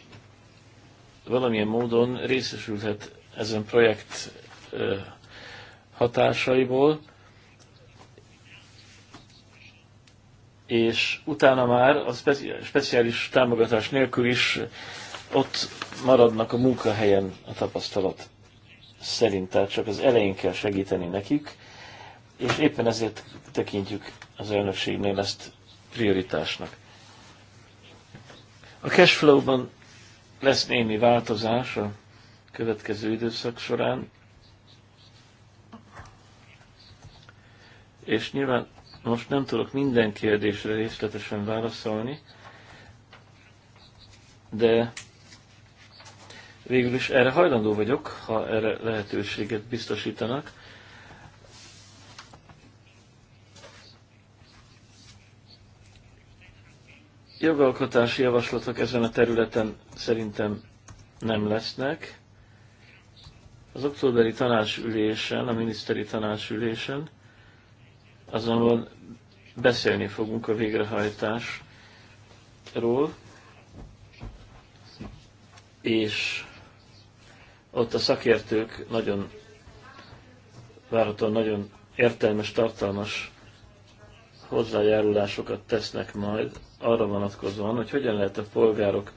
valamilyen módon részesülhet ezen projekt ö, hatásaiból, és utána már a speciális támogatás nélkül is ott maradnak a munkahelyen a tapasztalat szerint, tehát csak az elején kell segíteni nekik, és éppen ezért tekintjük az elnökségnél ezt prioritásnak. A cashflow-ban lesz némi változás a következő időszak során, és nyilván most nem tudok minden kérdésre részletesen válaszolni, de végül is erre hajlandó vagyok, ha erre lehetőséget biztosítanak. Jogalkotási javaslatok ezen a területen szerintem nem lesznek. Az októberi tanácsülésen, a miniszteri tanácsülésen azonban beszélni fogunk a végrehajtásról, és ott a szakértők nagyon, várhatóan nagyon értelmes, tartalmas hozzájárulásokat tesznek majd arra vonatkozóan, hogy hogyan lehet a polgárokhoz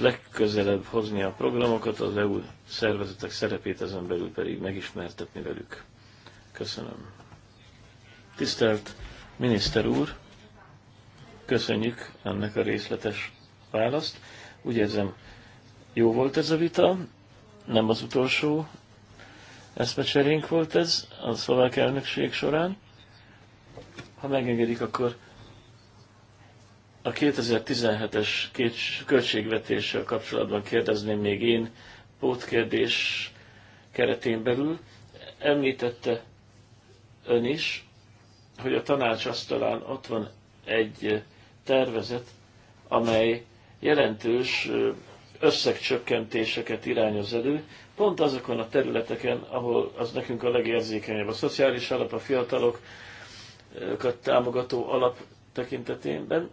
legközelebb hozni a programokat, az EU szervezetek szerepét ezen belül pedig megismertetni velük. Köszönöm. Tisztelt miniszter úr, köszönjük ennek a részletes választ. Úgy érzem, jó volt ez a vita, nem az utolsó eszmecserénk volt ez a szlovák elnökség során. Ha megengedik, akkor a 2017-es költségvetéssel kapcsolatban kérdezném még én pótkérdés keretén belül. Említette ön is, hogy a tanács asztalán ott van egy tervezet, amely jelentős összegcsökkentéseket irányoz elő, pont azokon a területeken, ahol az nekünk a legérzékenyebb. A szociális alap, a fiatalokat támogató alap tekintetében.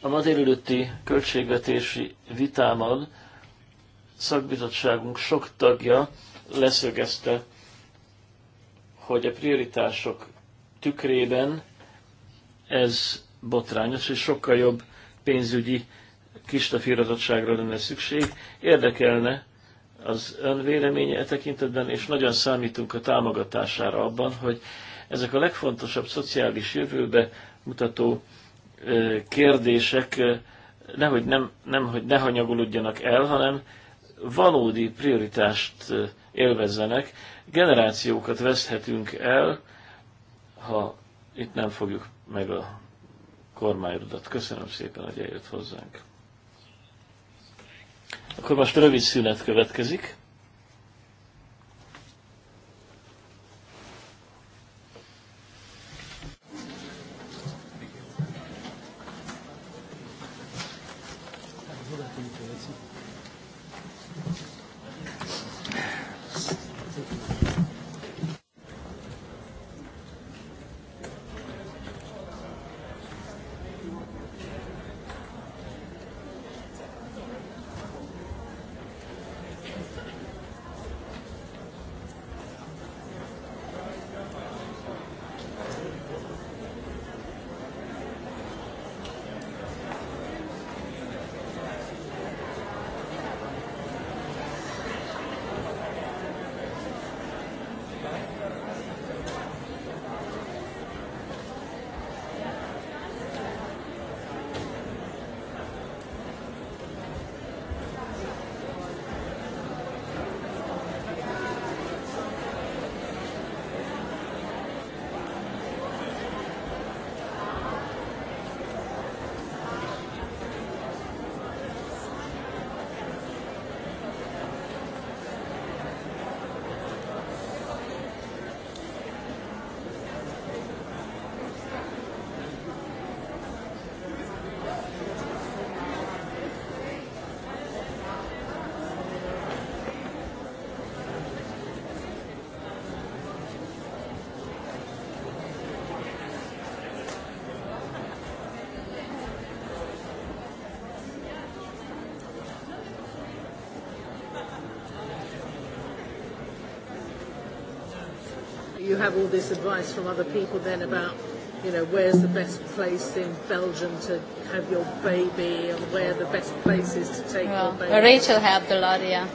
A ma délelőtti költségvetési vitámmal szakbizottságunk sok tagja leszögezte, hogy a prioritások tükrében ez botrányos, és sokkal jobb pénzügyi kistafírozottságra lenne szükség. Érdekelne az ön véleménye e tekintetben, és nagyon számítunk a támogatására abban, hogy ezek a legfontosabb szociális jövőbe mutató kérdések nehogy nem, nem, hogy ne hanyagolódjanak el, hanem valódi prioritást élvezzenek. Generációkat veszthetünk el, ha itt nem fogjuk meg a kormányodat. Köszönöm szépen, hogy eljött hozzánk. Akkor most rövid szünet következik. have all this advice from other people then about, you know, where's the best place in Belgium to have your baby and where the best place is to take well, your baby. Rachel helped a lot, yeah.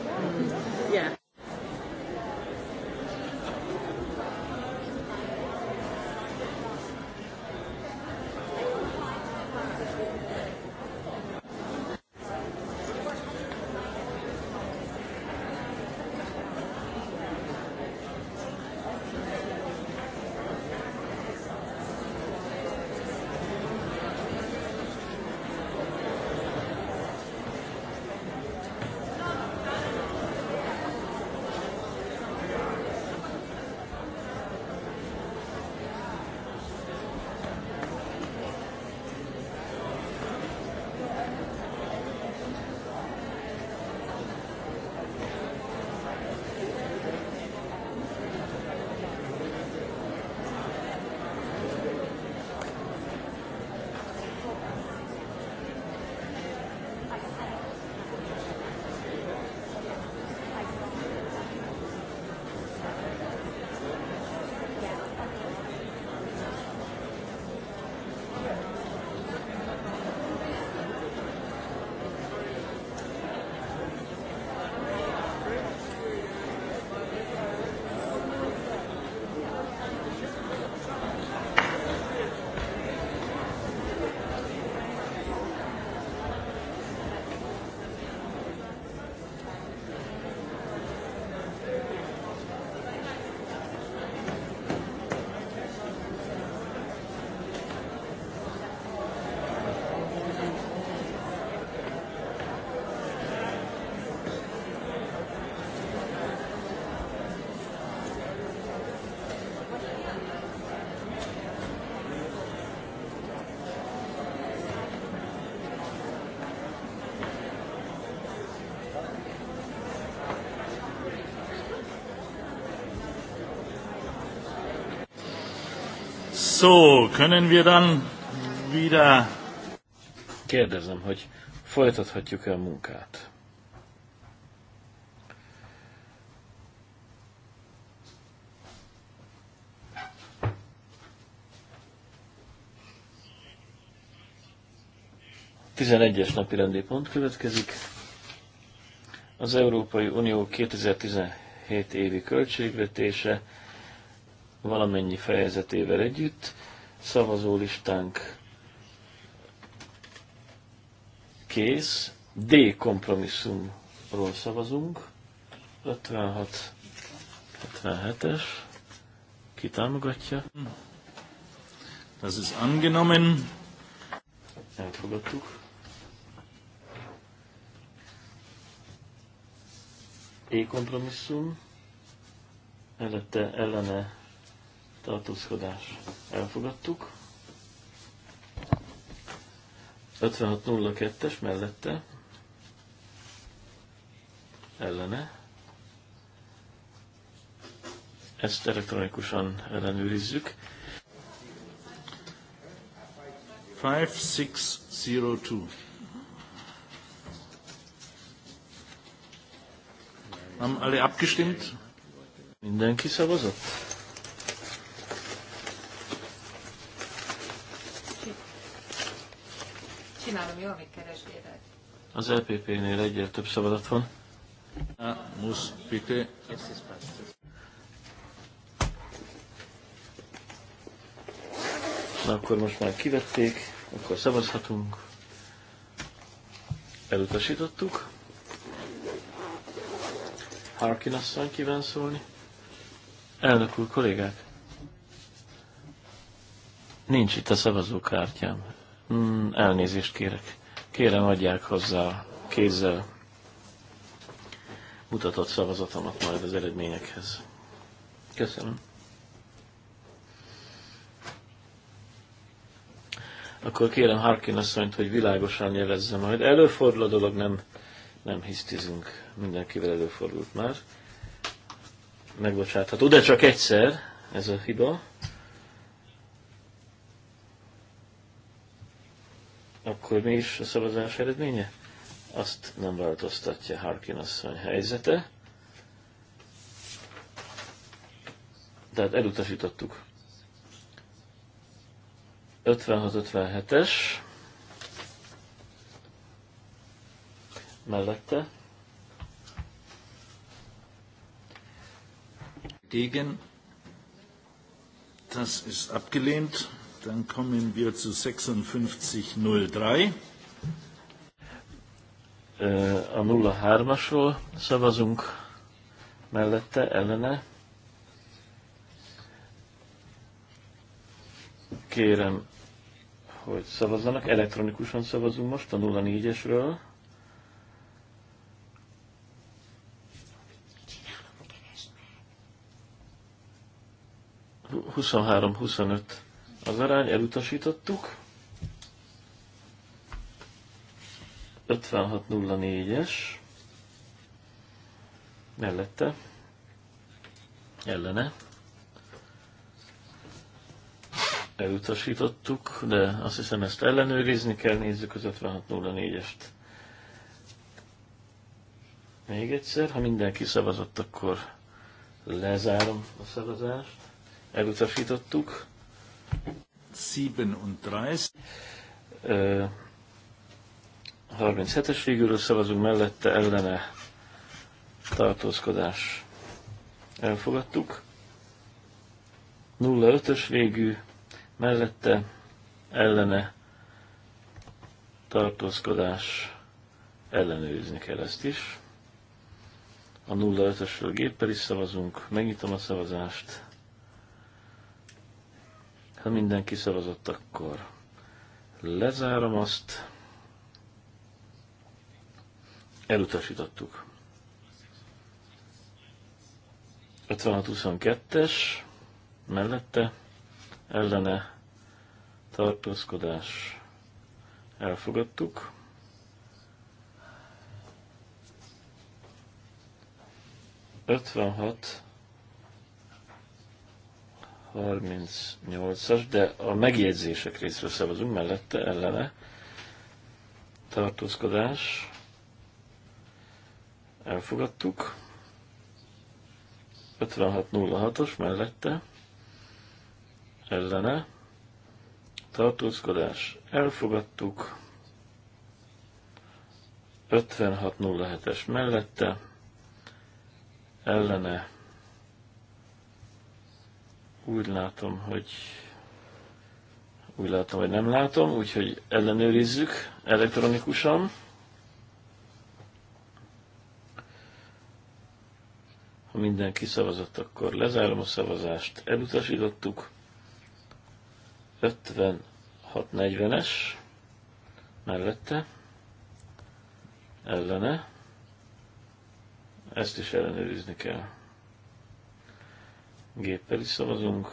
So, können wir dann wieder... Kérdezem, hogy folytathatjuk-e a munkát? Tizenegyes napi rendi pont következik. Az Európai Unió 2017 évi költségvetése valamennyi fejezetével együtt. Szavazólistánk kész. D kompromisszumról szavazunk. 56 77-es. Ki támogatja? Das ist angenommen. Elfogadtuk. E kompromisszum. Előtte ellene tartózkodás elfogadtuk. 5602-es mellette ellene. Ezt elektronikusan ellenőrizzük. 5602. Haben alle abgestimmt? Mindenki szavazott? Az EPP-nél egyre több szabadat van. Na akkor most már kivették, akkor szavazhatunk. Elutasítottuk. Harkin asszony kíván szólni. Elnök úr, kollégák! Nincs itt a szavazókártyám. Mm, elnézést kérek. Kérem, adják hozzá kézzel mutatott szavazatomat majd az eredményekhez. Köszönöm. Akkor kérem Harkin asszonyt, hogy világosan jelezze majd. Előfordul a dolog, nem, nem hisztizünk. Mindenkivel előfordult már. Megbocsátható, de csak egyszer ez a hiba. Akkor mi is a szavazás eredménye? Azt nem változtatja Harkin asszony helyzete. Tehát elutasítottuk. 56-57-es. Mellette. Gegen. Das ist abgelehnt. Dann kommen wir zu 5603. A 03-asról szavazunk mellette, ellene. Kérem, hogy szavazzanak. Elektronikusan szavazunk most a 04-esről. Huszonhárom, huszonöt az arány, elutasítottuk. 5604-es mellette ellene elutasítottuk, de azt hiszem ezt ellenőrizni kell, nézzük az 5604-est. Még egyszer, ha mindenki szavazott, akkor lezárom a szavazást. Elutasítottuk. 37. 37-es végülről szavazunk mellette ellene tartózkodás. Elfogadtuk. 05-ös végű mellette ellene tartózkodás ellenőrizni kell ezt is. A 05-ösről géppel is szavazunk, megnyitom a szavazást. Ha mindenki szavazott, akkor lezárom azt. Elutasítottuk. 56-22-es mellette ellene tartózkodás elfogadtuk. Ötvenhat 38-as, de a megjegyzések részről szavazunk, mellette ellene tartózkodás. Elfogadtuk. 5606-os mellette ellene tartózkodás. Elfogadtuk. 5607-es mellette ellene úgy látom, hogy úgy látom, hogy nem látom, úgyhogy ellenőrizzük elektronikusan. Ha mindenki szavazott, akkor lezárom a szavazást. Elutasítottuk. 56-40-es mellette, ellene. Ezt is ellenőrizni kell. Géppel is szavazunk.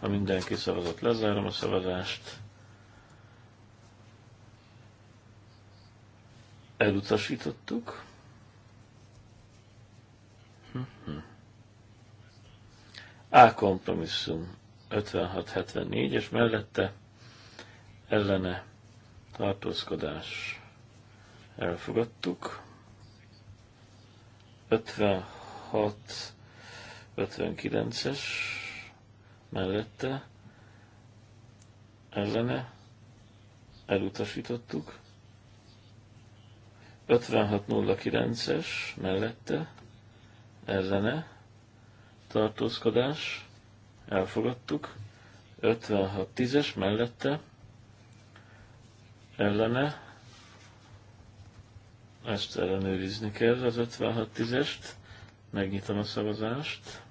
Ha mindenki szavazott, lezárom a szavazást. Elutasítottuk. A kompromisszum 56-74, és mellette ellene tartózkodás elfogadtuk. 56 59-es mellette ellene elutasítottuk. 5609-es mellette ellene tartózkodás elfogadtuk. 5610-es mellette ellene ezt ellenőrizni kell az 5610-est. Megnyitom a szavazást.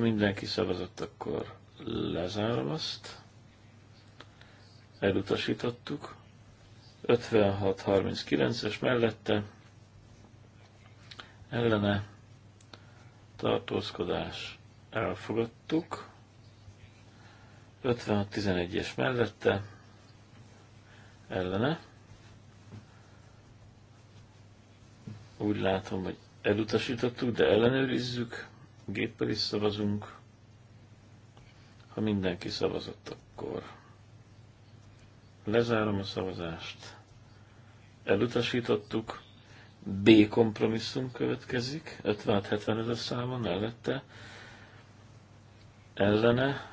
Ha mindenki szavazott, akkor lezárom azt. Elutasítottuk. 56-39-es mellette ellene tartózkodás elfogadtuk. 56-11-es mellette ellene. Úgy látom, hogy elutasítottuk, de ellenőrizzük géppel is szavazunk. Ha mindenki szavazott, akkor lezárom a szavazást. Elutasítottuk. B kompromisszum következik, 50 70 ezer száma mellette, ellene,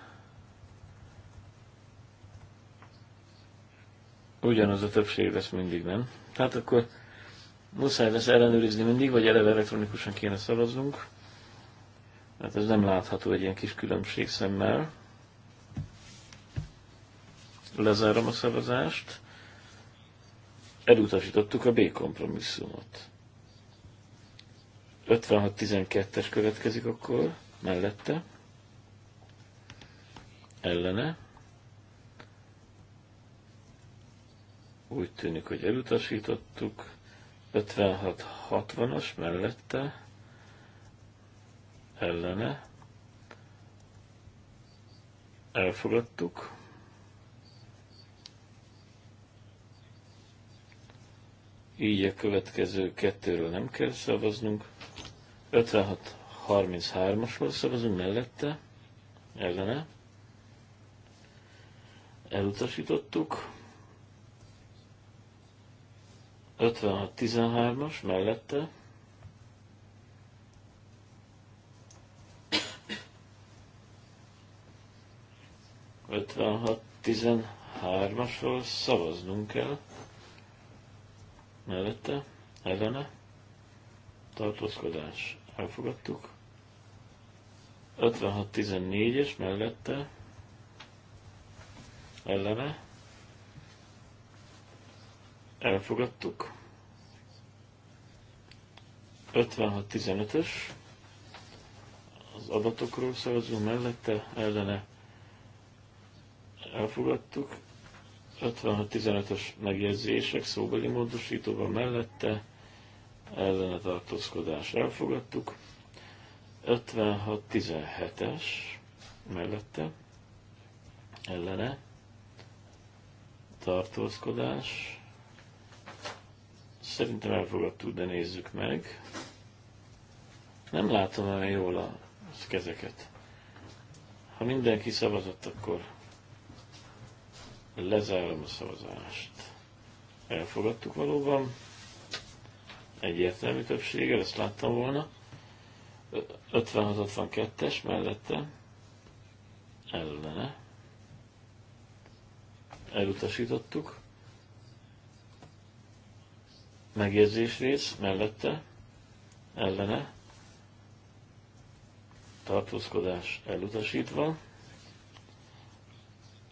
ugyanaz a többség lesz mindig, nem? Tehát akkor muszáj lesz ellenőrizni mindig, vagy eleve elektronikusan kéne szavaznunk. Hát ez nem látható egy ilyen kis különbség szemmel. Lezárom a szavazást. Elutasítottuk a B kompromisszumot. 56-12-es következik akkor, mellette, ellene. Úgy tűnik, hogy elutasítottuk. 56-60-as mellette, ellene elfogadtuk. Így a következő kettőről nem kell szavaznunk. 56-33-asról szavazunk mellette, ellene. Elutasítottuk. 56-13-as mellette, 56-13. 56-13-asról szavaznunk kell. Mellette, ellene, tartózkodás, elfogadtuk. 56-14-es mellette, ellene, elfogadtuk. 56-15-ös, az adatokról szavazunk mellette, ellene, elfogadtuk. 56-15-ös megjegyzések szóbeli módosítóban mellette ellene tartózkodás elfogadtuk. 56-17-es mellette ellene tartózkodás. Szerintem elfogadtuk, de nézzük meg. Nem látom olyan jól a kezeket. Ha mindenki szavazott, akkor Lezárom a szavazást. Elfogadtuk valóban. Egyértelmű többséggel, ezt láttam volna. 56-62-es mellette. Ellene. Elutasítottuk. Megjegyzés rész mellette. Ellene. Tartózkodás elutasítva.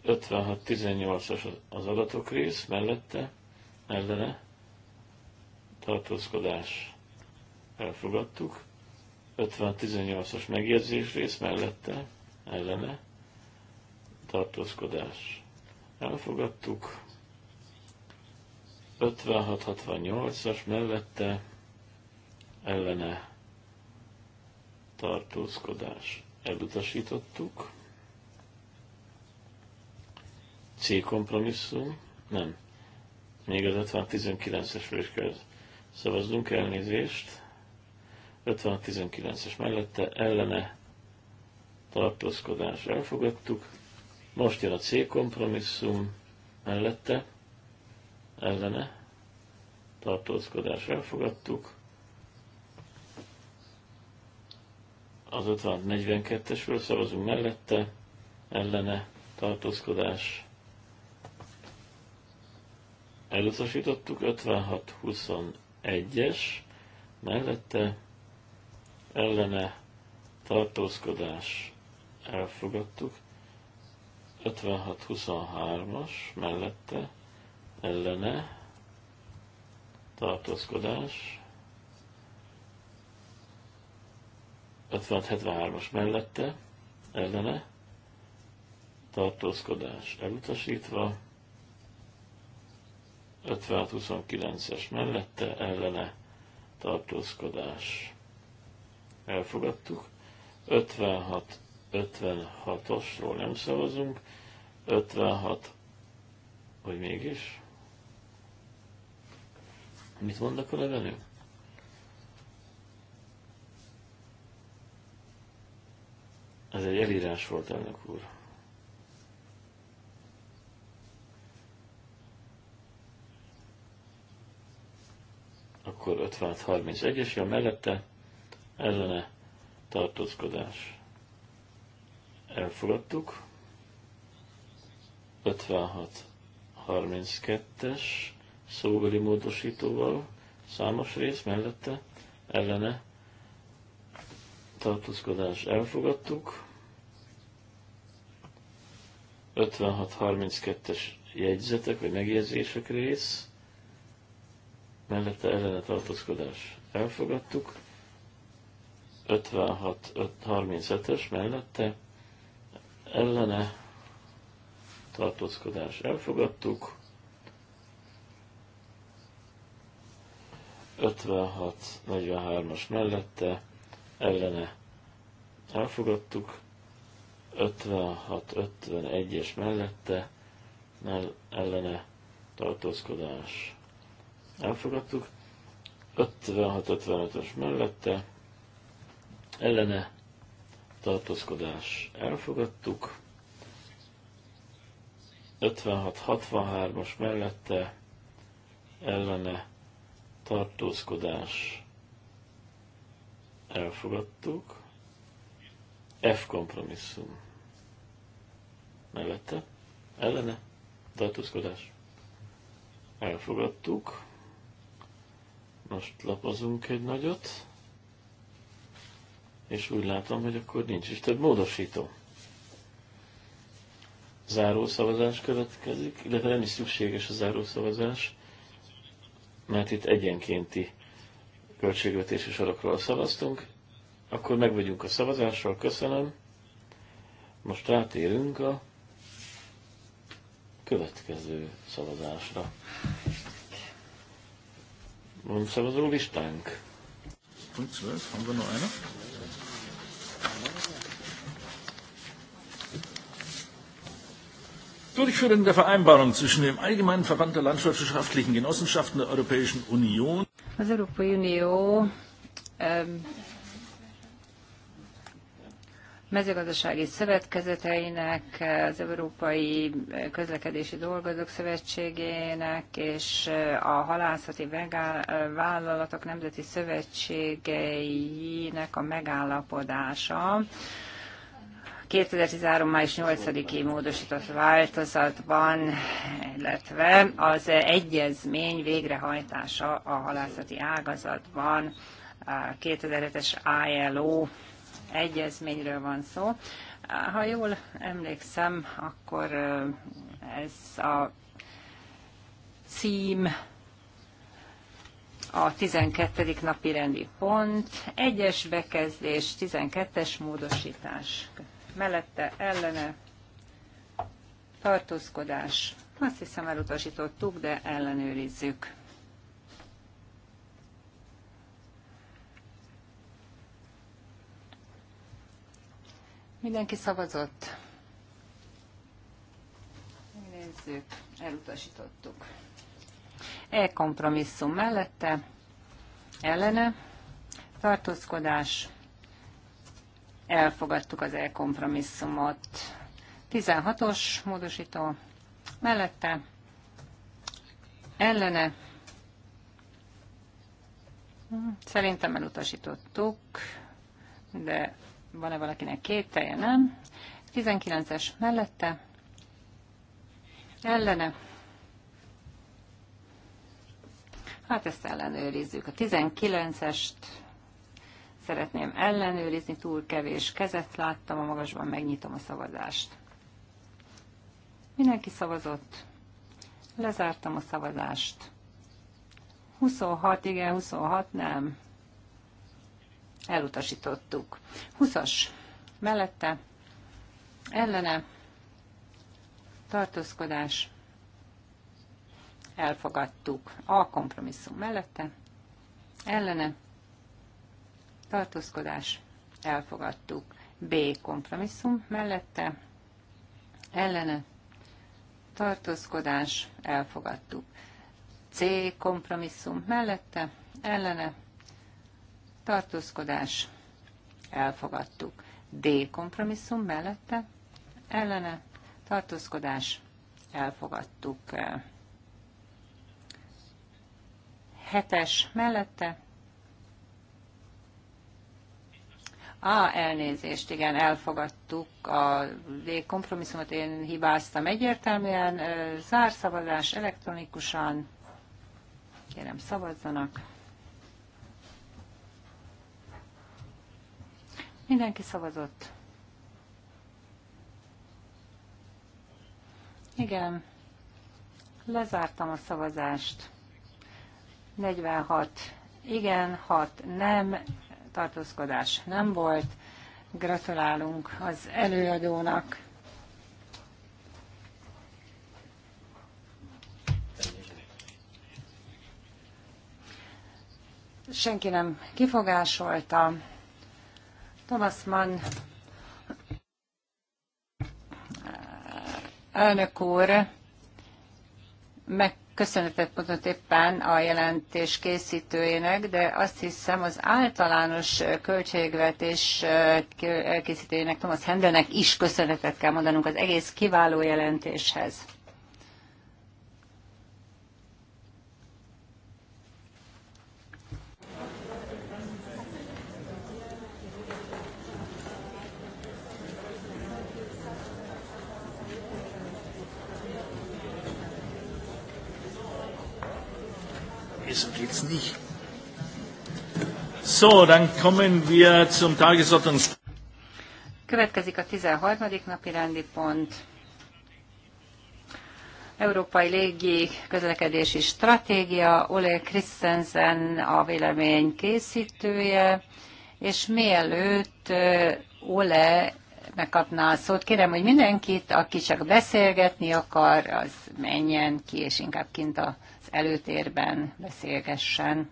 56-18-as az adatok rész, mellette, ellene, tartózkodás, elfogadtuk. 56-18-as megjegyzés rész, mellette, ellene, tartózkodás, elfogadtuk. 56-68-as mellette, ellene, tartózkodás, elutasítottuk. C kompromisszum? Nem. Még az 56-19-esről is kell szavazzunk, elnézést. 56-19-es mellette ellene tartózkodás elfogadtuk. Most jön a C kompromisszum mellette ellene tartózkodás elfogadtuk. Az 56-42-esről szavazunk mellette ellene tartózkodás elutasítottuk, 56-21-es, mellette ellene tartózkodás elfogadtuk, 56-23-as, mellette ellene tartózkodás, 56-73-as mellette ellene tartózkodás elutasítva, 5629 es mellette ellene tartózkodás. Elfogadtuk. 56 56-osról nem szavazunk. 56, hogy mégis? Mit mondnak a levelő? Ez egy elírás volt, elnök úr. akkor 56 es jön mellette, ellene tartózkodás. Elfogadtuk. 5632 es szóbeli módosítóval, számos rész mellette, ellene tartózkodás elfogadtuk. 5632 es jegyzetek vagy megjegyzések rész mellette ellene tartózkodás elfogadtuk, 56-35-ös mellette ellene tartózkodás elfogadtuk, 56-43-as mellette ellene elfogadtuk, 56-51-es mellette ellene tartózkodás elfogadtuk, 56-55-ös mellette, ellene tartózkodás elfogadtuk, 56-63-as mellette ellene tartózkodás elfogadtuk, F kompromisszum mellette ellene tartózkodás elfogadtuk, most lapozunk egy nagyot, és úgy látom, hogy akkor nincs is több módosító. Záró szavazás következik, illetve nem is szükséges a záró szavazás, mert itt egyenkénti költségvetési sorokról szavaztunk. Akkor meg vagyunk a szavazással, köszönöm. Most rátérünk a következő szavazásra. Van szavazó Stank. Punkt 12, haben wir noch eine? Durchführen der Vereinbarung zwischen dem Allgemeinen Verband der landwirtschaftlichen Genossenschaften der Europäischen Union. Az Európai Unió mezőgazdasági szövetkezeteinek, az Európai Közlekedési Dolgozók Szövetségének és a Halászati Vállalatok Nemzeti Szövetségeinek a megállapodása. 2013. május 8-i módosított változatban, illetve az egyezmény végrehajtása a halászati ágazatban 2007-es ILO egyezményről van szó. Ha jól emlékszem, akkor ez a cím a 12. napi rendi pont, egyes bekezdés, 12-es módosítás. Mellette ellene tartózkodás. Azt hiszem elutasítottuk, de ellenőrizzük. Mindenki szavazott? Nézzük, elutasítottuk. E kompromisszum mellette, ellene, tartózkodás, elfogadtuk az E kompromisszumot. 16-os módosító mellette, ellene, Szerintem elutasítottuk, de van-e valakinek teje, Nem. 19-es mellette. Ellene. Hát ezt ellenőrizzük. A 19-est szeretném ellenőrizni, túl kevés kezet láttam a magasban, megnyitom a szavazást. Mindenki szavazott. Lezártam a szavazást. 26 igen, 26 nem elutasítottuk. 20-as mellette ellene tartózkodás elfogadtuk. A kompromisszum mellette ellene tartózkodás elfogadtuk. B kompromisszum mellette ellene tartózkodás elfogadtuk. C kompromisszum mellette ellene tartózkodás, elfogadtuk. D kompromisszum mellette, ellene, tartózkodás, elfogadtuk. Hetes mellette, a elnézést, igen, elfogadtuk a kompromisszumot, én hibáztam egyértelműen. Zárszavazás elektronikusan. Kérem, szavazzanak. Mindenki szavazott. Igen, lezártam a szavazást. 46 igen, 6 nem, tartózkodás nem volt. Gratulálunk az előadónak. Senki nem kifogásolta. Thomas Mann elnök úr megköszönetet mondott éppen a jelentés készítőjének, de azt hiszem az általános költségvetés elkészítőjének, Thomas Hendelnek is köszönetet kell mondanunk az egész kiváló jelentéshez. So, dann kommen wir zum Tagesordnungs... Következik a 13. napi rendi pont. Európai Légi Közlekedési Stratégia, Ole Christensen a vélemény készítője, és mielőtt Ole megkapná a szót, kérem, hogy mindenkit, aki csak beszélgetni akar, az menjen ki, és inkább kint az előtérben beszélgessen.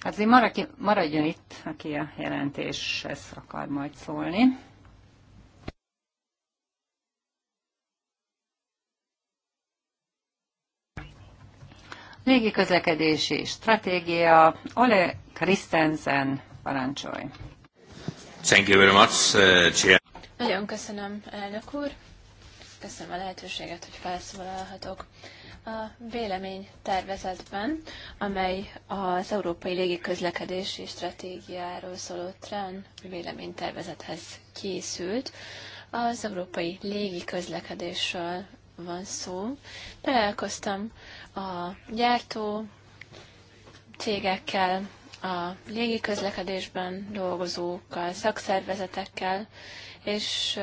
Hát azért maradjon itt, aki a jelentéshez akar majd szólni. közlekedési stratégia. Ole Christensen, parancsolj. Thank you very much, uh, Nagyon köszönöm, elnök úr. Köszönöm a lehetőséget, hogy felszólalhatok. A vélemény tervezetben, amely az Európai Légiközlekedési Stratégiáról szóló TRAN véleménytervezethez készült, az európai légiközlekedésről van szó. Találkoztam a gyártó cégekkel, a légiközlekedésben dolgozókkal, szakszervezetekkel, és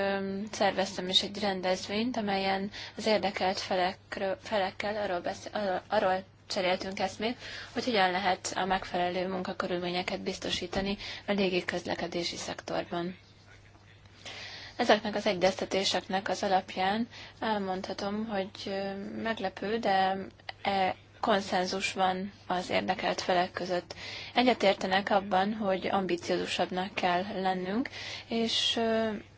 szerveztem is egy rendezvényt, amelyen az érdekelt felekről, felekkel arról, beszél, arról cseréltünk eszmét, hogy hogyan lehet a megfelelő munkakörülményeket biztosítani a légiközlekedési szektorban. Ezeknek az egyeztetéseknek az alapján elmondhatom, hogy meglepő, de e konszenzus van az érdekelt felek között. Egyetértenek abban, hogy ambiciózusabbnak kell lennünk, és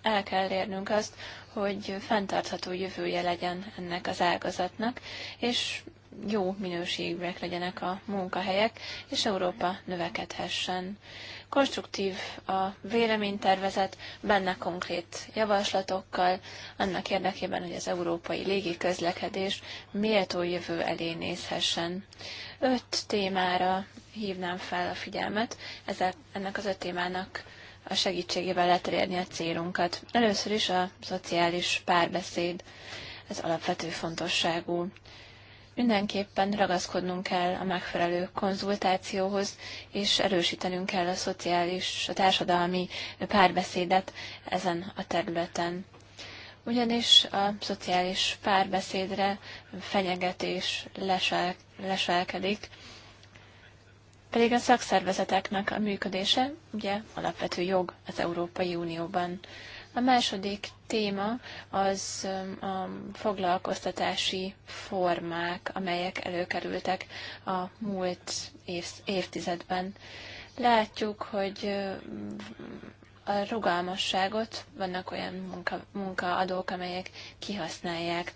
el kell érnünk azt, hogy fenntartható jövője legyen ennek az ágazatnak, és jó minőségűek legyenek a munkahelyek, és Európa növekedhessen. Konstruktív a véleménytervezet, benne konkrét javaslatokkal, annak érdekében, hogy az európai légiközlekedés méltó jövő elé nézhessen. Öt témára hívnám fel a figyelmet, ezek, ennek az öt témának a segítségével lehet elérni a célunkat. Először is a szociális párbeszéd, ez alapvető fontosságú. Mindenképpen ragaszkodnunk kell a megfelelő konzultációhoz, és erősítenünk kell a szociális, a társadalmi párbeszédet ezen a területen ugyanis a szociális párbeszédre fenyegetés lesel, leselkedik, pedig a szakszervezeteknek a működése ugye alapvető jog az Európai Unióban. A második téma az a foglalkoztatási formák, amelyek előkerültek a múlt évtizedben. Látjuk, hogy a rugalmasságot, vannak olyan munka, munkaadók, amelyek kihasználják.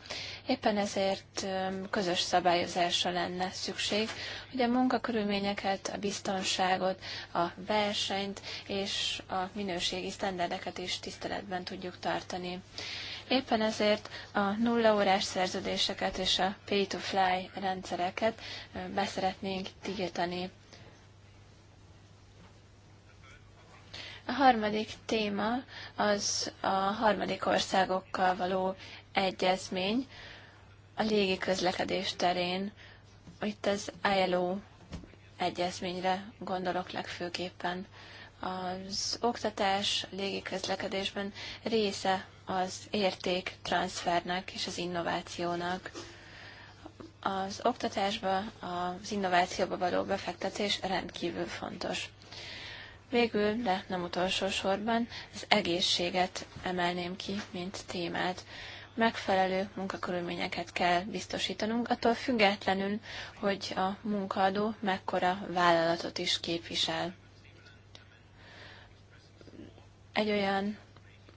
Éppen ezért közös szabályozásra lenne szükség, hogy a munkakörülményeket, a biztonságot, a versenyt és a minőségi sztenderdeket is tiszteletben tudjuk tartani. Éppen ezért a nulla órás szerződéseket és a pay-to-fly rendszereket beszeretnénk tiltani. A harmadik téma az a harmadik országokkal való egyezmény a légi közlekedés terén. Itt az ILO egyezményre gondolok legfőképpen. Az oktatás légiközlekedésben része az érték transfernek és az innovációnak. Az oktatásba, az innovációba való befektetés rendkívül fontos. Végül, de nem utolsó sorban, az egészséget emelném ki, mint témát megfelelő munkakörülményeket kell biztosítanunk, attól függetlenül, hogy a munkaadó mekkora vállalatot is képvisel. Egy olyan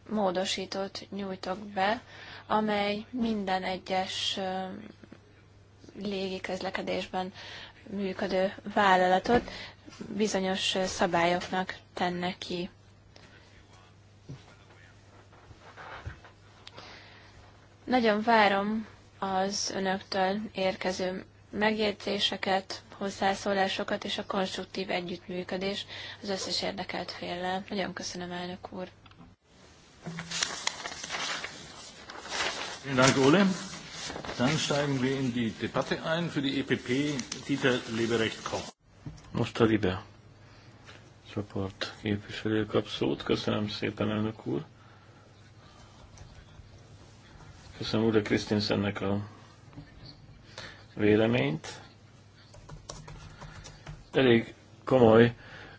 módosítót nyújtok be, amely minden egyes légi közlekedésben működő vállalatot bizonyos szabályoknak tenne ki. Nagyon várom az önöktől érkező megjegyzéseket, hozzászólásokat és a konstruktív együttműködés az összes érdekelt féllel. Nagyon köszönöm, elnök úr. Vielen Dank, Ole. Dann steigen wir in die Debatte ein. Für die EPP Dieter Leberecht-Koch. Most a Libe csoport képviselő kap szót. Köszönöm szépen, elnök úr. Köszönöm Ulle Krisztinszennek a véleményt. Elég komoly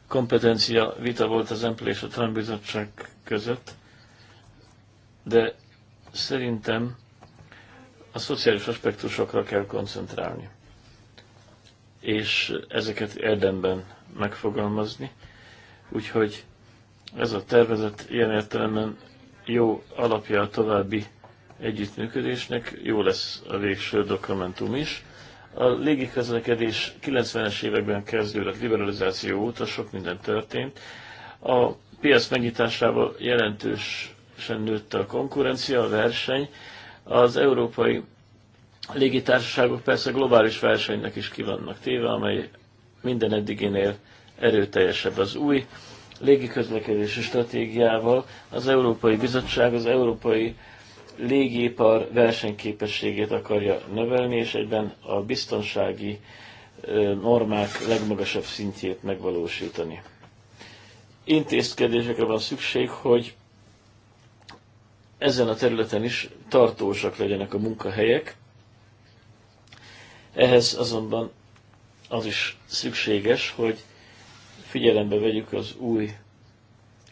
kompetencia vita volt az Empel és a Trump bizottság között, de szerintem a szociális aspektusokra kell koncentrálni és ezeket érdemben megfogalmazni. Úgyhogy ez a tervezet ilyen értelemben jó alapja a további együttműködésnek, jó lesz a végső dokumentum is. A légiközlekedés 90-es években kezdődött liberalizáció óta sok minden történt. A piac megnyitásával jelentősen nőtt a konkurencia, a verseny. Az európai a légitársaságok persze globális versenynek is kivannak téve, amely minden eddiginél erőteljesebb az új légiközlekedési stratégiával. Az Európai Bizottság az európai légipar versenyképességét akarja növelni, és egyben a biztonsági normák legmagasabb szintjét megvalósítani. Intézkedésekre van szükség, hogy ezen a területen is tartósak legyenek a munkahelyek, ehhez azonban az is szükséges, hogy figyelembe vegyük az új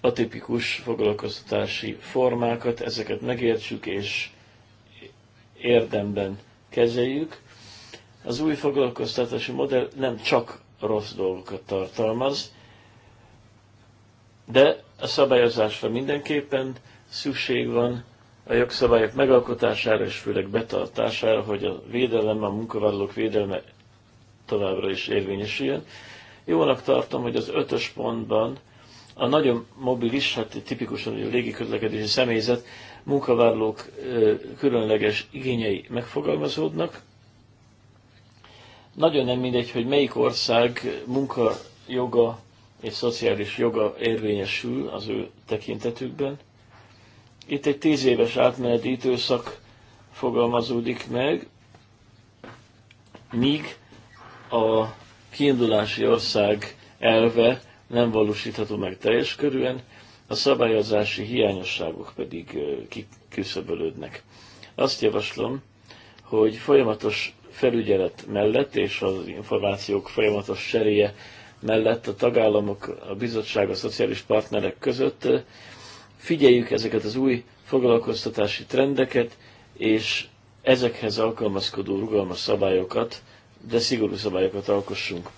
atipikus foglalkoztatási formákat, ezeket megértsük és érdemben kezeljük. Az új foglalkoztatási modell nem csak rossz dolgokat tartalmaz, de a szabályozásra mindenképpen szükség van, a jogszabályok megalkotására és főleg betartására, hogy a védelem, a munkavállalók védelme továbbra is érvényesüljön. Jónak tartom, hogy az ötös pontban a nagyon mobilis, hát tipikusan a közlekedési személyzet munkavállalók különleges igényei megfogalmazódnak. Nagyon nem mindegy, hogy melyik ország munkajoga és szociális joga érvényesül az ő tekintetükben. Itt egy tíz éves átmeneti időszak fogalmazódik meg, míg a kiindulási ország elve nem valósítható meg teljes körűen, a szabályozási hiányosságok pedig kiküszöbölődnek. Azt javaslom, hogy folyamatos felügyelet mellett és az információk folyamatos seréje mellett a tagállamok, a bizottság, a szociális partnerek között Figyeljük ezeket az új foglalkoztatási trendeket, és ezekhez alkalmazkodó rugalmas szabályokat, de szigorú szabályokat alkossunk.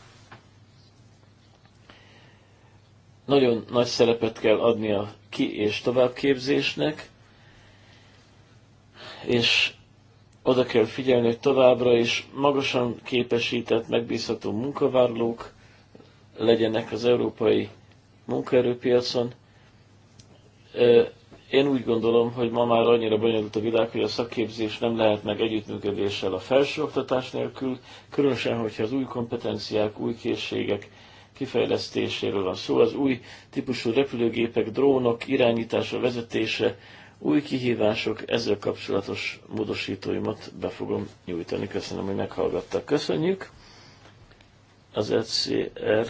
Nagyon nagy szerepet kell adni a ki- és továbbképzésnek, és oda kell figyelni, hogy továbbra is magasan képesített, megbízható munkavállalók legyenek az európai munkaerőpiacon, én úgy gondolom, hogy ma már annyira bonyolult a világ, hogy a szakképzés nem lehet meg együttműködéssel a felsőoktatás nélkül, különösen, hogyha az új kompetenciák, új készségek kifejlesztéséről van szó, az új típusú repülőgépek, drónok irányítása, vezetése, új kihívások, ezzel kapcsolatos módosítóimat be fogom nyújtani. Köszönöm, hogy meghallgattak. Köszönjük! Az ECR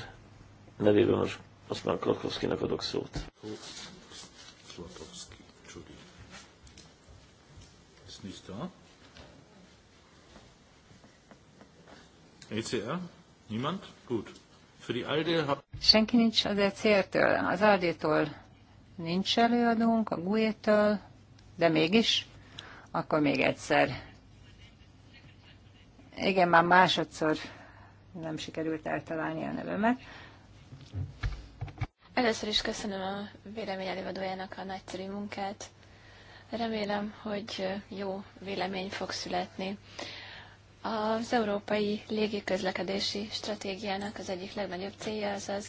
nevében most Oszmán Krokowskinak adok szót. Złotowski. Judy. Ist nicht da? ECR? Niemand? Gut. Für die ALDE Senki nincs az ECR-től, az ALDE-tól nincs előadónk, a GUE-től, de mégis, akkor még egyszer. Igen, már másodszor nem sikerült eltalálni a nevemet. Először is köszönöm a vélemény előadójának a nagyszerű munkát. Remélem, hogy jó vélemény fog születni. Az európai légiközlekedési stratégiának az egyik legnagyobb célja az az,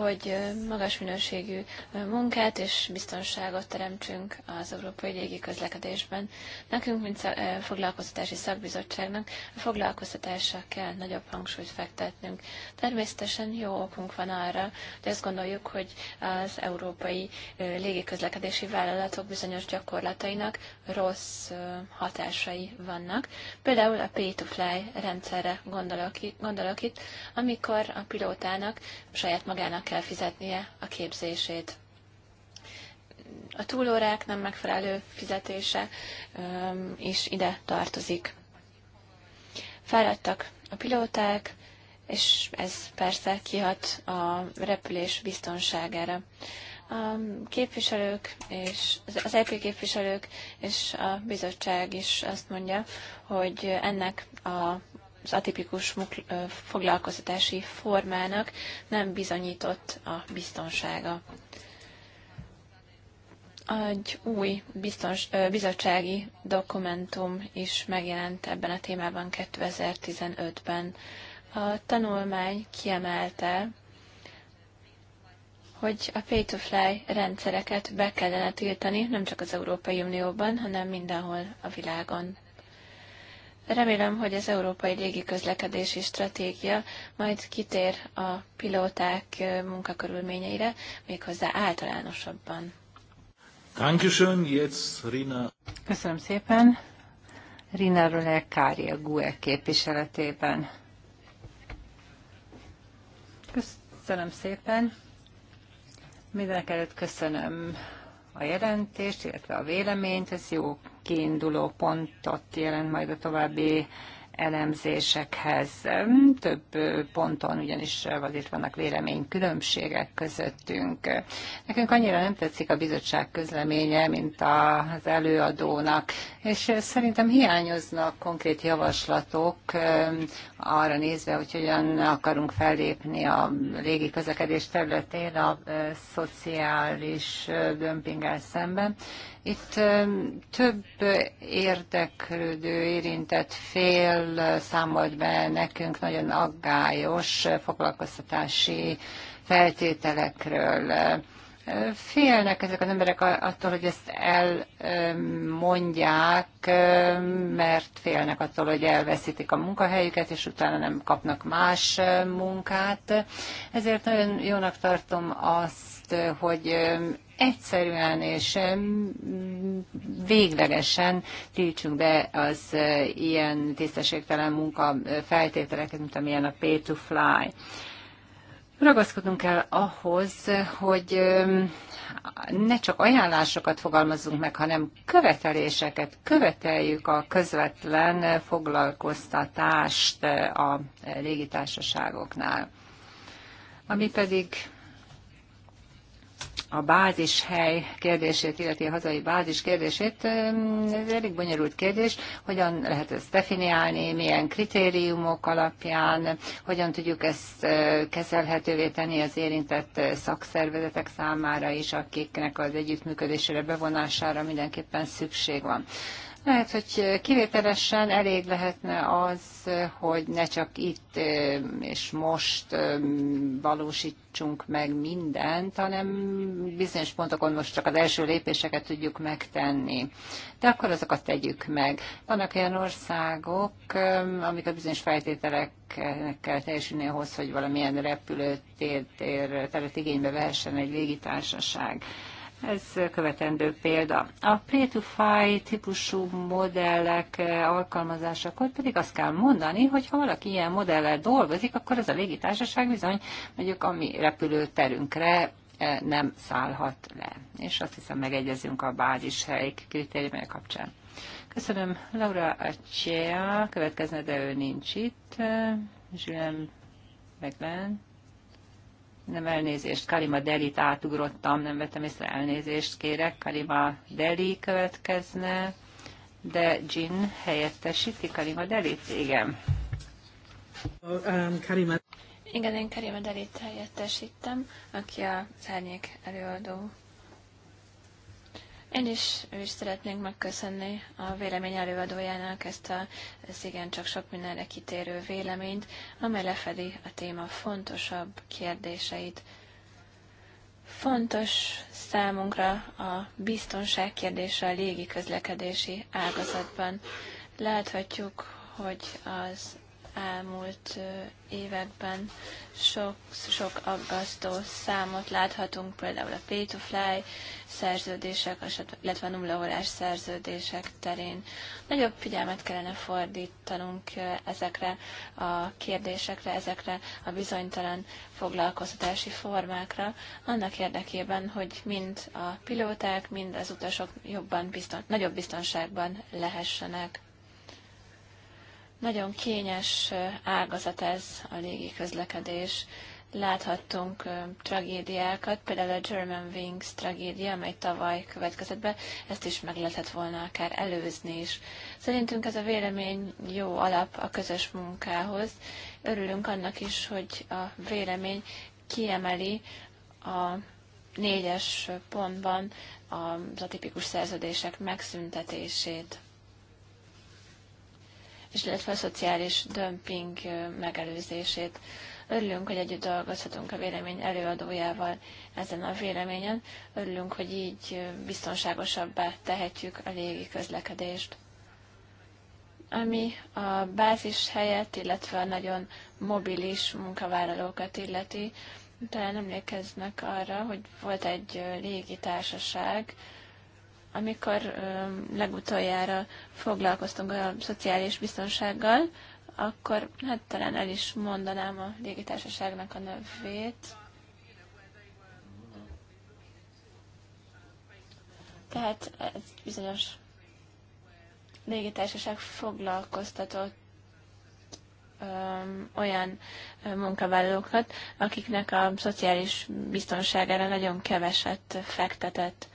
hogy magas minőségű munkát és biztonságot teremtsünk az európai légi közlekedésben. Nekünk, mint foglalkoztatási szakbizottságnak a foglalkoztatásra kell nagyobb hangsúlyt fektetnünk. Természetesen jó okunk van arra, hogy azt gondoljuk, hogy az európai légiközlekedési vállalatok bizonyos gyakorlatainak rossz hatásai vannak. Például a pay-to-fly rendszerre gondolok, gondolok itt, amikor a pilótának saját magának kell fizetnie a képzését. A túlórák nem megfelelő fizetése is ide tartozik. Fáradtak a pilóták, és ez persze kihat a repülés biztonságára. A képviselők és az EP képviselők és a bizottság is azt mondja, hogy ennek a az atipikus foglalkoztatási formának nem bizonyított a biztonsága. Egy új biztons, bizottsági dokumentum is megjelent ebben a témában 2015-ben. A tanulmány kiemelte, hogy a pay-to-fly rendszereket be kellene tiltani, nem csak az Európai Unióban, hanem mindenhol a világon. Remélem, hogy az Európai Légi Közlekedési Stratégia majd kitér a pilóták munkakörülményeire, méghozzá általánosabban. Köszönöm szépen. Rina Röner Kári a GUE képviseletében. Köszönöm szépen. Mindenek előtt köszönöm a jelentést, illetve a véleményt, ez jó kiinduló pontot jelent majd a további elemzésekhez. Több ponton ugyanis azért vannak véleménykülönbségek közöttünk. Nekünk annyira nem tetszik a bizottság közleménye, mint az előadónak, és szerintem hiányoznak konkrét javaslatok um, arra nézve, hogy hogyan akarunk fellépni a légi közlekedés területén a uh, szociális uh, dömpingel szemben. Itt um, több érdeklődő, érintett fél erről számolt be nekünk nagyon aggályos foglalkoztatási feltételekről. Félnek ezek az emberek attól, hogy ezt elmondják, mert félnek attól, hogy elveszítik a munkahelyüket, és utána nem kapnak más munkát. Ezért nagyon jónak tartom azt, hogy egyszerűen és véglegesen tiltsunk be az ilyen tisztességtelen munka feltételeket, mint amilyen a pay to fly. Ragaszkodnunk kell ahhoz, hogy ne csak ajánlásokat fogalmazunk meg, hanem követeléseket, követeljük a közvetlen foglalkoztatást a légitársaságoknál. Ami pedig a bázis hely kérdését, illeti a hazai bázis kérdését, ez elég bonyolult kérdés, hogyan lehet ezt definiálni, milyen kritériumok alapján, hogyan tudjuk ezt eh, kezelhetővé tenni az érintett eh, szakszervezetek számára is, akiknek az együttműködésére, bevonására mindenképpen szükség van. Lehet, hogy kivételesen elég lehetne az, hogy ne csak itt és most valósítsunk meg mindent, hanem bizonyos pontokon most csak az első lépéseket tudjuk megtenni. De akkor azokat tegyük meg. Vannak olyan országok, amik a bizonyos feltételeknek kell teljesülni ahhoz, hogy valamilyen repülőtér teret igénybe vehessen egy légitársaság. Ez követendő példa. A pay to fi típusú modellek alkalmazásakor pedig azt kell mondani, hogy ha valaki ilyen modellel dolgozik, akkor ez a légitársaság bizony mondjuk a mi repülőterünkre eh, nem szállhat le. És azt hiszem megegyezünk a bázishely kritériumai kapcsán. Köszönöm Laura Acea, következne, de ő nincs itt. Zsülem eh, Meglen nem elnézést, Kalima Delit átugrottam, nem vettem észre, elnézést kérek, Kalima Deli következne, de Jin helyettesíti Kalima Delit, igen. Um, Karima. Igen, én Karima Delit helyettesítem, aki a szárnyék előadó én is, ő is szeretnénk megköszönni a vélemény előadójának ezt a ez csak sok mindenre kitérő véleményt, amely lefedi a téma fontosabb kérdéseit. Fontos számunkra a biztonság kérdése a légi közlekedési ágazatban. Láthatjuk, hogy az elmúlt években sok, sok aggasztó számot láthatunk, például a pay to fly szerződések, illetve a órás szerződések terén. Nagyobb figyelmet kellene fordítanunk ezekre a kérdésekre, ezekre a bizonytalan foglalkoztatási formákra, annak érdekében, hogy mind a pilóták, mind az utasok jobban bizton, nagyobb biztonságban lehessenek. Nagyon kényes ágazat ez a légi közlekedés. Láthattunk tragédiákat, például a German Wings tragédia, amely tavaly következett be, ezt is meg lehetett volna akár előzni is. Szerintünk ez a vélemény jó alap a közös munkához. Örülünk annak is, hogy a vélemény kiemeli a négyes pontban az atipikus szerződések megszüntetését és illetve a szociális dömping megelőzését. Örülünk, hogy együtt dolgozhatunk a vélemény előadójával ezen a véleményen. Örülünk, hogy így biztonságosabbá tehetjük a légi közlekedést. Ami a bázis helyett, illetve a nagyon mobilis munkavállalókat illeti, talán emlékeznek arra, hogy volt egy légitársaság, amikor legutoljára foglalkoztunk a szociális biztonsággal, akkor hát talán el is mondanám a légitársaságnak a nevét. Tehát ez bizonyos légitársaság foglalkoztatott olyan munkavállalókat, akiknek a szociális biztonságára nagyon keveset fektetett.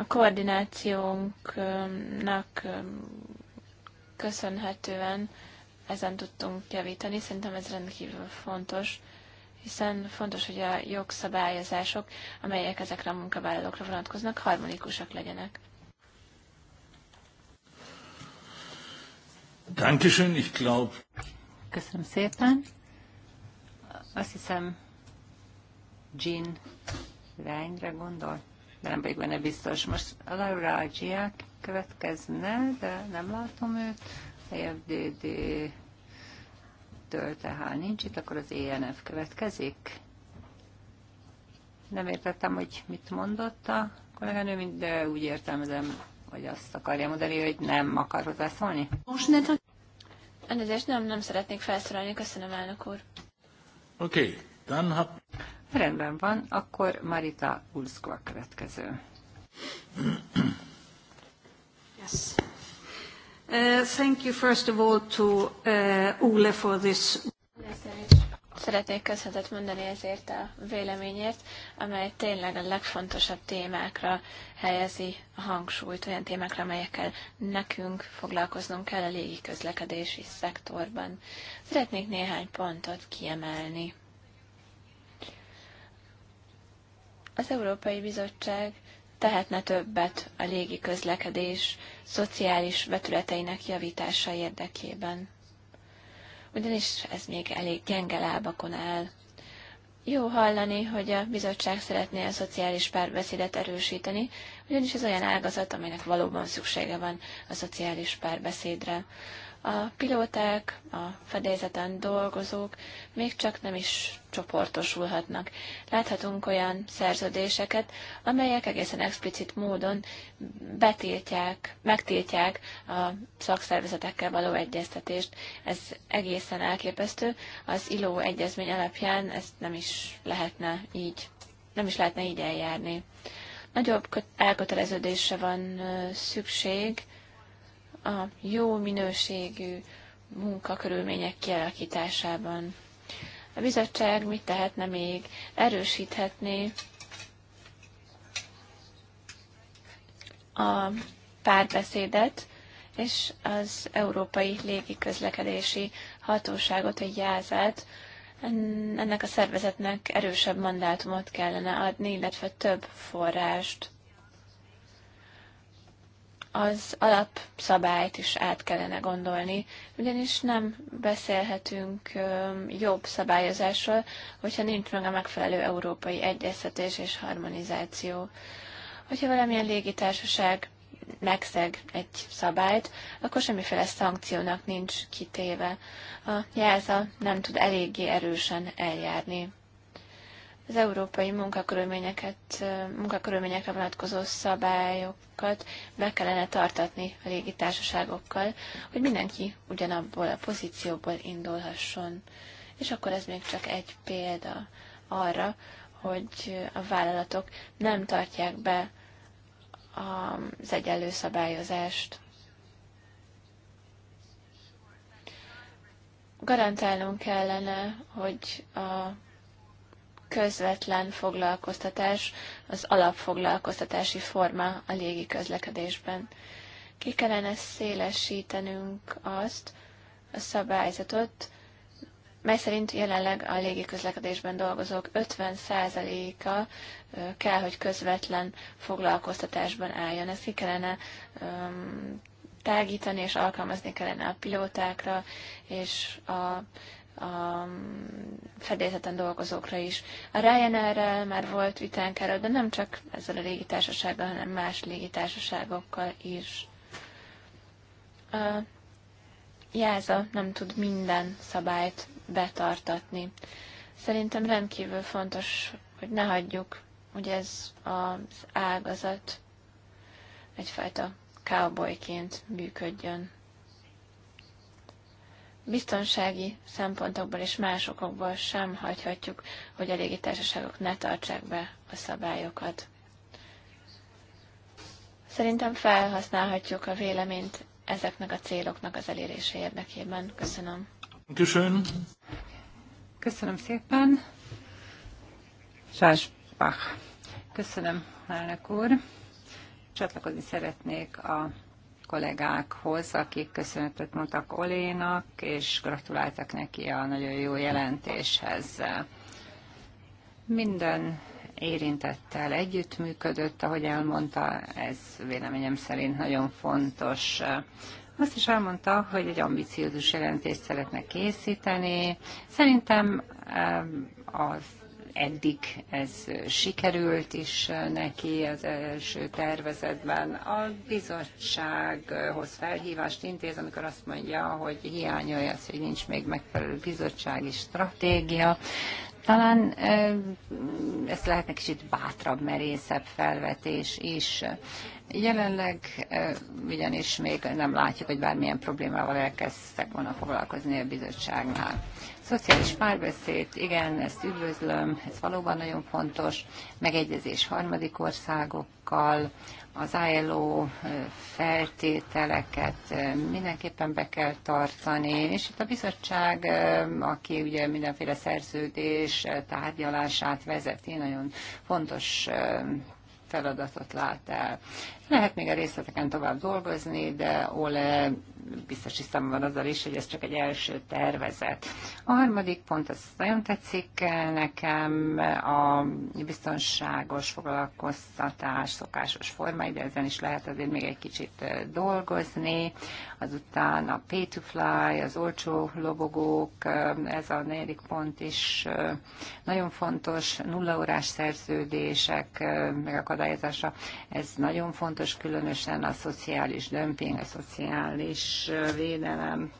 A koordinációnknak köszönhetően ezen tudtunk javítani. Szerintem ez rendkívül fontos, hiszen fontos, hogy a jogszabályozások, amelyek ezekre a munkavállalókra vonatkoznak, harmonikusak legyenek. Dankeschön, ich glaub. Köszönöm szépen. Azt hiszem, Jean Reinre gondolt de nem vagyok benne biztos. Most a Laura Agia következne, de nem látom őt. A FDD-től tehát nincs itt, akkor az ENF következik. Nem értettem, hogy mit mondott a kolléganő, de úgy értelmezem, hogy azt akarja mondani, hogy nem akar hozzászólni. Most ne Elnézést, nem, nem szeretnék felszólalni. Köszönöm, elnök úr. Oké, okay. dann hab... Rendben van, akkor Marita Ulszkva következő. Yes. Uh, thank you first of all to uh, Ule for this. Szeretnék köszönetet mondani ezért a véleményért, amely tényleg a legfontosabb témákra helyezi a hangsúlyt, olyan témákra, amelyekkel nekünk foglalkoznunk kell a légiközlekedési szektorban. Szeretnék néhány pontot kiemelni. Az Európai Bizottság tehetne többet a légi közlekedés szociális vetületeinek javítása érdekében. Ugyanis ez még elég gyenge lábakon áll. Jó hallani, hogy a bizottság szeretné a szociális párbeszédet erősíteni, ugyanis ez olyan ágazat, amelynek valóban szüksége van a szociális párbeszédre. A pilóták, a fedélzeten dolgozók még csak nem is csoportosulhatnak. Láthatunk olyan szerződéseket, amelyek egészen explicit módon betiltják, megtiltják a szakszervezetekkel való egyeztetést. Ez egészen elképesztő. Az ILO egyezmény alapján ezt nem is lehetne így, nem is lehetne így eljárni nagyobb elköteleződésre van szükség a jó minőségű munkakörülmények kialakításában. A bizottság mit tehetne még? Erősíthetné a párbeszédet és az Európai Légiközlekedési Hatóságot, egy jázát, ennek a szervezetnek erősebb mandátumot kellene adni, illetve több forrást az alapszabályt is át kellene gondolni, ugyanis nem beszélhetünk jobb szabályozásról, hogyha nincs meg a megfelelő európai egyeztetés és harmonizáció. Hogyha valamilyen légitársaság megszeg egy szabályt, akkor semmiféle szankciónak nincs kitéve. A jelza nem tud eléggé erősen eljárni az európai munkakörülményeket, munkakörülményekre vonatkozó szabályokat be kellene tartatni a légitársaságokkal, hogy mindenki ugyanabból a pozícióból indulhasson. És akkor ez még csak egy példa arra, hogy a vállalatok nem tartják be az egyenlő szabályozást. Garantálnunk kellene, hogy a közvetlen foglalkoztatás az alapfoglalkoztatási forma a légi közlekedésben. Ki kellene szélesítenünk azt a szabályzatot, mely szerint jelenleg a légiközlekedésben dolgozók 50%-a kell, hogy közvetlen foglalkoztatásban álljon. Ezt ki kellene tágítani és alkalmazni kellene a pilótákra és a a fedélzeten dolgozókra is. A Ryanair-rel már volt vitánk erről, de nem csak ezzel a légitársasággal, hanem más légitársaságokkal is. A Jáza nem tud minden szabályt betartatni. Szerintem rendkívül fontos, hogy ne hagyjuk, hogy ez az ágazat egyfajta cowboyként működjön biztonsági szempontokból és másokból sem hagyhatjuk, hogy a légitársaságok ne tartsák be a szabályokat. Szerintem felhasználhatjuk a véleményt ezeknek a céloknak az elérése érdekében. Köszönöm. Köszönöm. Köszönöm szépen. Sás Bach. Köszönöm, elnök úr. Csatlakozni szeretnék a kollégákhoz, akik köszönetet mondtak Olénak, és gratuláltak neki a nagyon jó jelentéshez. Minden érintettel együttműködött, ahogy elmondta, ez véleményem szerint nagyon fontos. Azt is elmondta, hogy egy ambiciózus jelentést szeretne készíteni. Szerintem az eddig ez sikerült is neki az első tervezetben. A bizottsághoz felhívást intéz, amikor azt mondja, hogy hiányolja az, hogy nincs még megfelelő bizottsági stratégia. Talán ez lehetne kicsit bátrabb, merészebb felvetés is. Jelenleg ugyanis még nem látjuk, hogy bármilyen problémával elkezdtek volna foglalkozni a bizottságnál. Szociális párbeszéd, igen, ezt üdvözlöm, ez valóban nagyon fontos. Megegyezés harmadik országokkal, az ILO feltételeket mindenképpen be kell tartani, és itt a bizottság, aki ugye mindenféle szerződés tárgyalását vezeti, nagyon fontos feladatot lát el. Lehet még a részleteken tovább dolgozni, de Ole biztos hiszem van azzal is, hogy ez csak egy első tervezet. A harmadik pont, az nagyon tetszik nekem, a biztonságos foglalkoztatás szokásos formái, de ezen is lehet azért még egy kicsit dolgozni. Azután a pay to fly, az olcsó lobogók, ez a negyedik pont is nagyon fontos, nullaórás szerződések megakadályozása, ez nagyon fontos fontos különösen a szociális dömping, a szociális védelem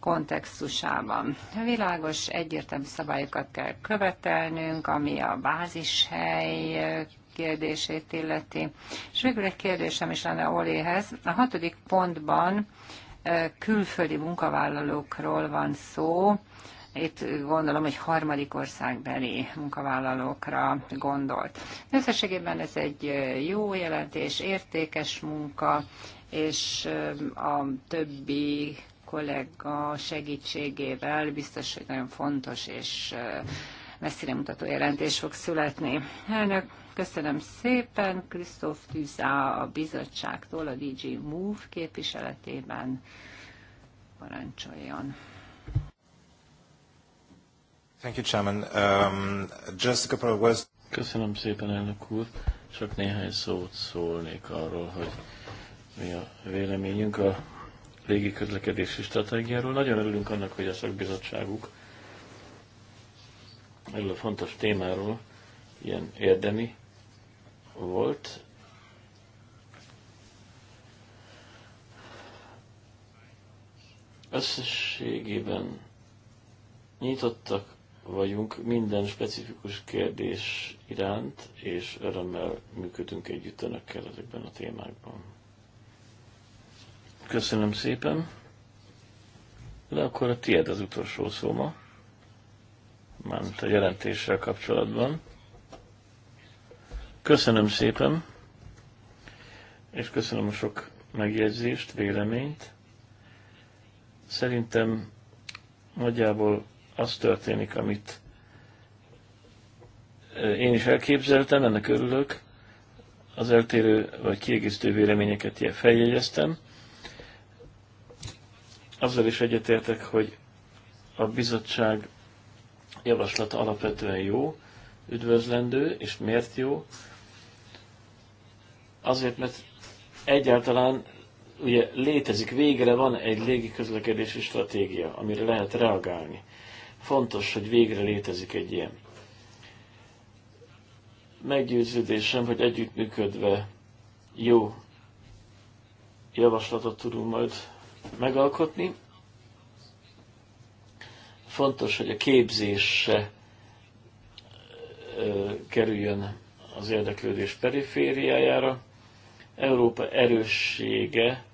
kontextusában. Világos, egyértelmű szabályokat kell követelnünk, ami a bázishely kérdését illeti. És végül egy kérdésem is lenne Oléhez. A hatodik pontban külföldi munkavállalókról van szó, itt gondolom, hogy harmadik országbeli munkavállalókra gondolt. Összességében ez egy jó jelentés, értékes munka, és a többi kollega segítségével biztos, hogy nagyon fontos és messzire mutató jelentés fog születni. Elnök, köszönöm szépen. Krisztóf Tűzá a bizottságtól, a DG Move képviseletében parancsoljon. Thank you, Chairman. Um, just a couple of words. Köszönöm szépen, elnök úr. Csak néhány szót szólnék arról, hogy mi a véleményünk a régi közlekedési stratégiáról. Nagyon örülünk annak, hogy a szakbizottságuk erről a fontos témáról ilyen érdemi volt. Összességében nyitottak vagyunk minden specifikus kérdés iránt, és örömmel működünk együtt önökkel ezekben a témákban. Köszönöm szépen. De akkor a tiéd az utolsó szó ma, mármint a jelentéssel kapcsolatban. Köszönöm szépen, és köszönöm a sok megjegyzést, véleményt. Szerintem nagyjából az történik, amit én is elképzeltem, ennek örülök, az eltérő vagy kiegészítő véleményeket ilyen feljegyeztem. Azzal is egyetértek, hogy a bizottság javaslata alapvetően jó, üdvözlendő, és miért jó? Azért, mert egyáltalán ugye létezik, végre van egy légiközlekedési stratégia, amire lehet reagálni. Fontos, hogy végre létezik egy ilyen. Meggyőződésem, hogy együttműködve jó javaslatot tudunk majd megalkotni. Fontos, hogy a képzése kerüljön az érdeklődés perifériájára. Európa erőssége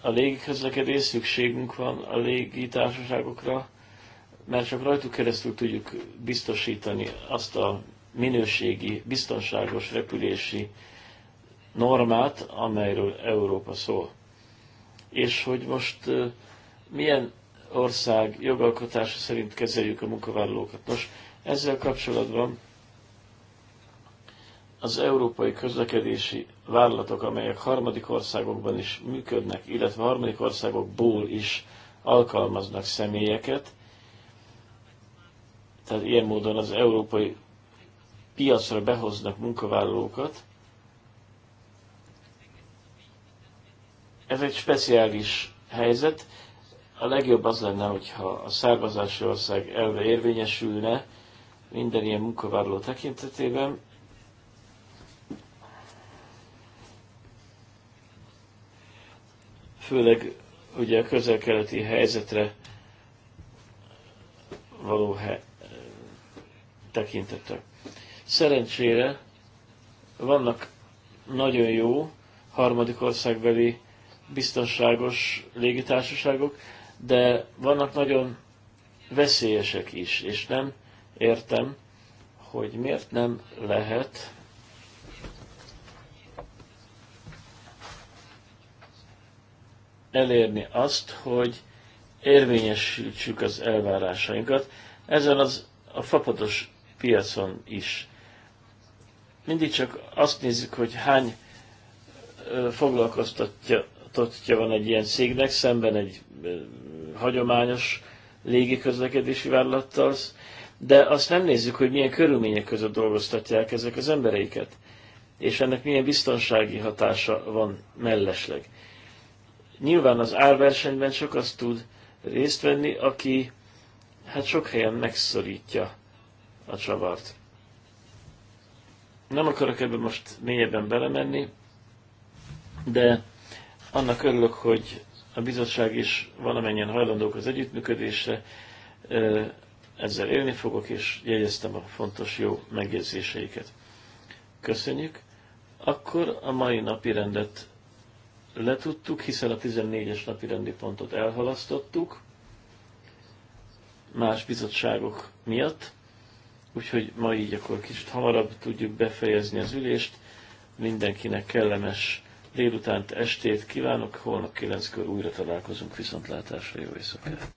a légiközlekedés, szükségünk van a légitársaságokra, mert csak rajtuk keresztül tudjuk biztosítani azt a minőségi, biztonságos repülési normát, amelyről Európa szól. És hogy most milyen ország jogalkotása szerint kezeljük a munkavállalókat. Nos, ezzel kapcsolatban az európai közlekedési vállalatok, amelyek harmadik országokban is működnek, illetve harmadik országokból is alkalmaznak személyeket, tehát ilyen módon az európai piacra behoznak munkavállalókat. Ez egy speciális helyzet. A legjobb az lenne, hogyha a származási ország elve érvényesülne minden ilyen munkavállaló tekintetében. Főleg ugye a közel-keleti helyzetre való tekintettek. Szerencsére vannak nagyon jó harmadik országbeli biztonságos légitársaságok, de vannak nagyon veszélyesek is, és nem értem, hogy miért nem lehet elérni azt, hogy érvényesítsük az elvárásainkat. Ezen az a fapados piacon is. Mindig csak azt nézzük, hogy hány foglalkoztatja van egy ilyen cégnek szemben egy hagyományos légiközlekedési vállalattal, de azt nem nézzük, hogy milyen körülmények között dolgoztatják ezek az embereiket, és ennek milyen biztonsági hatása van mellesleg. Nyilván az árversenyben csak azt tud részt venni, aki hát sok helyen megszorítja a csavart. Nem akarok ebben most mélyebben belemenni, de annak örülök, hogy a bizottság is valamennyien hajlandók az együttműködésre, ezzel élni fogok, és jegyeztem a fontos jó megjegyzéseiket. Köszönjük! Akkor a mai napi rendet letudtuk, hiszen a 14-es napi rendi pontot elhalasztottuk más bizottságok miatt. Úgyhogy ma így akkor kicsit hamarabb tudjuk befejezni az ülést. Mindenkinek kellemes délutánt, estét kívánok. Holnap kilenckor újra találkozunk. Viszontlátásra, jó éjszakát!